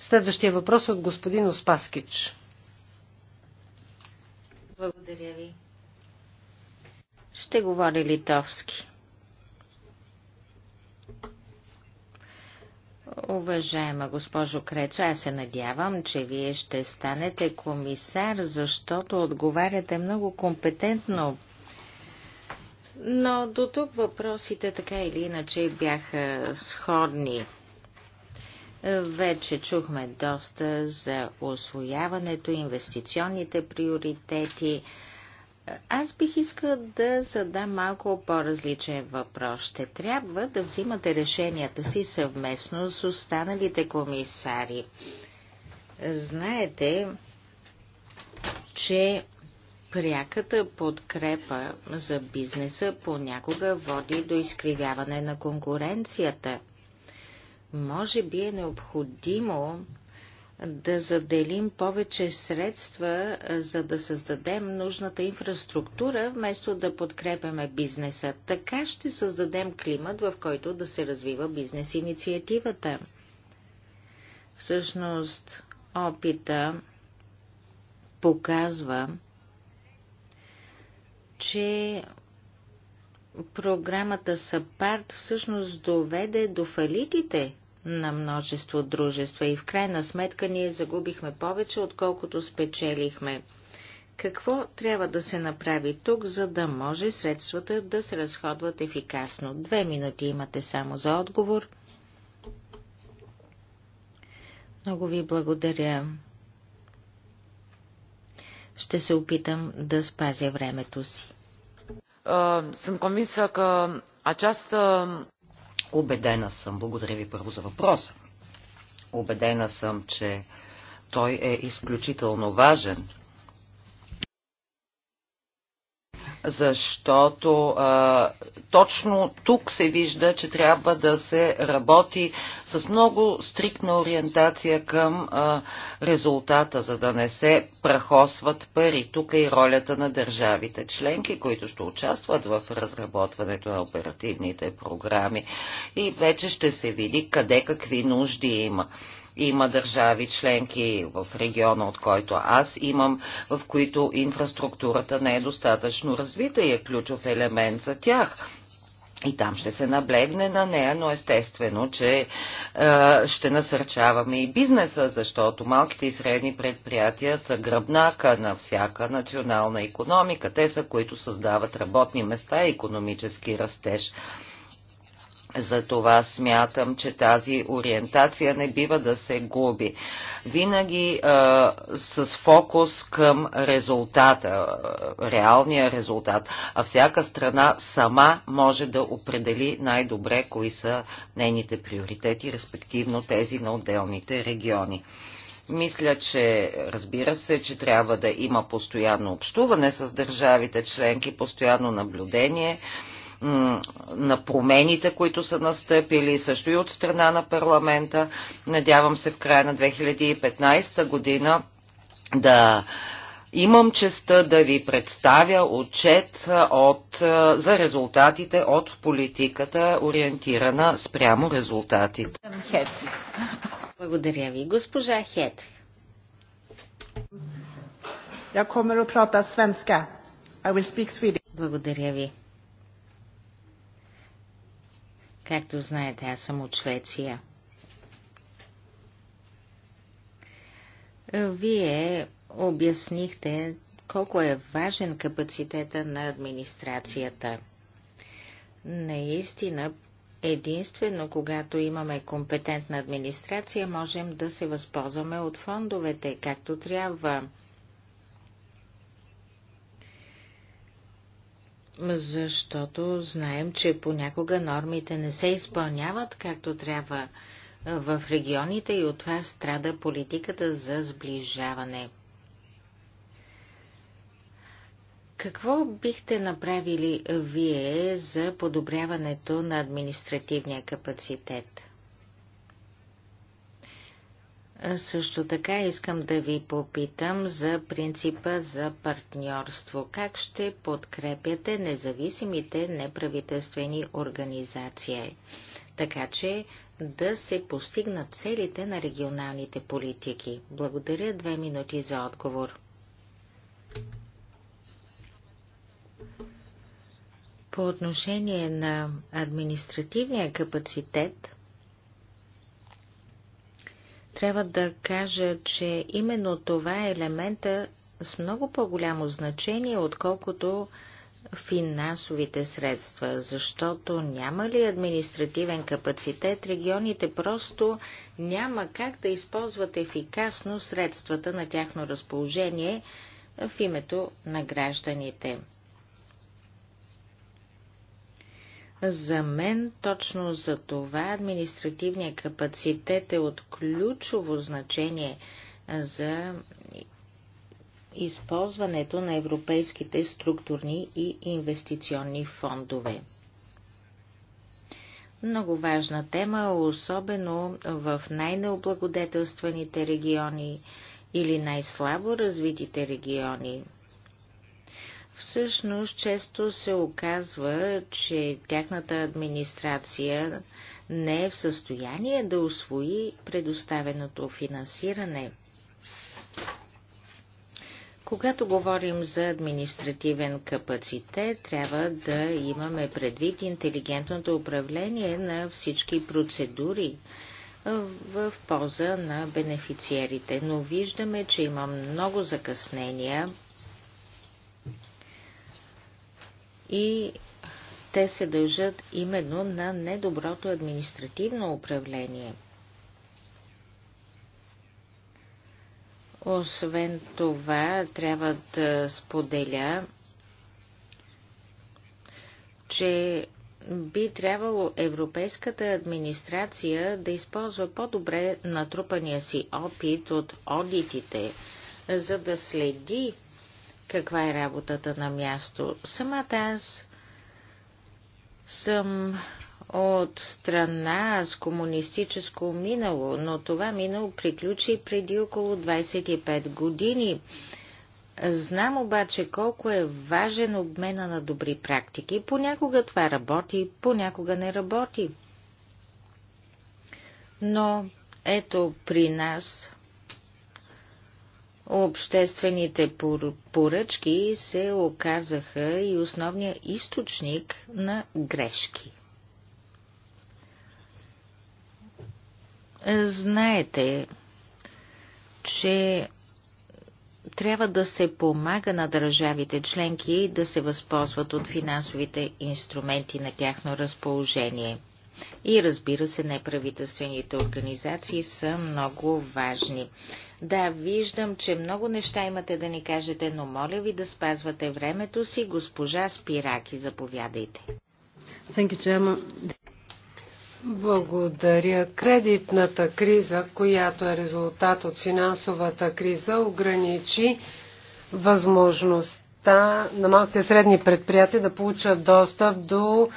Следващия въпрос е от господин Оспаскич. Благодаря ви. Ще говори литовски. Уважаема госпожо Креча, аз се надявам, че вие ще станете комисар, защото отговаряте много компетентно. Но до тук въпросите така или иначе бяха сходни. Вече чухме доста за освояването, инвестиционните приоритети. Аз бих искал да задам малко по-различен въпрос. Ще трябва да взимате решенията си съвместно с останалите комисари. Знаете, че пряката подкрепа за бизнеса понякога води до изкривяване на конкуренцията – може би е необходимо да заделим повече средства, за да създадем нужната инфраструктура, вместо да подкрепяме бизнеса. Така ще създадем климат, в който да се развива бизнес инициативата. Всъщност, опита показва, че програмата САПАРТ всъщност доведе до фалитите на множество дружества и в крайна сметка ние загубихме повече, отколкото спечелихме. Какво трябва да се направи тук, за да може средствата да се разходват ефикасно? Две минути имате само за отговор. Много ви благодаря. Ще се опитам да спазя времето си. Съм комисия, а част. Обедена съм, благодаря ви първо за въпроса. Обедена съм, че той е изключително важен защото а, точно тук се вижда, че трябва да се работи с много стриктна ориентация към а, резултата, за да не се прахосват пари. Тук е и ролята на държавите членки, които ще участват в разработването на оперативните програми и вече ще се види къде какви нужди има. Има държави членки в региона, от който аз имам, в които инфраструктурата не е достатъчно развита и е ключов елемент за тях. И там ще се наблегне на нея, но естествено, че е, ще насърчаваме и бизнеса, защото малките и средни предприятия са гръбнака на всяка национална економика. Те са, които създават работни места и економически растеж. Затова смятам, че тази ориентация не бива да се губи. Винаги а, с фокус към резултата, реалния резултат, а всяка страна сама може да определи най-добре кои са нейните приоритети, респективно тези на отделните региони. Мисля, че разбира се, че трябва да има постоянно общуване с държавите членки, постоянно наблюдение. А, на промените, които са настъпили, също и от страна на парламента. Надявам се в края на 2015 година да имам честа да ви представя отчет от, за резултатите от политиката, ориентирана спрямо резултатите. Благодаря ви, госпожа Хет. I will speak Swedish. Благодаря ви. Както знаете, аз съм от Швеция. Вие обяснихте колко е важен капацитета на администрацията. Наистина, единствено когато имаме компетентна администрация, можем да се възползваме от фондовете както трябва. защото знаем, че понякога нормите не се изпълняват както трябва в регионите и от това страда политиката за сближаване. Какво бихте направили вие за подобряването на административния капацитет? Също така искам да ви попитам за принципа за партньорство. Как ще подкрепяте независимите неправителствени организации, така че да се постигнат целите на регионалните политики? Благодаря две минути за отговор. По отношение на административния капацитет, трябва да кажа, че именно това е елемента с много по-голямо значение, отколкото финансовите средства, защото няма ли административен капацитет, регионите просто няма как да използват ефикасно средствата на тяхно разположение в името на гражданите. За мен точно за това административният капацитет е от ключово значение за използването на европейските структурни и инвестиционни фондове. Много важна тема, особено в най-необлагодетелстваните региони или най-слабо развитите региони. Всъщност често се оказва, че тяхната администрация не е в състояние да освои предоставеното финансиране. Когато говорим за административен капацитет, трябва да имаме предвид интелигентното управление на всички процедури в полза на бенефициерите. Но виждаме, че има много закъснения и те се дължат именно на недоброто административно управление. Освен това, трябва да споделя, че би трябвало европейската администрация да използва по-добре натрупания си опит от одитите, за да следи каква е работата на място. Самата аз съм от страна с комунистическо минало, но това минало приключи преди около 25 години. Знам обаче колко е важен обмена на добри практики. Понякога това работи, понякога не работи. Но ето при нас Обществените поръчки се оказаха и основния източник на грешки. Знаете, че трябва да се помага на държавите членки да се възползват от финансовите инструменти на тяхно разположение – и разбира се, неправителствените организации са много важни. Да, виждам, че много неща имате да ни кажете, но моля ви да спазвате времето си. Госпожа Спираки, заповядайте. Благодаря. Кредитната криза, която е резултат от финансовата криза, ограничи възможността на малките и средни предприятия да получат достъп до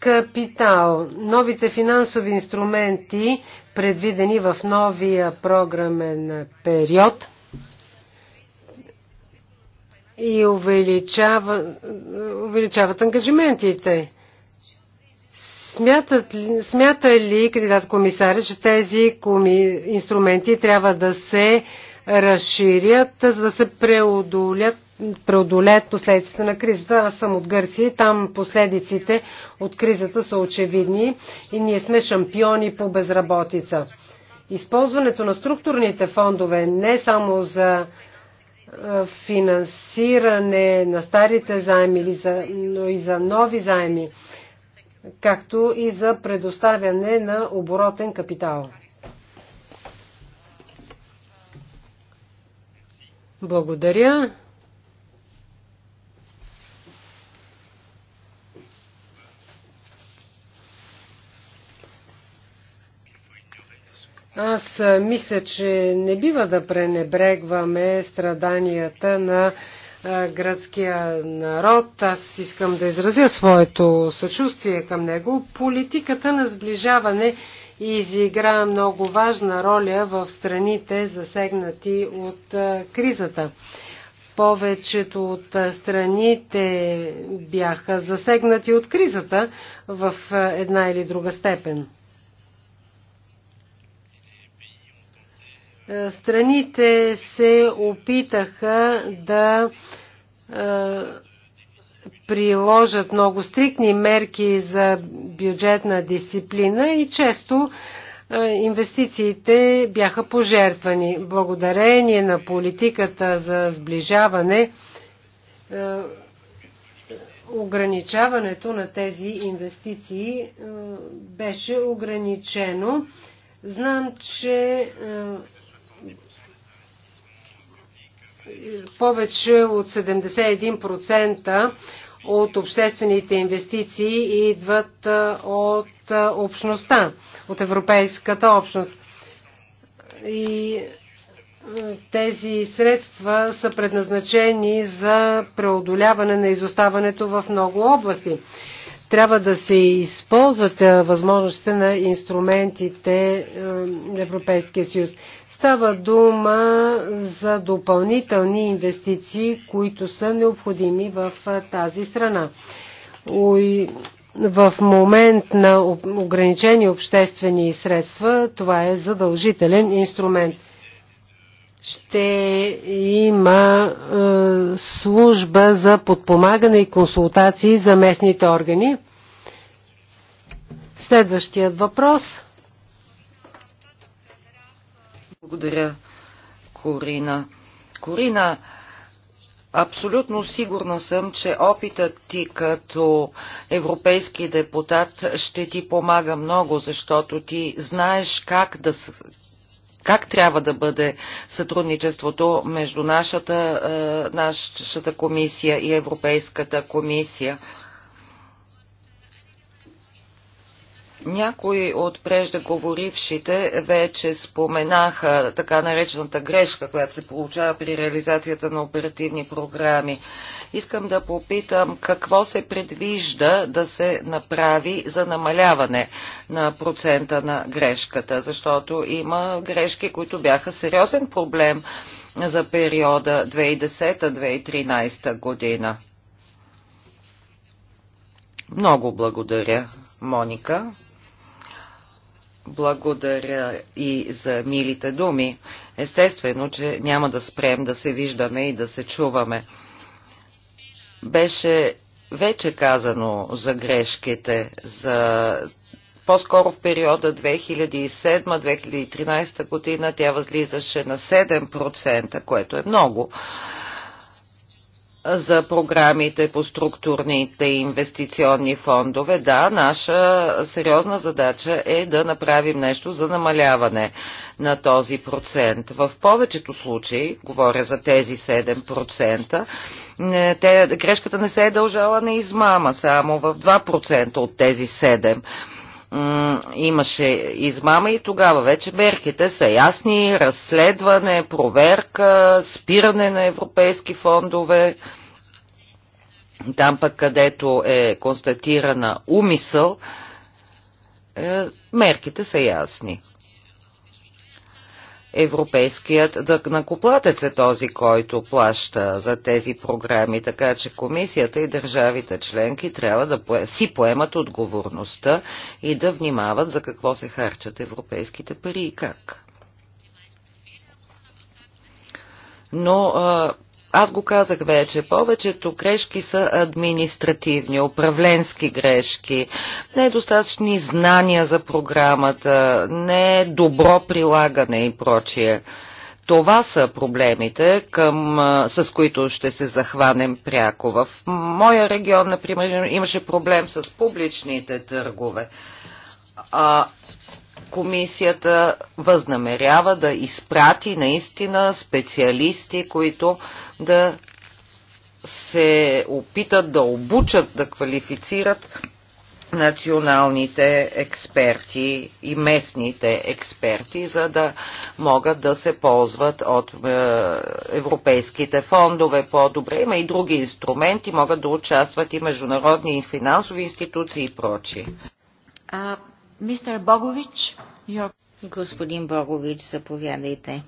капитал. Новите финансови инструменти, предвидени в новия програмен период и увеличава, увеличават ангажиментите. Смятат, смята ли кандидат комисаря, че тези коми, инструменти трябва да се разширят, за да се преодолят преодолеят последиците на кризата. Аз съм от Гърция и там последиците от кризата са очевидни и ние сме шампиони по безработица. Използването на структурните фондове не само за финансиране на старите заеми, но и за нови заеми, както и за предоставяне на оборотен капитал. Благодаря. Аз мисля, че не бива да пренебрегваме страданията на гръцкия народ. Аз искам да изразя своето съчувствие към него. Политиката на сближаване изигра много важна роля в страните, засегнати от кризата. Повечето от страните бяха засегнати от кризата в една или друга степен. Е, страните се опитаха да е, приложат много стриктни мерки за бюджетна дисциплина и често е, инвестициите бяха пожертвани. Благодарение на политиката за сближаване, ограничаването на тези инвестиции беше ограничено. Знам, че повече от 71% от обществените инвестиции идват от общността, от европейската общност. И тези средства са предназначени за преодоляване на изоставането в много области. Трябва да се използват възможностите на инструментите на Европейския съюз. Става дума за допълнителни инвестиции, които са необходими в тази страна. В момент на ограничени обществени средства това е задължителен инструмент. Ще има служба за подпомагане и консултации за местните органи. Следващият въпрос – благодаря, Корина. Корина, Абсолютно сигурна съм, че опитът ти като европейски депутат ще ти помага много, защото ти знаеш как да как трябва да бъде сътрудничеството между нашата, е, нашата комисия и Европейската комисия. Някои от преждеговорившите вече споменаха така наречената грешка, която се получава при реализацията на оперативни програми. Искам да попитам какво се предвижда да се направи за намаляване на процента на грешката, защото има грешки, които бяха сериозен проблем за периода 2010-2013 година. Много благодаря, Моника. Благодаря и за милите думи. Естествено, че няма да спрем да се виждаме и да се чуваме. Беше вече казано за грешките, за по-скоро в периода 2007-2013 година тя възлизаше на 7%, което е много за програмите по структурните инвестиционни фондове. Да, наша сериозна задача е да направим нещо за намаляване на този процент. В повечето случаи, говоря за тези 7%, те, грешката не се е дължала на измама, само в 2% от тези 7% имаше измама и тогава вече мерките са ясни, разследване, проверка, спиране на европейски фондове. Там пък където е констатирана умисъл, е, мерките са ясни европейският накоплатец е този, който плаща за тези програми, така че комисията и държавите членки трябва да си поемат отговорността и да внимават за какво се харчат европейските пари и как. Но а, аз го казах вече, повечето грешки са административни, управленски грешки, недостатъчни е знания за програмата, не е добро прилагане и прочие. Това са проблемите, към, с които ще се захванем пряко. В моя регион, например, имаше проблем с публичните търгове. А, комисията възнамерява да изпрати наистина специалисти, които да се опитат да обучат, да квалифицират националните експерти и местните експерти, за да могат да се ползват от е, европейските фондове по-добре. Има и други инструменти, могат да участват и международни и финансови институции и прочи. Мистер Богович, господин Богович, заповядайте.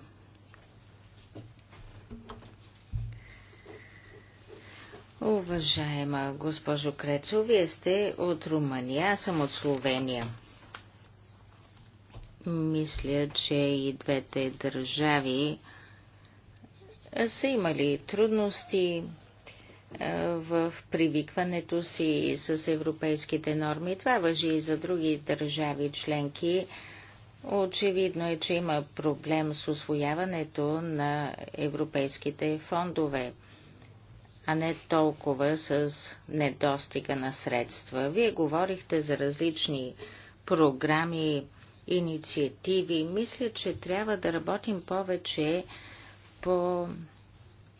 Уважаема госпожо Крецо, вие сте от Румъния, аз съм от Словения. Мисля, че и двете държави са имали трудности в привикването си с европейските норми. Това въжи и за други държави членки. Очевидно е, че има проблем с освояването на европейските фондове а не толкова с недостига на средства. Вие говорихте за различни програми, инициативи. Мисля, че трябва да работим повече по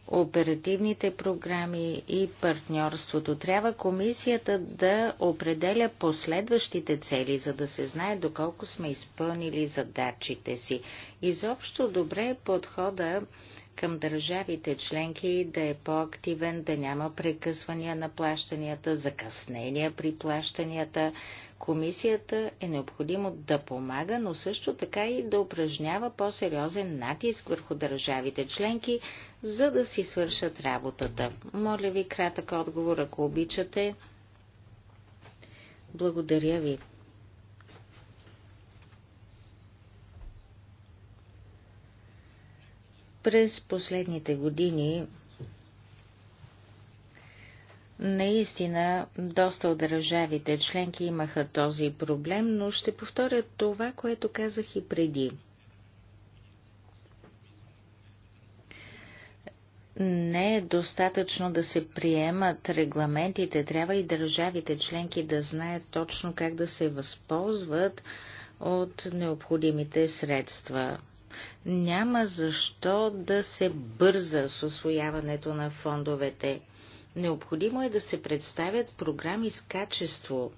оперативните програми и партньорството. Трябва комисията да определя последващите цели, за да се знае доколко сме изпълнили задачите си. Изобщо добре е подхода към държавите членки да е по-активен, да няма прекъсвания на плащанията, закъснения при плащанията. Комисията е необходимо да помага, но също така и да упражнява по-сериозен натиск върху държавите членки, за да си свършат работата. Моля ви кратък отговор, ако обичате. Благодаря ви. През последните години Наистина, доста от държавите членки имаха този проблем, но ще повторя това, което казах и преди. Не е достатъчно да се приемат регламентите, трябва и държавите членки да знаят точно как да се възползват от необходимите средства. Няма защо да се бърза с освояването на фондовете. Необходимо е да се представят програми с качество.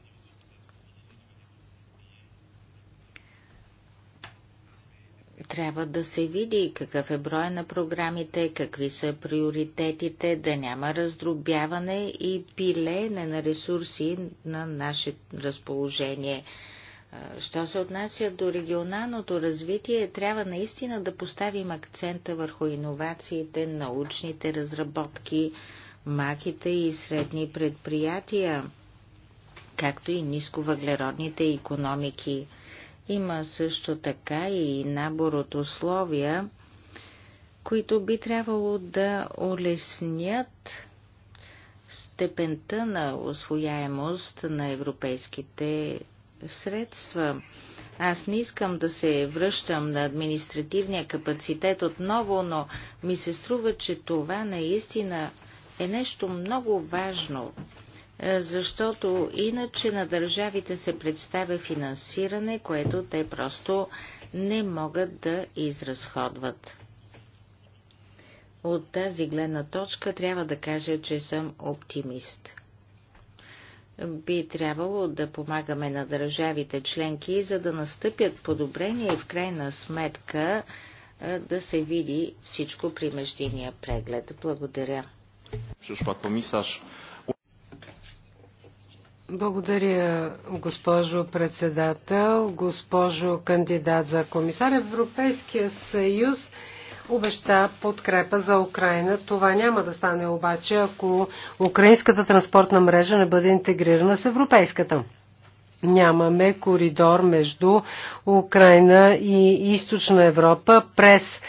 Трябва да се види какъв е броя на програмите, какви са приоритетите, да няма раздробяване и пилеене на ресурси на наше разположение – Що се отнася до регионалното развитие, трябва наистина да поставим акцента върху иновациите, научните разработки, маките и средни предприятия, както и нисковъглеродните економики. Има също така и набор от условия, които би трябвало да улеснят степента на освояемост на европейските средства. Аз не искам да се връщам на административния капацитет отново, но ми се струва, че това наистина е нещо много важно, е, защото иначе на държавите се представя финансиране, което те просто не могат да изразходват. От тази гледна точка трябва да кажа, че съм оптимист. Би трябвало да помагаме на държавите членки, за да настъпят подобрения и в крайна сметка е, да се види всичко при междиния преглед. Благодаря. Благодаря, госпожо председател, госпожо кандидат за комисар. Европейския съюз обеща подкрепа за Украина. Това няма да стане обаче, ако украинската транспортна мрежа не бъде интегрирана с европейската. Нямаме коридор между Украина и Източна Европа през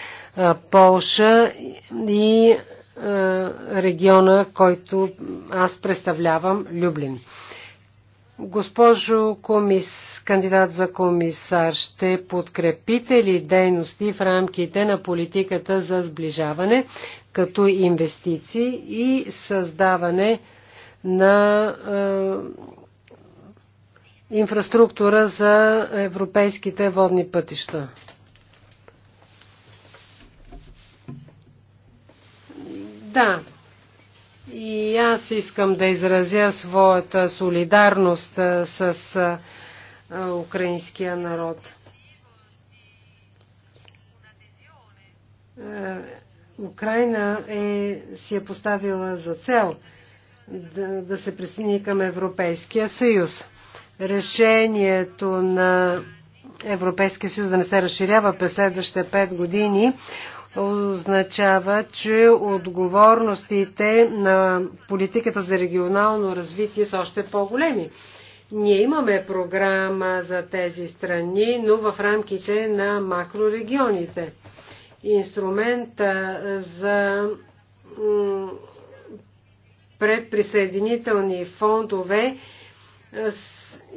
Полша и региона, който аз представлявам, Люблин. Госпожо комис, кандидат за комисар, ще подкрепите ли дейности в рамките на политиката за сближаване като инвестиции и създаване на е, инфраструктура за европейските водни пътища? Да, и аз искам да изразя своята солидарност с украинския народ. Украина е, си е поставила за цел да, да се присъедини към Европейския съюз. Решението на Европейския съюз да не се разширява през следващите 5 години означава, че отговорностите на политиката за регионално развитие са още по-големи. Ние имаме програма за тези страни, но в рамките на макрорегионите. Инструмента за предприсъединителни фондове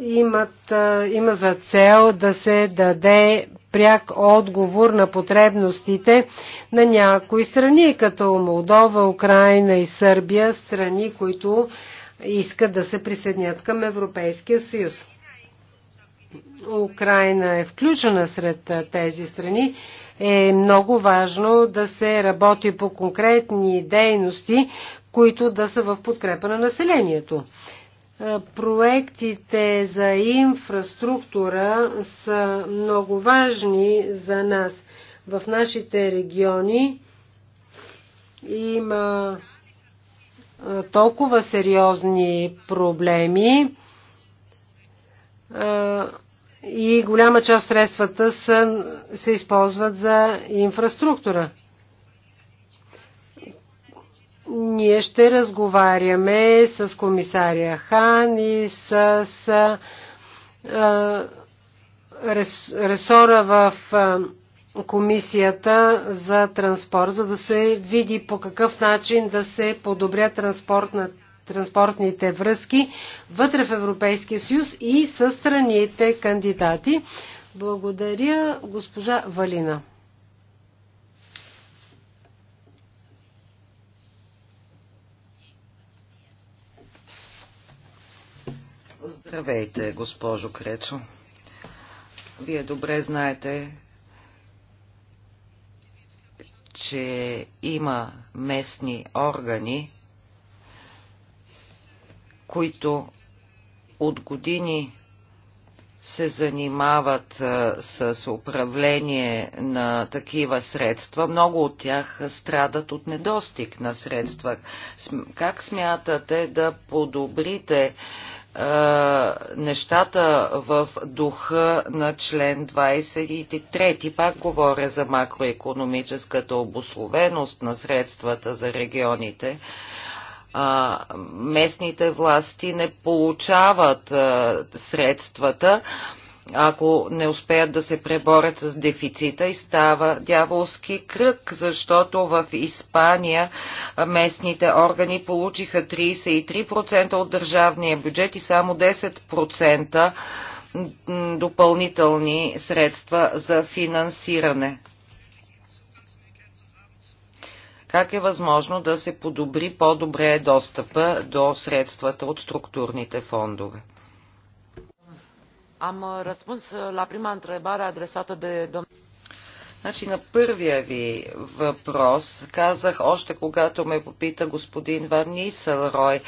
имат, има за цел да се даде пряк отговор на потребностите на някои страни, като Молдова, Украина и Сърбия, страни, които искат да се присъединят към Европейския съюз. Украина е включена сред тези страни, е много важно да се работи по конкретни дейности, които да са в подкрепа на населението. Е, проектите за инфраструктура са много важни за нас. В нашите региони има е, толкова сериозни проблеми е, и голяма част средствата са, се използват за инфраструктура. Ние ще разговаряме с комисария Хан и с ресора в комисията за транспорт, за да се види по какъв начин да се подобрят на транспортните връзки вътре в Европейския съюз и със страните кандидати. Благодаря, госпожа Валина. Здравейте, госпожо Кречо. Вие добре знаете, че има местни органи, които от години се занимават с управление на такива средства. Много от тях страдат от недостиг на средства. Как смятате да подобрите е, нещата в духа на член 23. Пак говоря за макроекономическата обословеност на средствата за регионите. А, е, местните власти не получават а, е, средствата ако не успеят да се преборят с дефицита и става дяволски кръг, защото в Испания местните органи получиха 33% от държавния бюджет и само 10% допълнителни средства за финансиране. Как е възможно да се подобри по-добре достъпа до средствата от структурните фондове? Am uh, răspuns uh, la prima întrebare adresată de domnul. Значи на първия ви въпрос казах още когато ме попита господин Ванисел Рой, е,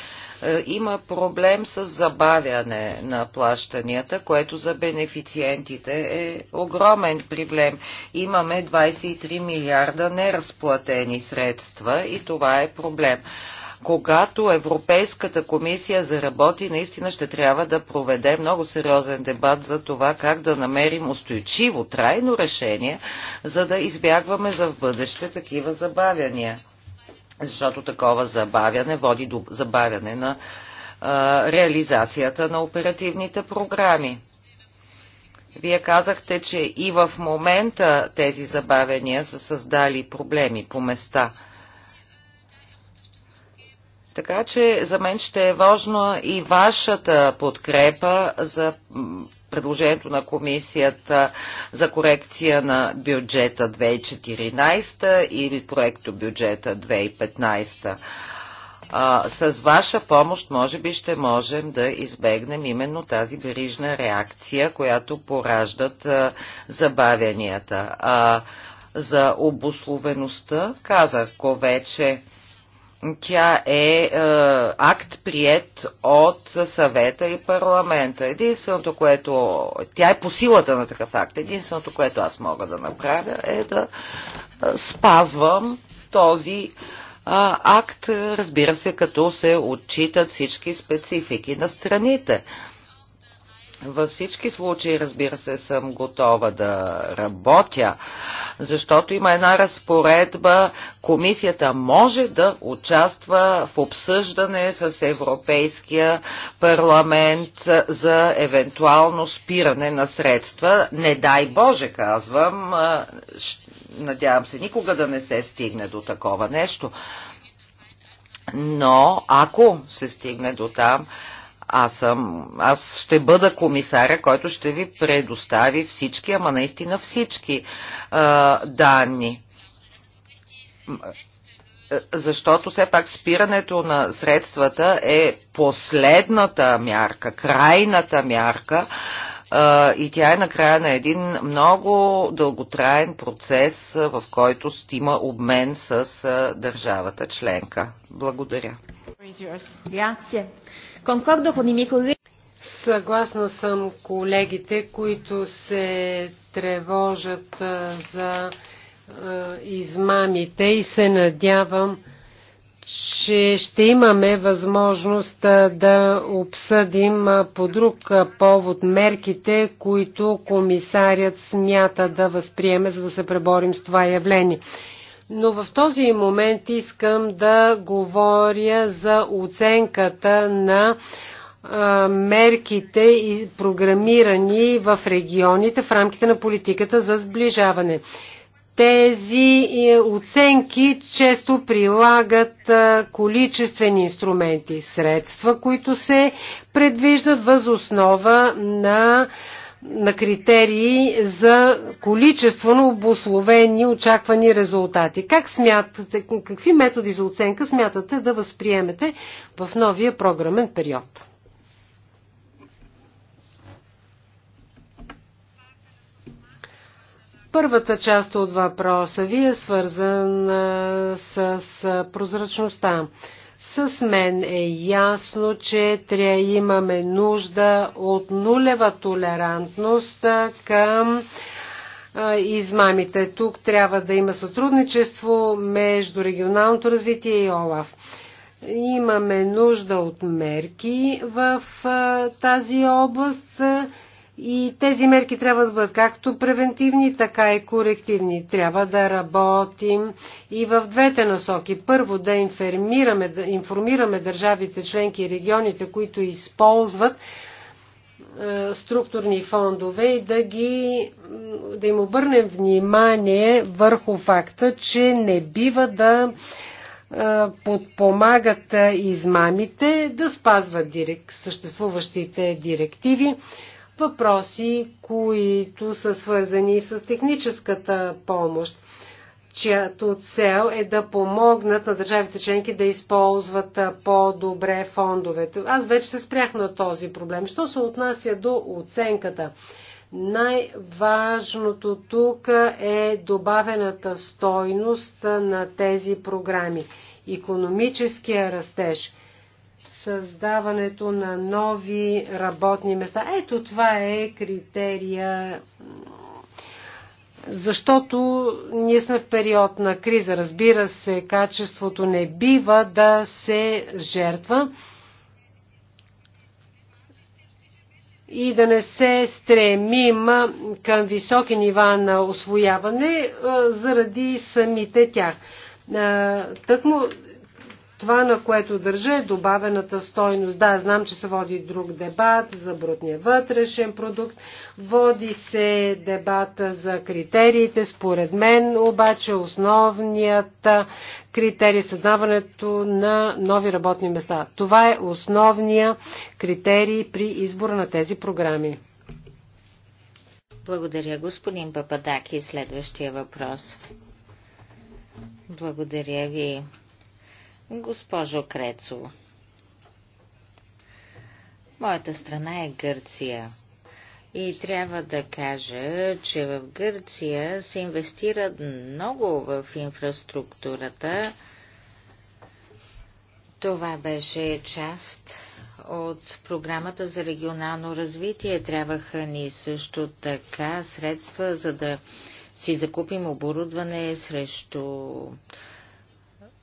има проблем с забавяне на плащанията, което за бенефициентите е огромен проблем. Имаме 23 милиарда неразплатени средства и това е проблем когато Европейската комисия заработи, наистина ще трябва да проведе много сериозен дебат за това как да намерим устойчиво, трайно решение, за да избягваме за в бъдеще такива забавяния. Защото такова забавяне води до забавяне на а, реализацията на оперативните програми. Вие казахте, че и в момента тези забавения са създали проблеми по места – така че за мен ще е важно и вашата подкрепа за предложението на комисията за корекция на бюджета 2014 или проекто бюджета 2015. А, с ваша помощ може би ще можем да избегнем именно тази грижна реакция, която пораждат а, забавянията. А, за обословеността казах ко вече. Тя е, е акт прият от съвета и парламента. Единственото, което... Тя е по силата на такъв акт. Единственото, което аз мога да направя е да е, спазвам този е, акт, разбира се, като се отчитат всички специфики на страните. Във всички случаи, разбира се, съм готова да работя, защото има една разпоредба, комисията може да участва в обсъждане с Европейския парламент за евентуално спиране на средства. Не дай Боже, казвам, надявам се никога да не се стигне до такова нещо. Но ако се стигне до там, аз, съм, аз ще бъда комисаря, който ще ви предостави всички, ама наистина всички а, данни. Защото все пак спирането на средствата е последната мярка, крайната мярка а, и тя е накрая на един много дълготраен процес, в който стима обмен с държавата членка. Благодаря. Concordo con i miei colleghi. Съгласна съм колегите, които се тревожат за измамите и се надявам, че ще имаме възможност да обсъдим по друг повод мерките, които комисарят смята да възприеме, за да се преборим с това явление. Но в този момент искам да говоря за оценката на мерките и програмирани в регионите в рамките на политиката за сближаване. Тези е, оценки често прилагат количествени инструменти, средства, които се предвиждат възоснова на на критерии за количествено обословени очаквани резултати. Как смятате, какви методи за оценка смятате да възприемете в новия програмен период? Първата част от въпроса ви е свързана с прозрачността с мен е ясно, че трябва имаме нужда от нулева толерантност към измамите. Тук трябва да има сътрудничество между регионалното развитие и ОЛАФ. Имаме нужда от мерки в тази област и тези мерки трябва да бъдат както превентивни, така и корективни. Трябва да работим и в двете насоки. Първо да информираме, да информираме държавите членки и регионите, които използват е, структурни фондове и да, ги, да им обърнем внимание върху факта, че не бива да е, подпомагат измамите, да спазват директ, съществуващите директиви въпроси, които са свързани с техническата помощ, чиято цел е да помогнат на държавите членки да използват по-добре фондовете. Аз вече се спрях на този проблем. Що се отнася до оценката? Най-важното тук е добавената стойност на тези програми. Економическия растеж – създаването на нови работни места. Ето това е критерия. Защото ние сме в период на криза. Разбира се, качеството не бива да се жертва и да не се стремим към високи нива на освояване заради самите тях. Тъкмо това, на което държа е добавената стойност. Да, знам, че се води друг дебат за брутния вътрешен продукт. Води се дебата за критериите. Според мен обаче основният критерий е създаването на нови работни места. Това е основния критерий при избора на тези програми. Благодаря, господин Пападаки. Следващия въпрос. Благодаря ви. Госпожо Крецо, моята страна е Гърция. И трябва да кажа, че в Гърция се инвестират много в инфраструктурата. Това беше част от програмата за регионално развитие. Трябваха ни също така средства, за да си закупим оборудване срещу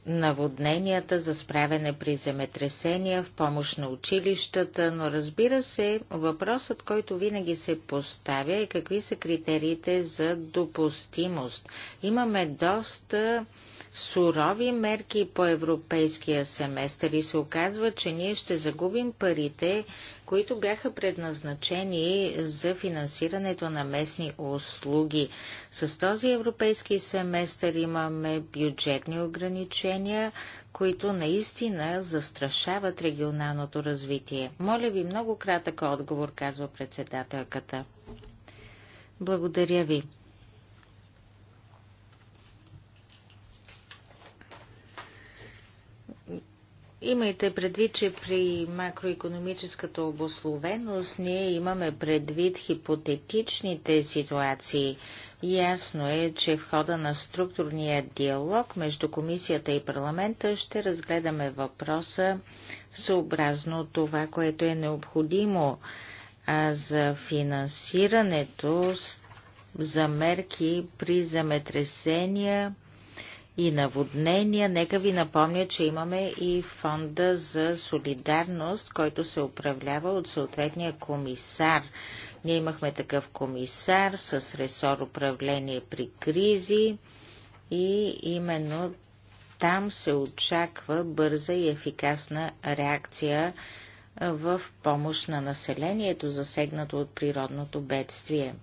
наводненията, за справяне при земетресения, в помощ на училищата, но разбира се, въпросът, който винаги се поставя е какви са критериите за допустимост. Имаме доста сурови мерки по европейския семестър и се оказва, че ние ще загубим парите, които бяха предназначени за финансирането на местни услуги. С този европейски семестър имаме бюджетни ограничения, които наистина застрашават регионалното развитие. Моля ви много кратък отговор, казва председателката. Благодаря ви. Имайте предвид, че при макроекономическата обословеност ние имаме предвид хипотетичните ситуации. Ясно е, че в хода на структурния диалог между комисията и парламента ще разгледаме въпроса съобразно това, което е необходимо. А за финансирането за мерки при земетресения и наводнения. Нека ви напомня, че имаме и фонда за солидарност, който се управлява от съответния комисар. Ние имахме такъв комисар с ресор управление при кризи и именно там се очаква бърза и ефикасна реакция в помощ на населението, засегнато от природното бедствие.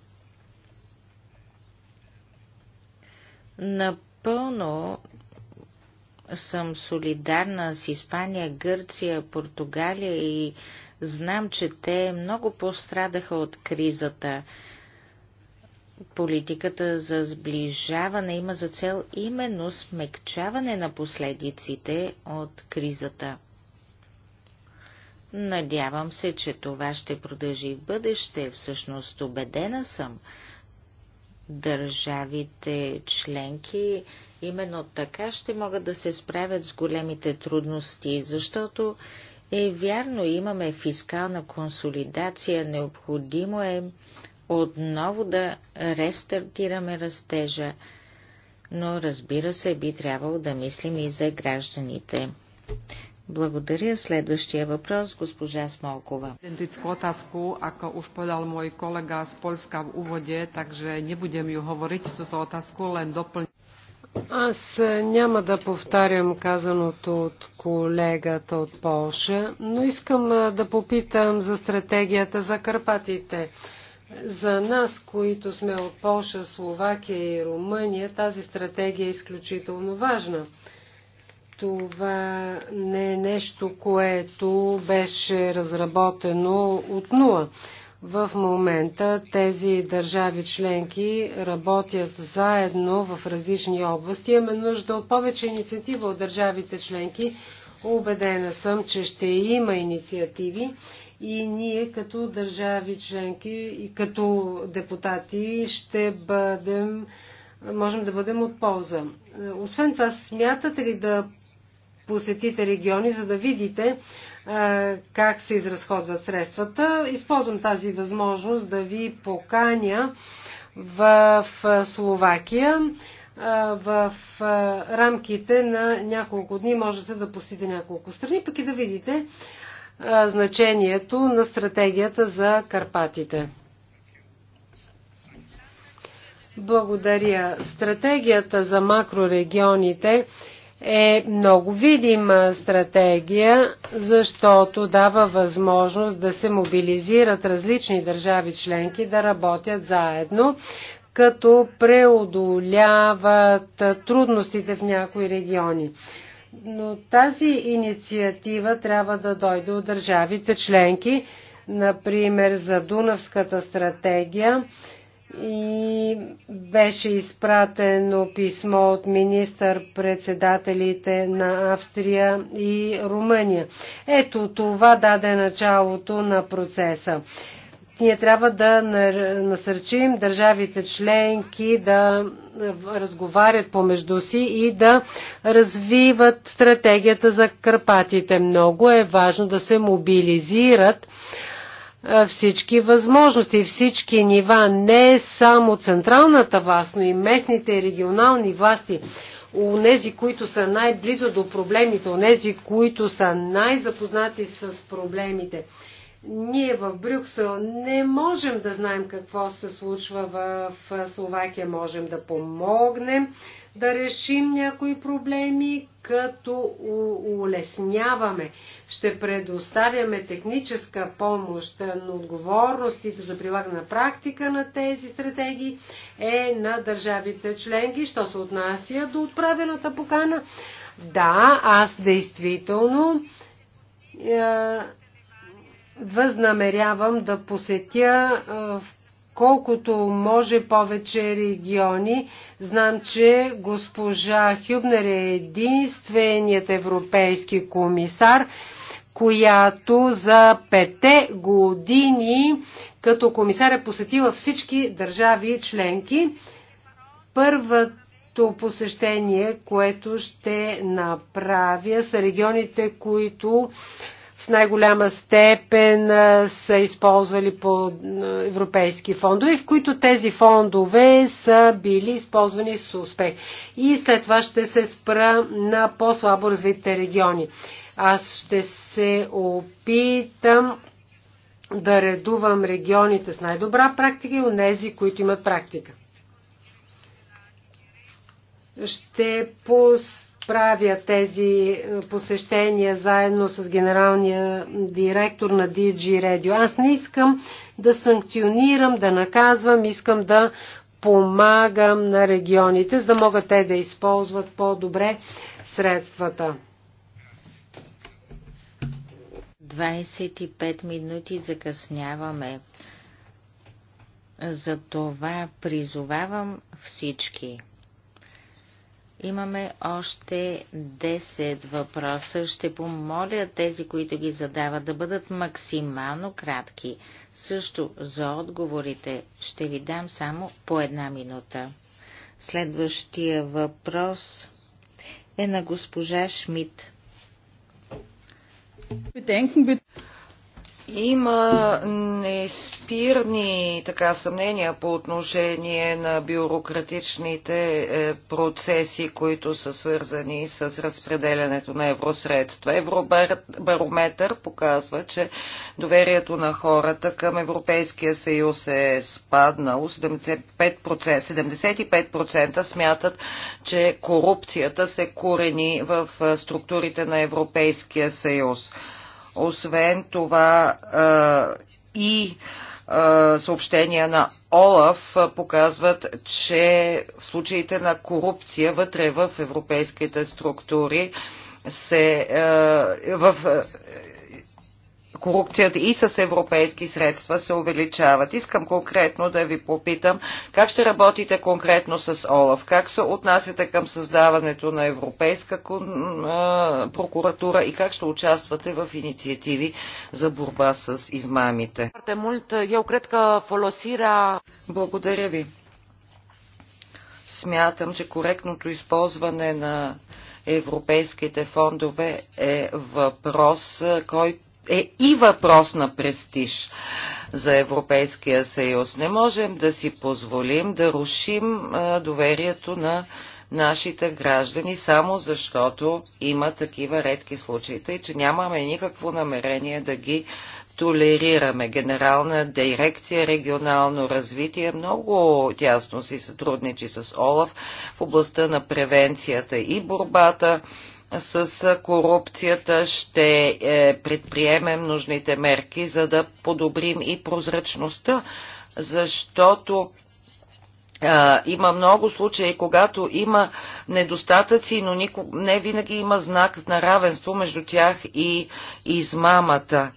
На Напълно съм солидарна с Испания, Гърция, Португалия и знам, че те много пострадаха от кризата. Политиката за сближаване има за цел именно смекчаване на последиците от кризата. Надявам се, че това ще продължи в бъдеще, всъщност убедена съм – държавите членки именно така ще могат да се справят с големите трудности, защото е вярно, имаме фискална консолидация, необходимо е отново да рестартираме растежа, но разбира се, би трябвало да мислим и за гражданите. Благодаря. Следващия въпрос, госпожа Смолкова. Идентичку ако уж подал мой колега с Польска в уводе, также не будем ю hovoriť, túto otázku лен допълни. Аз е, няма да повтарям казаното от колегата от Полша, но искам е, да попитам за стратегията за Карпатите. За нас, които сме от Полша, Словакия и Румъния, тази стратегия е изключително важна – това не е нещо, което беше разработено от нула. В момента тези държави членки работят заедно в различни области. Имаме нужда от повече инициатива от държавите членки. Обедена съм, че ще има инициативи и ние като държави членки и като депутати ще бъдем можем да бъдем от полза. Освен това, смятате ли да посетите региони, за да видите как се изразходват средствата. Използвам тази възможност да ви поканя в Словакия. В рамките на няколко дни можете да посетите няколко страни, пък и да видите значението на стратегията за Карпатите. Благодаря. Стратегията за макрорегионите е много видима стратегия, защото дава възможност да се мобилизират различни държави членки да работят заедно, като преодоляват трудностите в някои региони. Но тази инициатива трябва да дойде от държавите членки, например за Дунавската стратегия и беше изпратено писмо от министър-председателите на Австрия и Румъния. Ето това даде началото на процеса. Ние трябва да насърчим държавите членки да разговарят помежду си и да развиват стратегията за Карпатите. Много е важно да се мобилизират всички възможности, всички нива, не само централната власт, но и местните и регионални власти, унези, които са най-близо до проблемите, унези, които са най-запознати с проблемите. Ние в Брюксел не можем да знаем какво се случва в Словакия, можем да помогнем да решим някои проблеми, като улесняваме. Ще предоставяме техническа помощ, но отговорностите за прилагане на практика на тези стратегии е на държавите членки. Що се отнася до отправената покана? Да, аз действително е, възнамерявам да посетя е, в колкото може повече региони. Знам, че госпожа Хюбнер е единственият европейски комисар, която за пете години като комисар е посетила всички държави членки. Първото посещение, което ще направя, са регионите, които в най-голяма степен са използвали по европейски фондове, в които тези фондове са били използвани с успех. И след това ще се спра на по-слабо развитите региони. Аз ще се опитам да редувам регионите с най-добра практика и онези, които имат практика. Ще пуст правя тези е, посещения заедно с генералния директор на DG Radio. Аз не искам да санкционирам, да наказвам, искам да помагам на регионите, за да могат те да използват по-добре средствата. 25 минути закъсняваме. Затова призовавам всички Имаме още 10 въпроса. Ще помоля тези, които ги задават, да бъдат максимално кратки. Също за отговорите ще ви дам само по една минута. Следващия въпрос е на госпожа Шмидт. Има неспирни така, съмнения по отношение на бюрократичните е, процеси, които са свързани с разпределянето на евросредства. Евробарометър показва, че доверието на хората към Европейския съюз е спаднало. 75%, 75% смятат, че корупцията се корени в е, структурите на Европейския съюз. Освен това е, и е, съобщения на ОЛАФ показват, че в случаите на корупция вътре в европейските структури се е, в корупцията и с европейски средства се увеличават. Искам конкретно да ви попитам как ще работите конкретно с ОЛАФ, как се отнасяте към създаването на Европейска прокуратура и как ще участвате в инициативи за борба с измамите. Благодаря ви. Смятам, че коректното използване на европейските фондове е въпрос, който е и въпрос на престиж за Европейския съюз. Не можем да си позволим да рушим доверието на нашите граждани, само защото има такива редки случаи, тъй че нямаме никакво намерение да ги толерираме. Генерална дирекция регионално развитие много тясно си сътрудничи с ОЛАФ в областта на превенцията и борбата с корупцията ще е, предприемем нужните мерки, за да подобрим и прозрачността, защото а, има много случаи, когато има недостатъци, но нико, не винаги има знак на равенство между тях и измамата.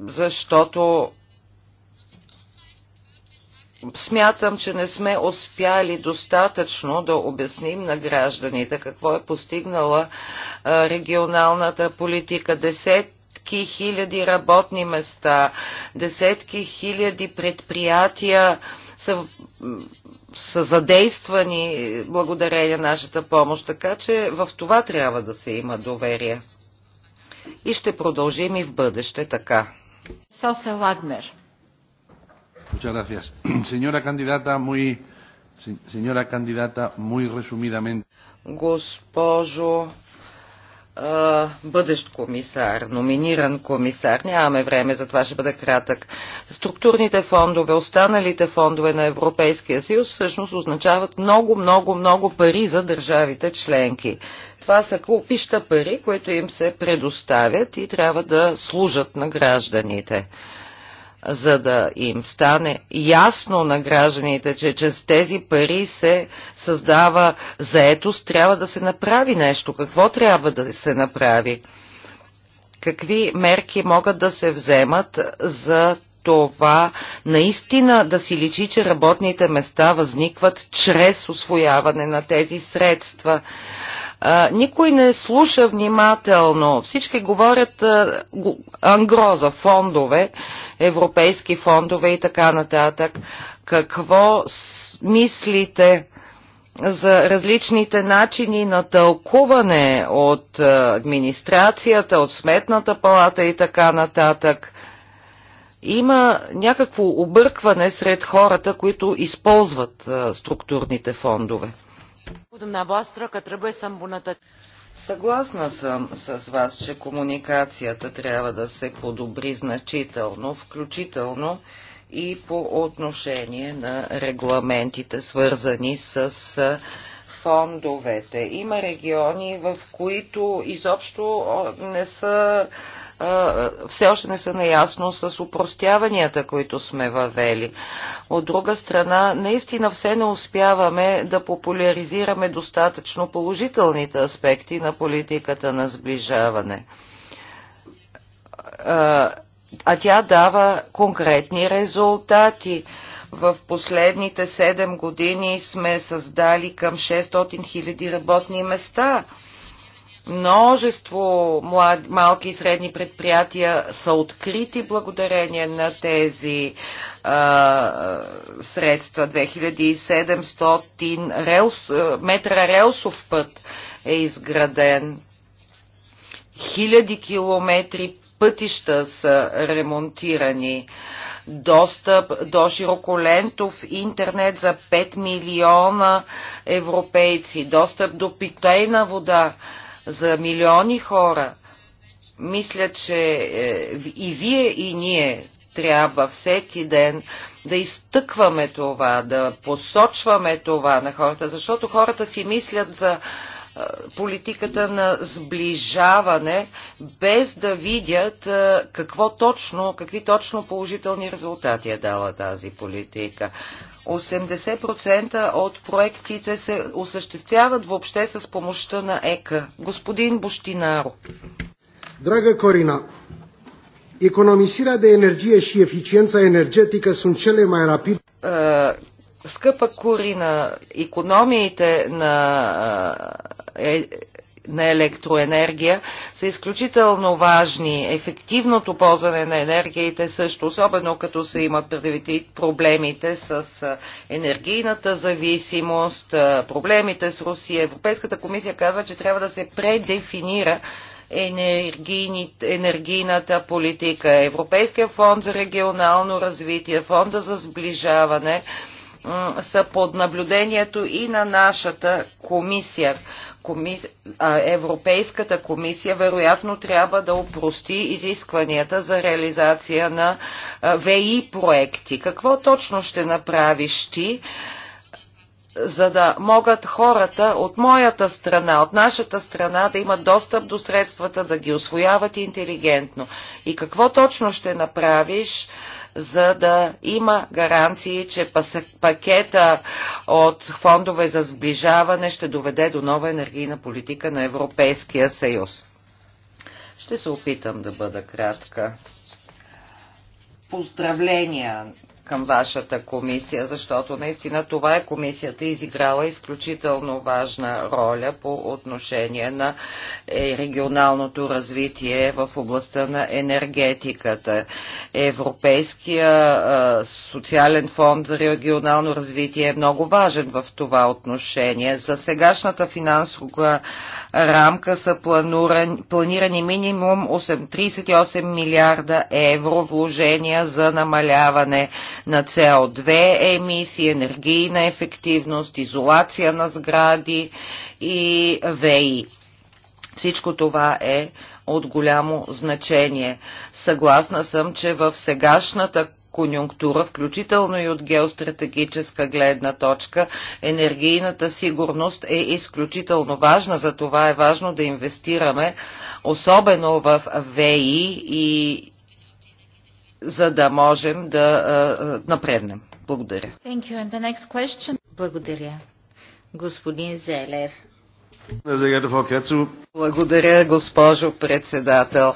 Защото смятам, че не сме успяли достатъчно да обясним на гражданите какво е постигнала регионалната политика. Десет десетки хиляди работни места, десетки хиляди предприятия са, са задействани благодарение нашата помощ, така че в това трябва да се има доверие. И ще продължим и в бъдеще така. Соса Лагнер. Muchas gracias. *clears throat* Señora candidata, muy, señora candidata, muy resumidamente. Госпожо бъдещ комисар, номиниран комисар. Нямаме време, за това ще бъда кратък. Структурните фондове, останалите фондове на Европейския съюз всъщност означават много, много, много пари за държавите членки. Това са купища пари, които им се предоставят и трябва да служат на гражданите за да им стане ясно на гражданите, че чрез тези пари се създава заетост, трябва да се направи нещо. Какво трябва да се направи? Какви мерки могат да се вземат за това наистина да си личи, че работните места възникват чрез освояване на тези средства? Никой не слуша внимателно. Всички говорят ангро за фондове, европейски фондове и така нататък. Какво мислите? за различните начини на тълкуване от администрацията, от сметната палата и така нататък. Има някакво объркване сред хората, които използват структурните фондове. Съгласна съм с вас, че комуникацията трябва да се подобри значително, включително и по отношение на регламентите, свързани с фондовете. Има региони, в които изобщо не са все още не са наясно с упростяванията, които сме въвели. От друга страна, наистина все не успяваме да популяризираме достатъчно положителните аспекти на политиката на сближаване. А тя дава конкретни резултати. В последните 7 години сме създали към 600 000 работни места – Множество млад, малки и средни предприятия са открити благодарение на тези а, средства. 2700 релс, метра релсов път е изграден. Хиляди километри пътища са ремонтирани. Достъп до широколентов интернет за 5 милиона европейци. Достъп до питейна вода за милиони хора. Мисля, че е, и вие, и ние трябва всеки ден да изтъкваме това, да посочваме това на хората, защото хората си мислят за политиката на сближаване, без да видят какво точно, какви точно положителни резултати е дала тази политика. 80% от проектите се осъществяват въобще с помощта на ЕКА. Господин Бощинаро. Драга корина, економисира да енергия и ефициенца енергетика sunt cele май рапид. Скъпа Корина, економиите на е, на електроенергия са изключително важни. Ефективното ползване на енергиите също, особено като се имат предвид проблемите с енергийната зависимост, проблемите с Русия. Европейската комисия казва, че трябва да се предефинира енергийната политика. Европейския фонд за регионално развитие, фонда за сближаване са под наблюдението и на нашата комисия комис... Европейската комисия вероятно трябва да упрости изискванията за реализация на ВИ проекти. Какво точно ще направиш ти? за да могат хората от моята страна, от нашата страна да имат достъп до средствата, да ги освояват интелигентно. И какво точно ще направиш, за да има гаранции, че пакета от фондове за сближаване ще доведе до нова енергийна политика на Европейския съюз. Ще се опитам да бъда кратка. Поздравления към вашата комисия, защото наистина това е комисията изиграла изключително важна роля по отношение на е, регионалното развитие в областта на енергетиката. Европейския социален фонд за регионално развитие е много важен в това отношение. За сегашната финансова рамка са планирани минимум 38 милиарда евро вложения за намаляване на CO2 емисии, енергийна ефективност, изолация на сгради и ВИ. Всичко това е от голямо значение. Съгласна съм, че в сегашната конюнктура, включително и от геостратегическа гледна точка, енергийната сигурност е изключително важна. За това е важно да инвестираме, особено в ВИ и за да можем да а, напреднем. Благодаря. Thank you. And the next question. Благодаря. Господин Зелер. Благодаря, госпожо председател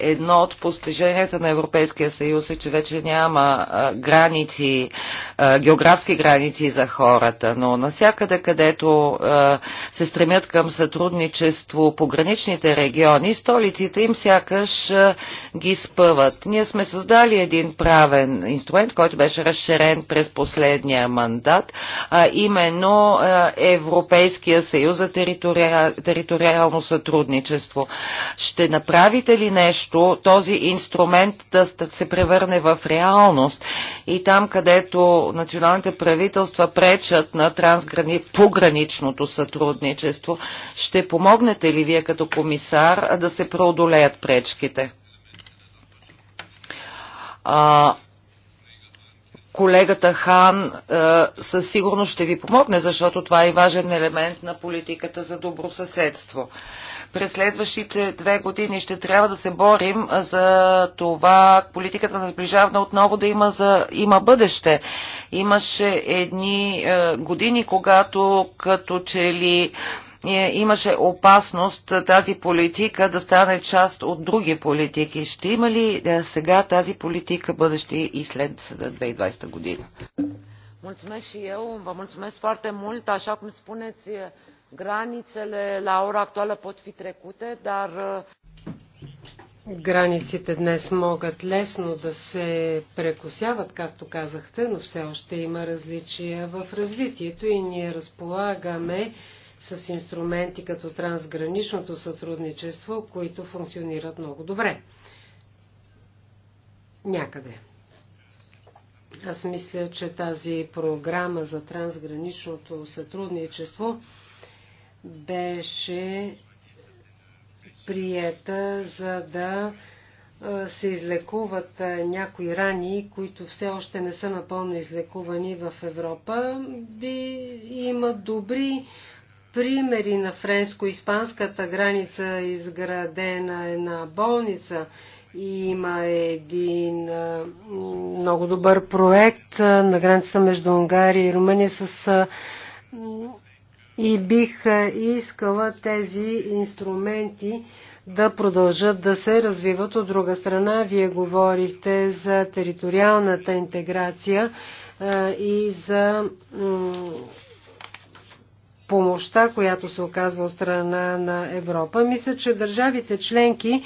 едно от постиженията на Европейския съюз е, че вече няма граници, географски граници за хората, но насякъде, където се стремят към сътрудничество по граничните региони, столиците им сякаш ги спъват. Ние сме създали един правен инструмент, който беше разширен през последния мандат, а именно Европейския съюз за териториално сътрудничество. Ще направите ли нещо също този инструмент да се превърне в реалност. И там, където националните правителства пречат на трансграни... пограничното сътрудничество, ще помогнете ли вие като комисар да се преодолеят пречките? А, колегата Хан със сигурност ще ви помогне, защото това е важен елемент на политиката за добросъседство. съседство. През следващите две години ще трябва да се борим за това политиката на сближаване отново да има, за, има бъдеще. Имаше едни е, години, когато като че ли е, имаше опасност тази политика да стане част от други политики. Ще има ли е, сега тази политика бъдеще и след 2020 година? Mulțumesc și eu, vă mulțumesc foarte mult. Așa cum spuneți, Границите la ora actuală pot fi trecute, dar... Uh, Границите днес могат лесно да се прекусяват, както казахте, но все още има различия в развитието и ние разполагаме с инструменти като трансграничното сътрудничество, които функционират много добре. Някъде. Аз мисля, че тази програма за трансграничното сътрудничество беше приета, за да се излекуват някои рани, които все още не са напълно излекувани в Европа. Би, има добри примери на френско-испанската граница, изградена една болница. Има един много добър проект на границата между Унгария и Румъния с и бих искала тези инструменти да продължат да се развиват. От друга страна, вие говорихте за териториалната интеграция и за помощта, която се оказва от страна на Европа. Мисля, че държавите членки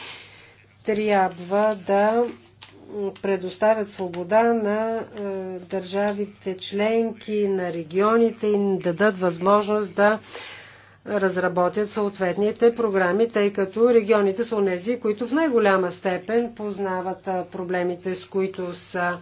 трябва да предоставят свобода на е, държавите членки, на регионите и им дадат възможност да разработят съответните програми, тъй като регионите са онези, които в най-голяма степен познават е, проблемите, с които са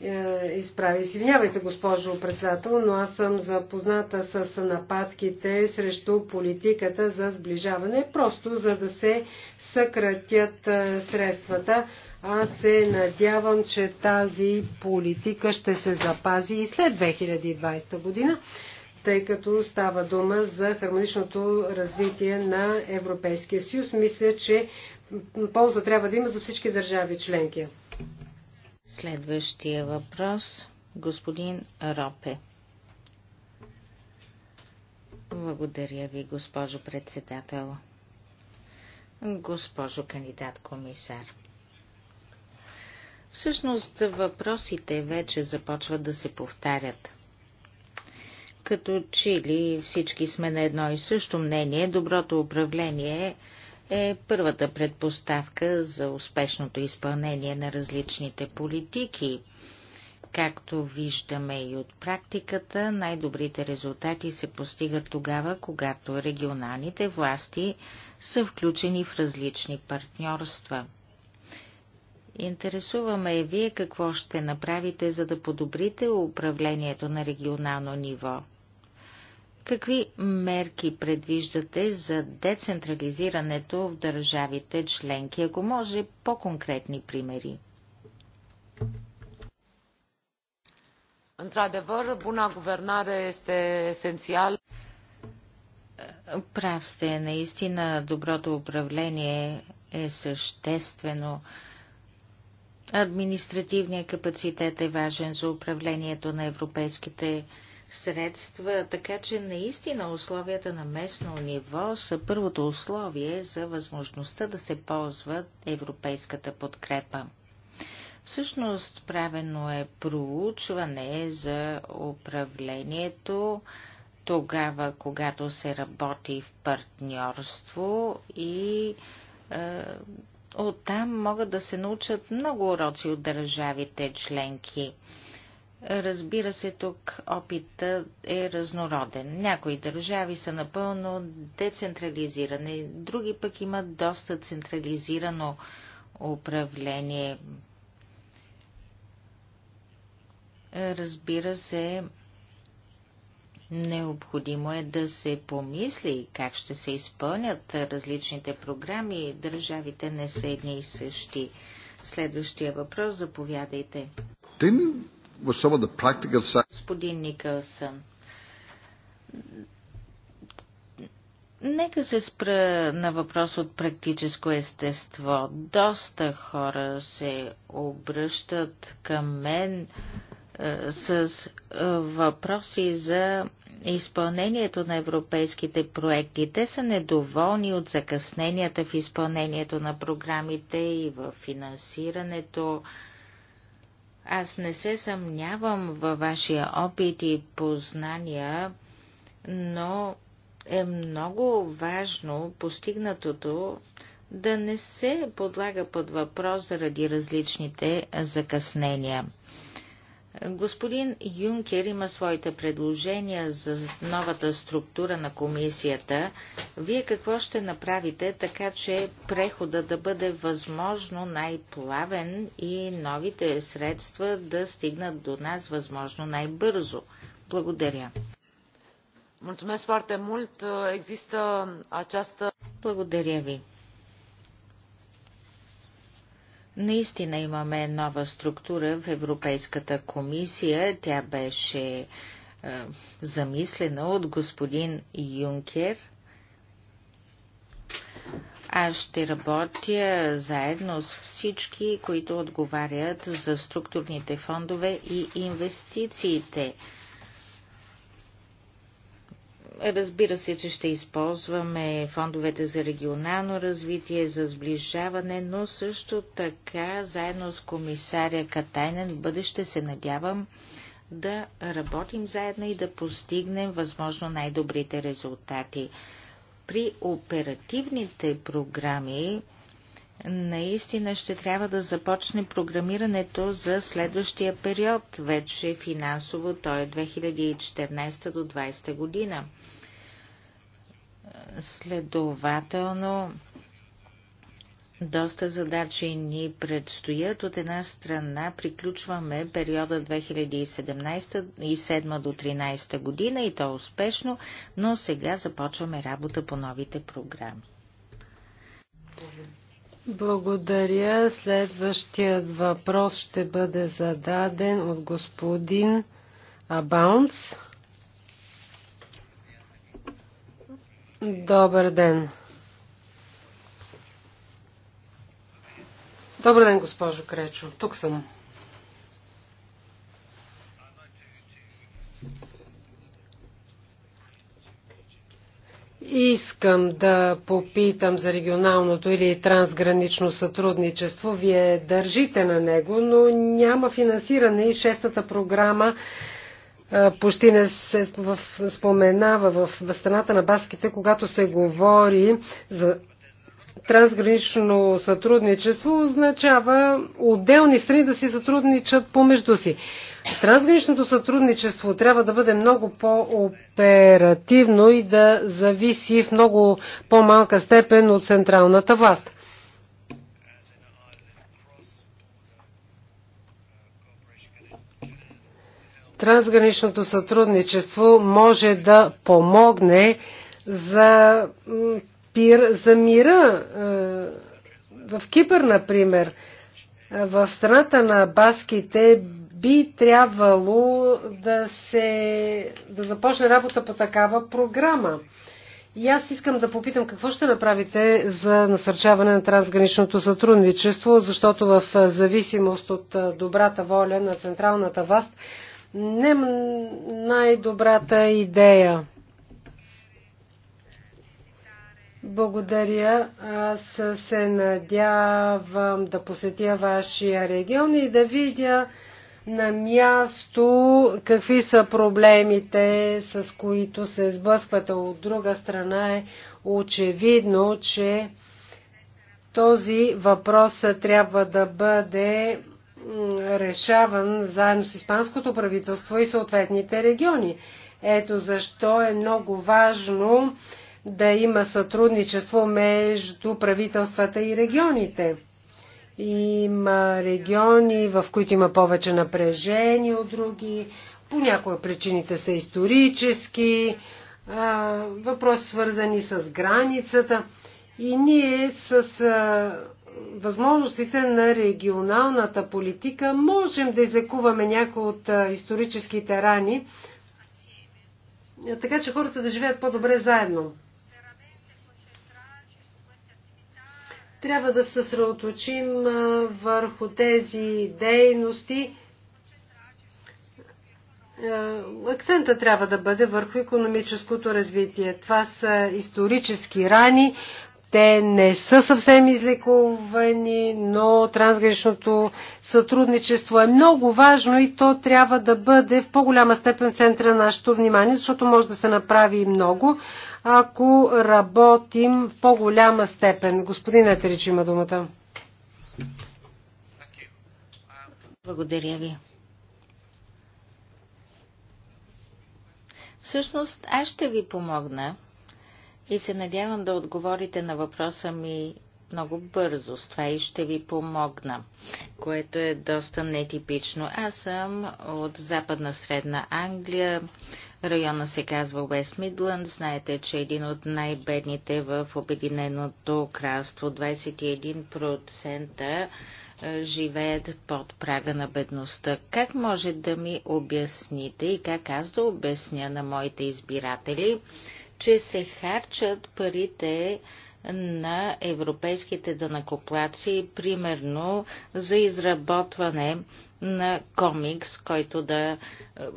е, изправи. Извинявайте, госпожо председател, но аз съм запозната с нападките срещу политиката за сближаване, просто за да се съкратят средствата. Аз се надявам, че тази политика ще се запази и след 2020 година, тъй като става дума за хармоничното развитие на Европейския съюз. Мисля, че полза трябва да има за всички държави членки. Следващия въпрос, господин Ропе. Благодаря ви, госпожо председател. Госпожо кандидат комисар. Всъщност въпросите вече започват да се повтарят. Като че ли всички сме на едно и също мнение, доброто управление е първата предпоставка за успешното изпълнение на различните политики. Както виждаме и от практиката, най-добрите резултати се постигат тогава, когато регионалните власти са включени в различни партньорства – Интересуваме и вие какво ще направите, за да подобрите управлението на регионално ниво. Какви мерки предвиждате за децентрализирането в държавите членки, ако може по-конкретни примери? Într-adevăr, buna guvernare este esențial. Прав сте, наистина доброто управление е съществено. Административният капацитет е важен за управлението на европейските средства, така че наистина условията на местно ниво са първото условие за възможността да се ползва европейската подкрепа. Всъщност правено е проучване за управлението тогава, когато се работи в партньорство и е, Оттам могат да се научат много уроци от държавите членки. Разбира се, тук опитът е разнороден. Някои държави са напълно децентрализирани, други пък имат доста централизирано управление. Разбира се, Необходимо е да се помисли как ще се изпълнят различните програми. Държавите не са едни и същи. Следващия въпрос, заповядайте. Господин Никълсън, Нека се спра на въпрос от практическо естество. Доста хора се обръщат към мен е, с въпроси за изпълнението на европейските проекти. Те са недоволни от закъсненията в изпълнението на програмите и в финансирането. Аз не се съмнявам във вашия опит и познания, но е много важно постигнатото да не се подлага под въпрос заради различните закъснения. Господин Юнкер има своите предложения за новата структура на комисията. Вие какво ще направите, така че прехода да бъде възможно най-плавен и новите средства да стигнат до нас възможно най-бързо? Благодаря. Благодаря ви. Наистина имаме нова структура в Европейската комисия. Тя беше е, замислена от господин Юнкер. Аз ще работя заедно с всички, които отговарят за структурните фондове и инвестициите. Разбира се, че ще използваме фондовете за регионално развитие, за сближаване, но също така, заедно с комисаря Катайнен, в бъдеще се надявам да работим заедно и да постигнем възможно най-добрите резултати. При оперативните програми наистина ще трябва да започне програмирането за следващия период, вече финансово, то е 2014 до 2020 година. Следователно, доста задачи ни предстоят. От една страна приключваме периода 2017 до 2013 година и то успешно, но сега започваме работа по новите програми. Благодаря. Следващият въпрос ще бъде зададен от господин Абаунс. Добър ден. Добър ден, госпожо Кречо. Тук съм. Искам да попитам за регионалното или трансгранично сътрудничество. Вие държите на него, но няма финансиране и шестата програма почти не се споменава в страната на баските, когато се говори за трансгранично сътрудничество, означава отделни страни да си сътрудничат помежду си. Трансграничното сътрудничество трябва да бъде много по-оперативно и да зависи в много по-малка степен от централната власт. Трансграничното сътрудничество може да помогне за, пир, за мира. Е, в Кипър, например, е, в страната на баските би трябвало да, се, да започне работа по такава програма. И аз искам да попитам какво ще направите за насърчаване на трансграничното сътрудничество, защото в зависимост от добрата воля на централната власт не най-добрата идея. Благодаря. Аз се надявам да посетя вашия регион и да видя на място какви са проблемите, с които се сблъсквате. От друга страна е очевидно, че този въпрос трябва да бъде решаван заедно с испанското правителство и съответните региони. Ето защо е много важно да има сътрудничество между правителствата и регионите. Има региони, в които има повече напрежение от други. Понякога причините са исторически, въпроси свързани с границата. И ние с възможностите на регионалната политика можем да излекуваме някои от историческите рани, така че хората да живеят по-добре заедно. Трябва да се съсредоточим върху тези дейности. Акцента трябва да бъде върху економическото развитие. Това са исторически рани, те не са съвсем излекувани, но трансграничното сътрудничество е много важно и то трябва да бъде в по-голяма степен в центъра на нашето внимание, защото може да се направи и много ако работим в по-голяма степен. Господин Етерич има думата. Благодаря ви. Всъщност, аз ще ви помогна и се надявам да отговорите на въпроса ми много бързо. С това и ще ви помогна, което е доста нетипично. Аз съм от западна Средна Англия. Района се казва Уест Мидланд. Знаете, че е един от най-бедните в Обединеното кралство. 21% живеят под прага на бедността. Как може да ми обясните и как аз да обясня на моите избиратели, че се харчат парите на европейските данакоплаци, примерно за изработване на комикс, който да е,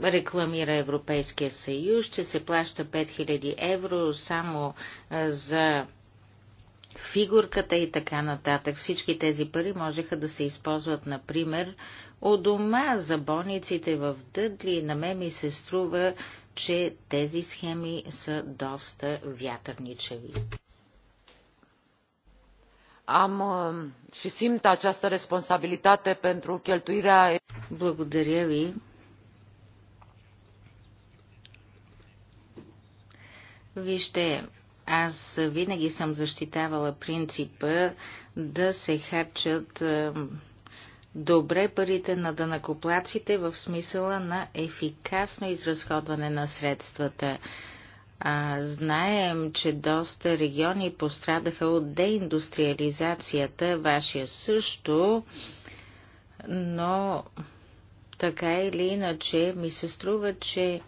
рекламира Европейския съюз. че се плаща 5000 евро само е, за фигурката и така нататък. Всички тези пари можеха да се използват, например, у дома за болниците в Дъдли. На мен ми се струва, че тези схеми са доста вятърничеви am um, și simt această responsabilitate pentru cheltuirea. E- Благодаря ви. Вижте, аз винаги съм защитавала принципа да се харчат добре парите на дънакоплаците в смисъла на ефикасно изразходване на средствата. А, знаем, че доста региони пострадаха от деиндустриализацията, вашия също, но така или иначе ми се струва, че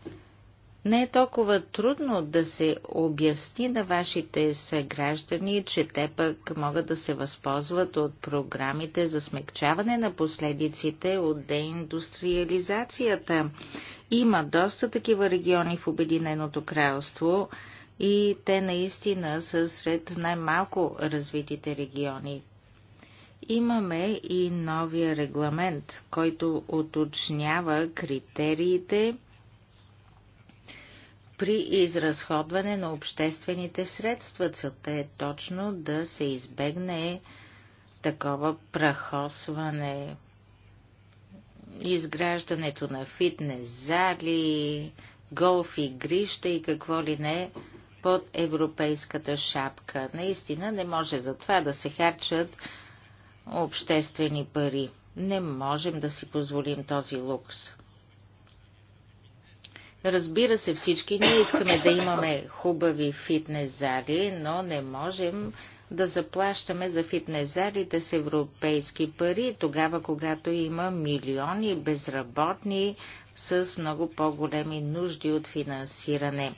не е толкова трудно да се обясни на вашите съграждани, че те пък могат да се възползват от програмите за смягчаване на последиците от деиндустриализацията. Има доста такива региони в Обединеното кралство и те наистина са сред най-малко развитите региони. Имаме и новия регламент, който уточнява критериите при изразходване на обществените средства. Целта е точно да се избегне такова прахосване, изграждането на фитнес зали, голф игрища и какво ли не под европейската шапка. Наистина не може за това да се харчат обществени пари. Не можем да си позволим този лукс. Разбира се, всички ние искаме да имаме хубави фитнес зали, но не можем да заплащаме за фитнес залите с европейски пари, тогава когато има милиони безработни с много по-големи нужди от финансиране.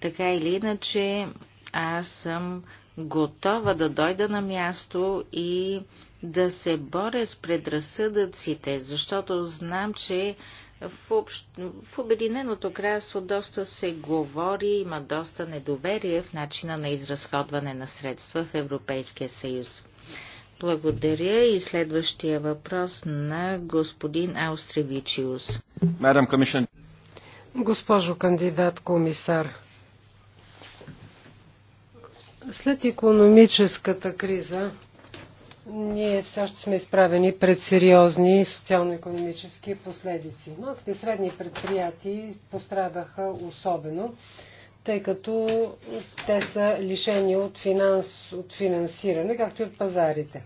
Така или иначе, аз съм готова да дойда на място и да се боря с предразсъдъците, защото знам, че в, общ... в Обединеното кралство доста се говори, има доста недоверие в начина на изразходване на средства в Европейския съюз. Благодаря и следващия въпрос на господин Аустревичиус. Госпожо кандидат комисар, след економическата криза ние все още сме изправени пред сериозни социално-економически последици. Малките и средни предприятия пострадаха особено, тъй като те са лишени от, финанс, от финансиране, както и от пазарите.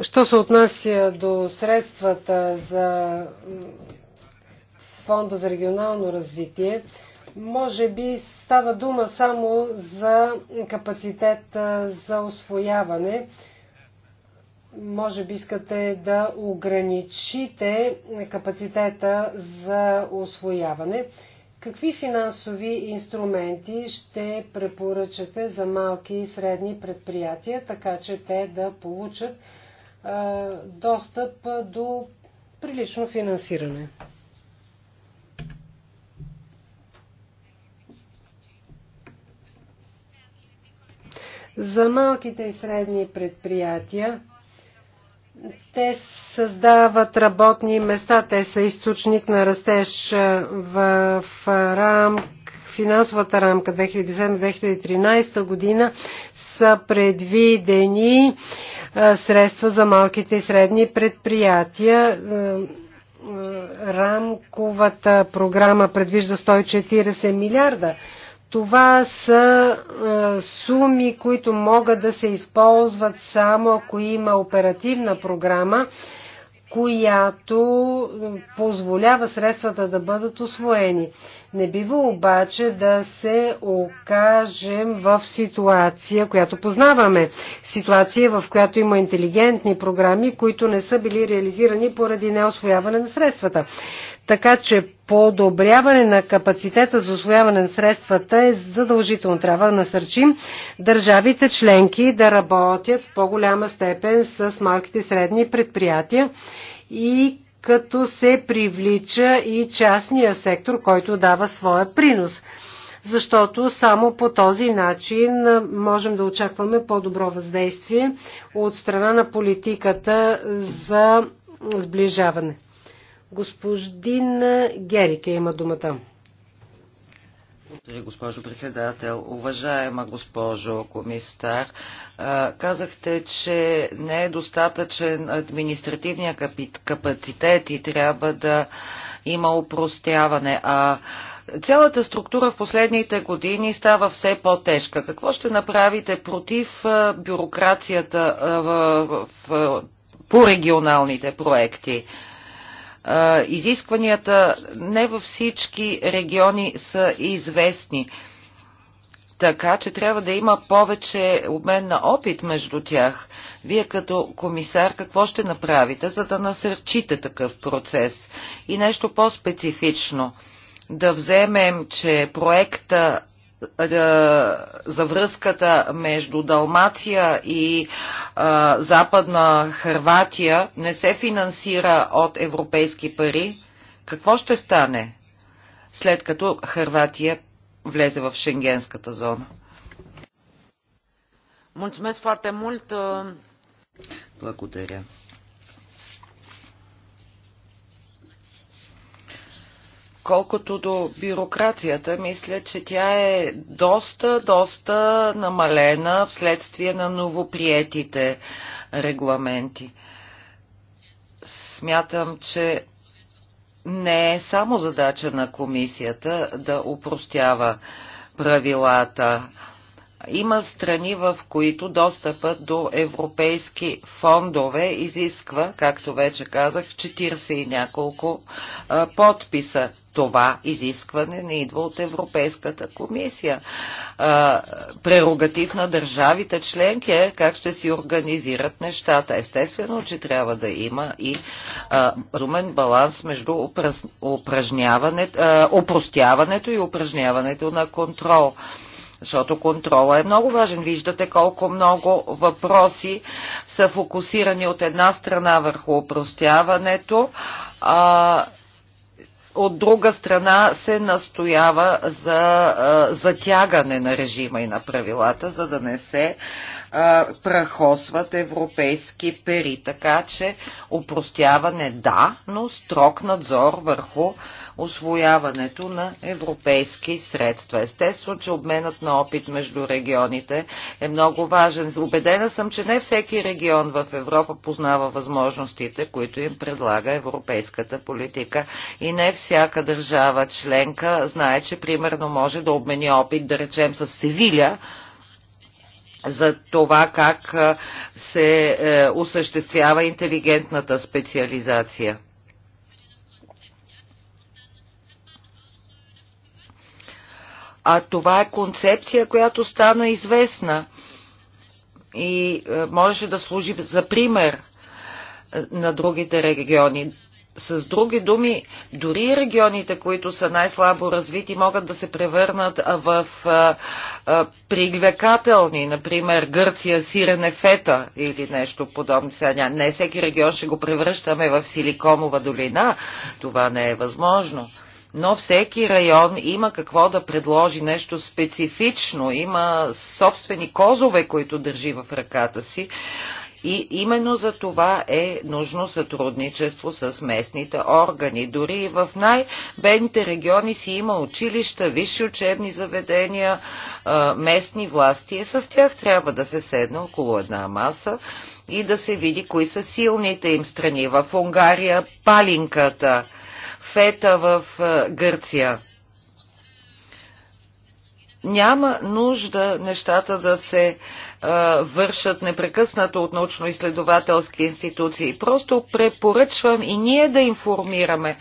Що се отнася до средствата за Фонда за регионално развитие, може би става дума само за капацитет за освояване. Може би искате да ограничите капацитета за освояване. Какви финансови инструменти ще препоръчате за малки и средни предприятия, така че те да получат достъп до прилично финансиране? За малките и средни предприятия те създават работни места, те са източник на растеж в рам, финансовата рамка 2007-2013 година са предвидени средства за малките и средни предприятия. Рамковата програма предвижда 140 милиарда това са а, е, суми, които могат да се използват само ако има оперативна програма, която е, позволява средствата да бъдат освоени. Не бива обаче да се окажем в ситуация, която познаваме. Ситуация, в която има интелигентни програми, които не са били реализирани поради неосвояване на средствата. Така че подобряване на капацитета за освояване на средствата е задължително. Трябва да насърчим държавите членки да работят в по-голяма степен с малките и средни предприятия и като се привлича и частния сектор, който дава своя принос. Защото само по този начин можем да очакваме по-добро въздействие от страна на политиката за сближаване. Господин Герике има думата. Благодаря, госпожо председател. Уважаема госпожо комистар, казахте, че не е достатъчен административния капацитет и трябва да има упростяване. А цялата структура в последните години става все по-тежка. Какво ще направите против бюрокрацията в, в, по регионалните проекти? изискванията не във всички региони са известни. Така че трябва да има повече обмен на опит между тях. Вие като комисар какво ще направите, за да насърчите такъв процес? И нещо по-специфично. Да вземем, че проекта за връзката между Далмация и а, Западна Харватия не се финансира от европейски пари, какво ще стане след като Харватия влезе в Шенгенската зона? Благодаря. Колкото до бюрокрацията, мисля, че тя е доста, доста намалена вследствие на новоприетите регламенти. Смятам, че не е само задача на комисията да упростява правилата, има страни, в които достъпът до европейски фондове изисква, както вече казах, 40 и няколко а, подписа. Това изискване не идва от Европейската комисия. А, прерогатив на държавите членки е как ще си организират нещата. Естествено, че трябва да има и а, разумен баланс между упраз... упражняването, а, упростяването и упражняването на контрол. А, защото контрола е много важен. Виждате колко много въпроси са фокусирани от една страна върху упростяването, а от друга страна се настоява за затягане на режима и на правилата, за да не се прахосват европейски пери. Така че упростяване да, но строг надзор върху освояването на европейски средства. Естествено, че обменът на опит между регионите е много важен. Убедена съм, че не всеки регион в Европа познава възможностите, които им предлага европейската политика и не всяка държава членка знае, че примерно може да обмени опит, да речем, с Севиля, за това как се е, осъществява интелигентната специализация. а това е концепция, която стана известна и е, можеше да служи за пример е, на другите региони. С други думи, дори регионите, които са най-слабо развити, могат да се превърнат в е, привлекателни, например Гърция, Сирене, Фета или нещо подобно. Сега не всеки регион ще го превръщаме в Силиконова долина. Това не е възможно но всеки район има какво да предложи нещо специфично, има собствени козове, които държи в ръката си. И именно за това е нужно сътрудничество с местните органи. Дори и в най-бедните региони си има училища, висши учебни заведения, местни власти. И с тях трябва да се седне около една маса и да се види кои са силните им страни. В Унгария палинката кафета в е, Гърция. Няма нужда нещата да се а, е, вършат непрекъснато от научно-изследователски институции. Просто препоръчвам и ние да информираме,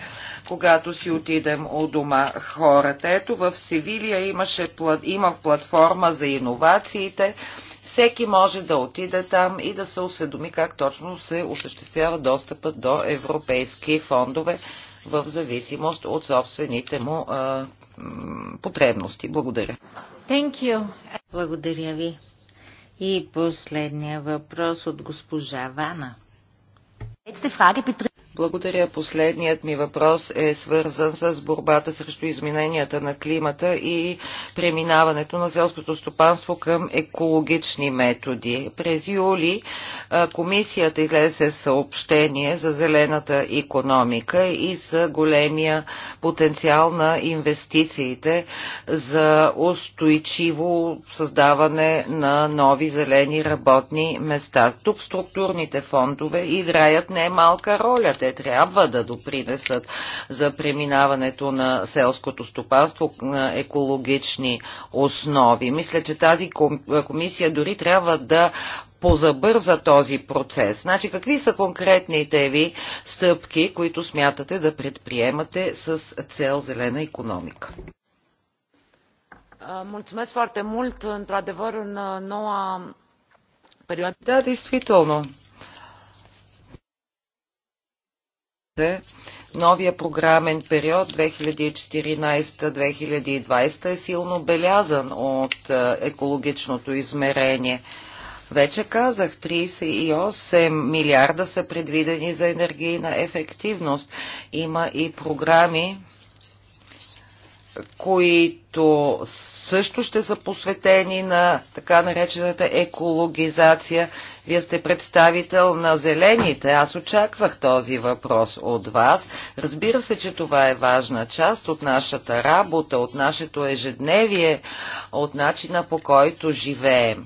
когато си отидем от дома хората. Ето в Севилия имаше, има платформа за иновациите. Всеки може да отиде там и да се осведоми как точно се осъществява достъпът до европейски фондове в зависимост от собствените му а, потребности. Благодаря. Thank you. Благодаря ви. И последния въпрос от госпожа Вана. Letzte фраги, Петри. Благодаря. Последният ми въпрос е свързан с борбата срещу измененията на климата и преминаването на селското стопанство към екологични методи. През юли комисията излезе съобщение за зелената економика и за големия потенциал на инвестициите за устойчиво създаване на нови зелени работни места. Тук структурните фондове играят немалка роля те трябва да допринесат за преминаването на селското стопанство на екологични основи. Мисля, че тази комисия дори трябва да позабърза този процес. Значи, какви са конкретните ви стъпки, които смятате да предприемате с цел зелена економика? Да, într-adevăr, în noua perioadă. действително. новия програмен период 2014-2020 е силно белязан от е, екологичното измерение. Вече казах, 38 милиарда са предвидени за енергийна ефективност. Има и програми, които също ще са посветени на така наречената екологизация. Вие сте представител на зелените. Аз очаквах този въпрос от вас. Разбира се, че това е важна част от нашата работа, от нашето ежедневие, от начина по който живеем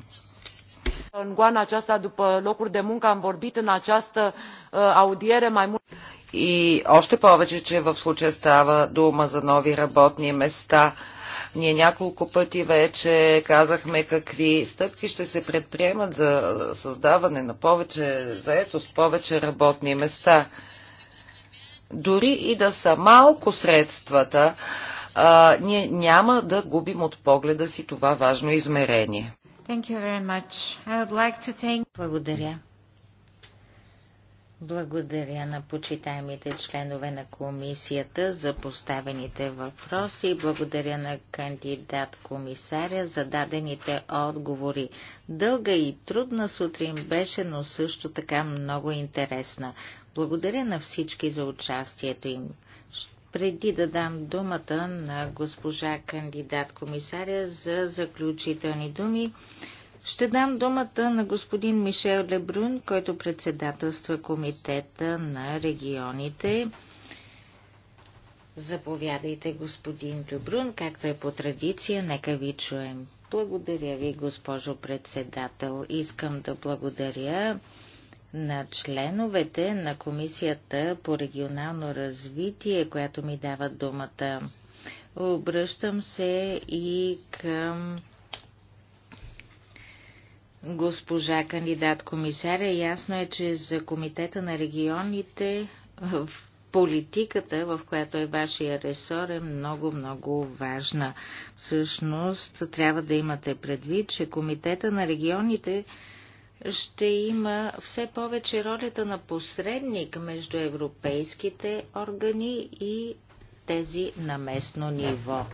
în goana aceasta după locuri de muncă am vorbit în această uh, audiere mai mult. И още повече, че в случая става дума за нови работни места. Ние няколко пъти вече казахме какви стъпки ще се предприемат за създаване на повече заетост, повече работни места. Дори и да са малко средствата, а, ние няма да губим от погледа си това важно измерение. Thank you very much. I would like to thank... Благодаря. Благодаря на почитаемите членове на комисията за поставените въпроси. Благодаря на кандидат-комисаря за дадените отговори. Дълга и трудна сутрин беше, но също така много интересна. Благодаря на всички за участието им. Преди да дам думата на госпожа кандидат комисаря за заключителни думи, ще дам думата на господин Мишел Лебрун, който председателства Комитета на регионите. Заповядайте, господин Лебрун, както е по традиция, нека ви чуем. Благодаря ви, госпожо председател. Искам да благодаря на членовете на Комисията по регионално развитие, която ми дава думата. Обръщам се и към госпожа кандидат комисаря. Ясно е, че за Комитета на регионите в политиката, в която е вашия ресор, е много-много важна. Всъщност, трябва да имате предвид, че Комитета на регионите ще има все повече ролята на посредник между европейските органи и тези на местно ниво.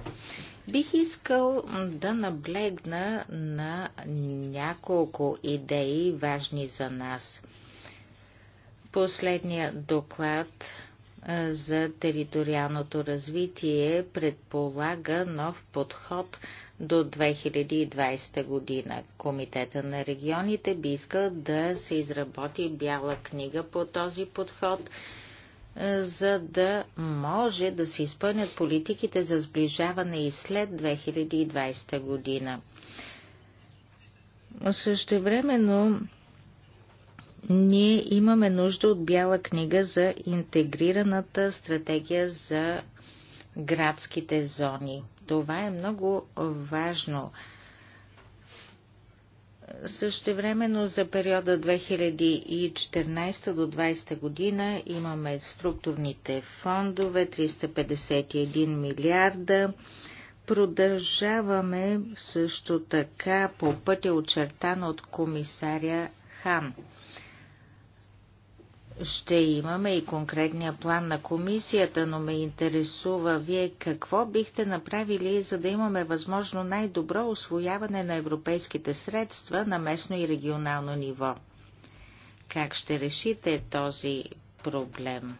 Бих искал да наблегна на няколко идеи, важни за нас. Последният доклад за териториалното развитие предполага нов подход до 2020 година. Комитета на регионите би искал да се изработи бяла книга по този подход, е, за да може да се изпълнят политиките за сближаване и след 2020 година. времено ние имаме нужда от бяла книга за интегрираната стратегия за градските зони. Това е много важно. Същевременно за периода 2014 до 2020 година имаме структурните фондове 351 милиарда. Продължаваме също така по пътя очертан от комисаря Хан – ще имаме и конкретния план на комисията, но ме интересува вие какво бихте направили, за да имаме възможно най-добро освояване на европейските средства на местно и регионално ниво. Как ще решите този проблем?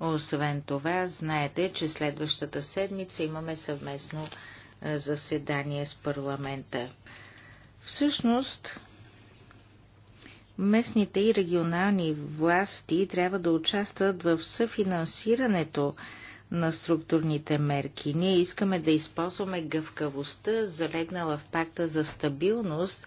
Освен това, знаете, че следващата седмица имаме съвместно заседание с парламента. Всъщност, Местните и регионални власти трябва да участват в съфинансирането на структурните мерки. Ние искаме да използваме гъвкавостта, залегнала в пакта за стабилност,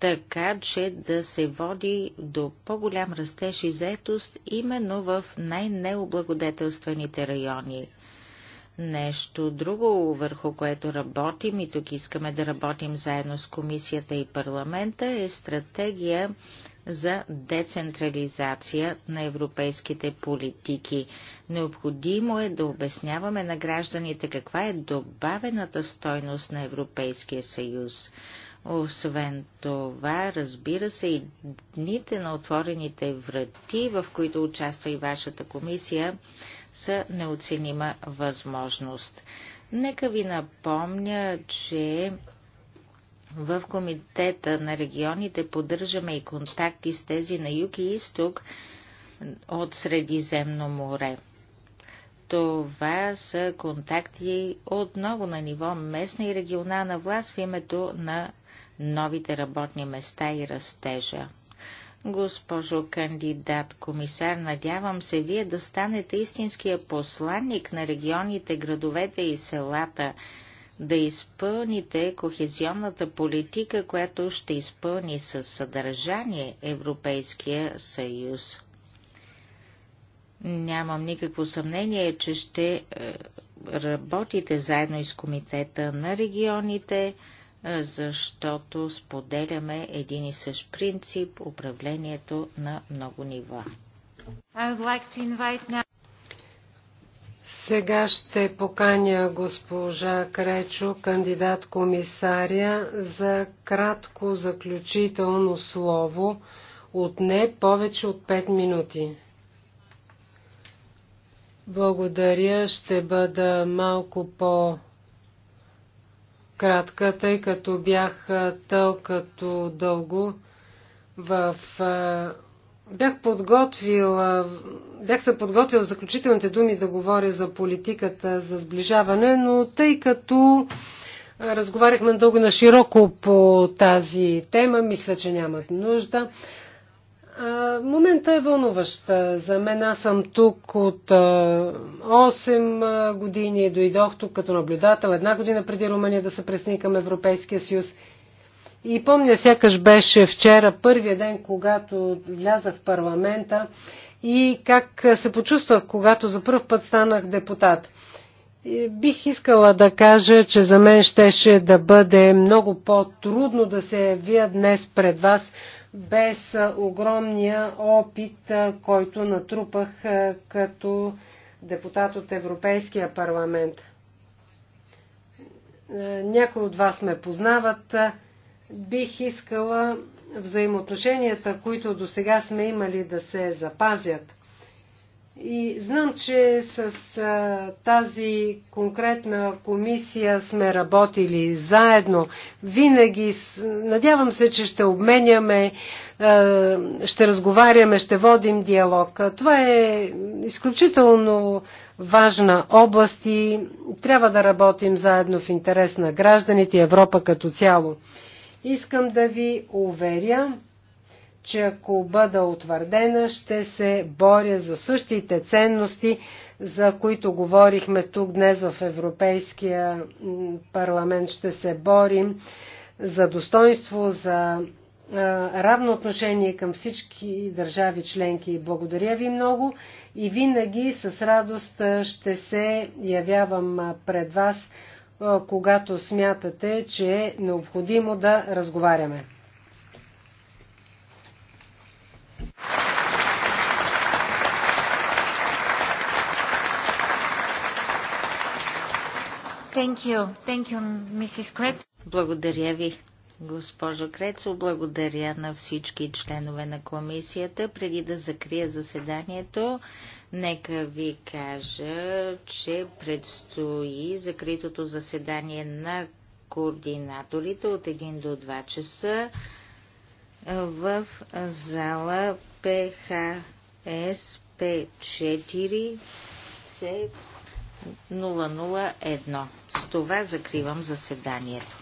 така че да се води до по-голям растеж и заетост именно в най-необлагодетелстваните райони. Нещо друго, върху което работим и тук искаме да работим заедно с комисията и парламента, е стратегия за децентрализация на европейските политики. Необходимо е да обясняваме на гражданите каква е добавената стойност на Европейския съюз. Освен това, разбира се, и дните на отворените врати, в които участва и вашата комисия, са неоценима възможност. Нека ви напомня, че в Комитета на регионите поддържаме и контакти с тези на юг и изток от Средиземно море. Това са контакти отново на ниво местна и регионална власт в името на новите работни места и растежа. Госпожо кандидат комисар, надявам се вие да станете истинския посланник на регионите, градовете и селата, да изпълните кохезионната политика, която ще изпълни със съдържание Европейския съюз. Нямам никакво съмнение, че ще е, работите заедно с Комитета на регионите, е, защото споделяме един и същ принцип управлението на много нива. Like now... Сега ще поканя госпожа Кречо, кандидат комисаря, за кратко заключително слово от не повече от 5 минути. Благодаря, ще бъда малко по кратка, тъй като бях тъл като дълго в Бях, подготвил, бях се подготвил в заключителните думи да говоря за политиката за сближаване, но тъй като разговаряхме дълго на широко по тази тема, мисля, че нямат нужда. Момента е вълнуващ. За мен аз съм тук от 8 години. Дойдох тук като наблюдател една година преди Румъния да се пресни към Европейския съюз. И помня, сякаш беше вчера първия ден, когато влязах в парламента и как се почувствах, когато за първ път станах депутат. Бих искала да кажа, че за мен щеше да бъде много по-трудно да се явя днес пред вас, без огромния опит, който натрупах като депутат от Европейския парламент. Някои от вас ме познават, Бих искала взаимоотношенията, които до сега сме имали да се запазят. И знам, че с а, тази конкретна комисия сме работили заедно. Винаги, надявам се, че ще обменяме, а, ще разговаряме, ще водим диалог. Това е изключително важна област и трябва да работим заедно в интерес на гражданите и Европа като цяло. Искам да ви уверя, че ако бъда утвърдена, ще се боря за същите ценности, за които говорихме тук днес в Европейския парламент. Ще се борим за достоинство, за равно отношение към всички държави членки. Благодаря ви много и винаги с радост ще се явявам пред вас когато смятате, че е необходимо да разговаряме. Thank you. Thank you, Mrs. Kretz. Благодаря ви, госпожо Крецо. Благодаря на всички членове на комисията. Преди да закрия заседанието, Нека ви кажа, че предстои закритото заседание на координаторите от 1 до 2 часа в зала ПХС П4 001. С това закривам заседанието.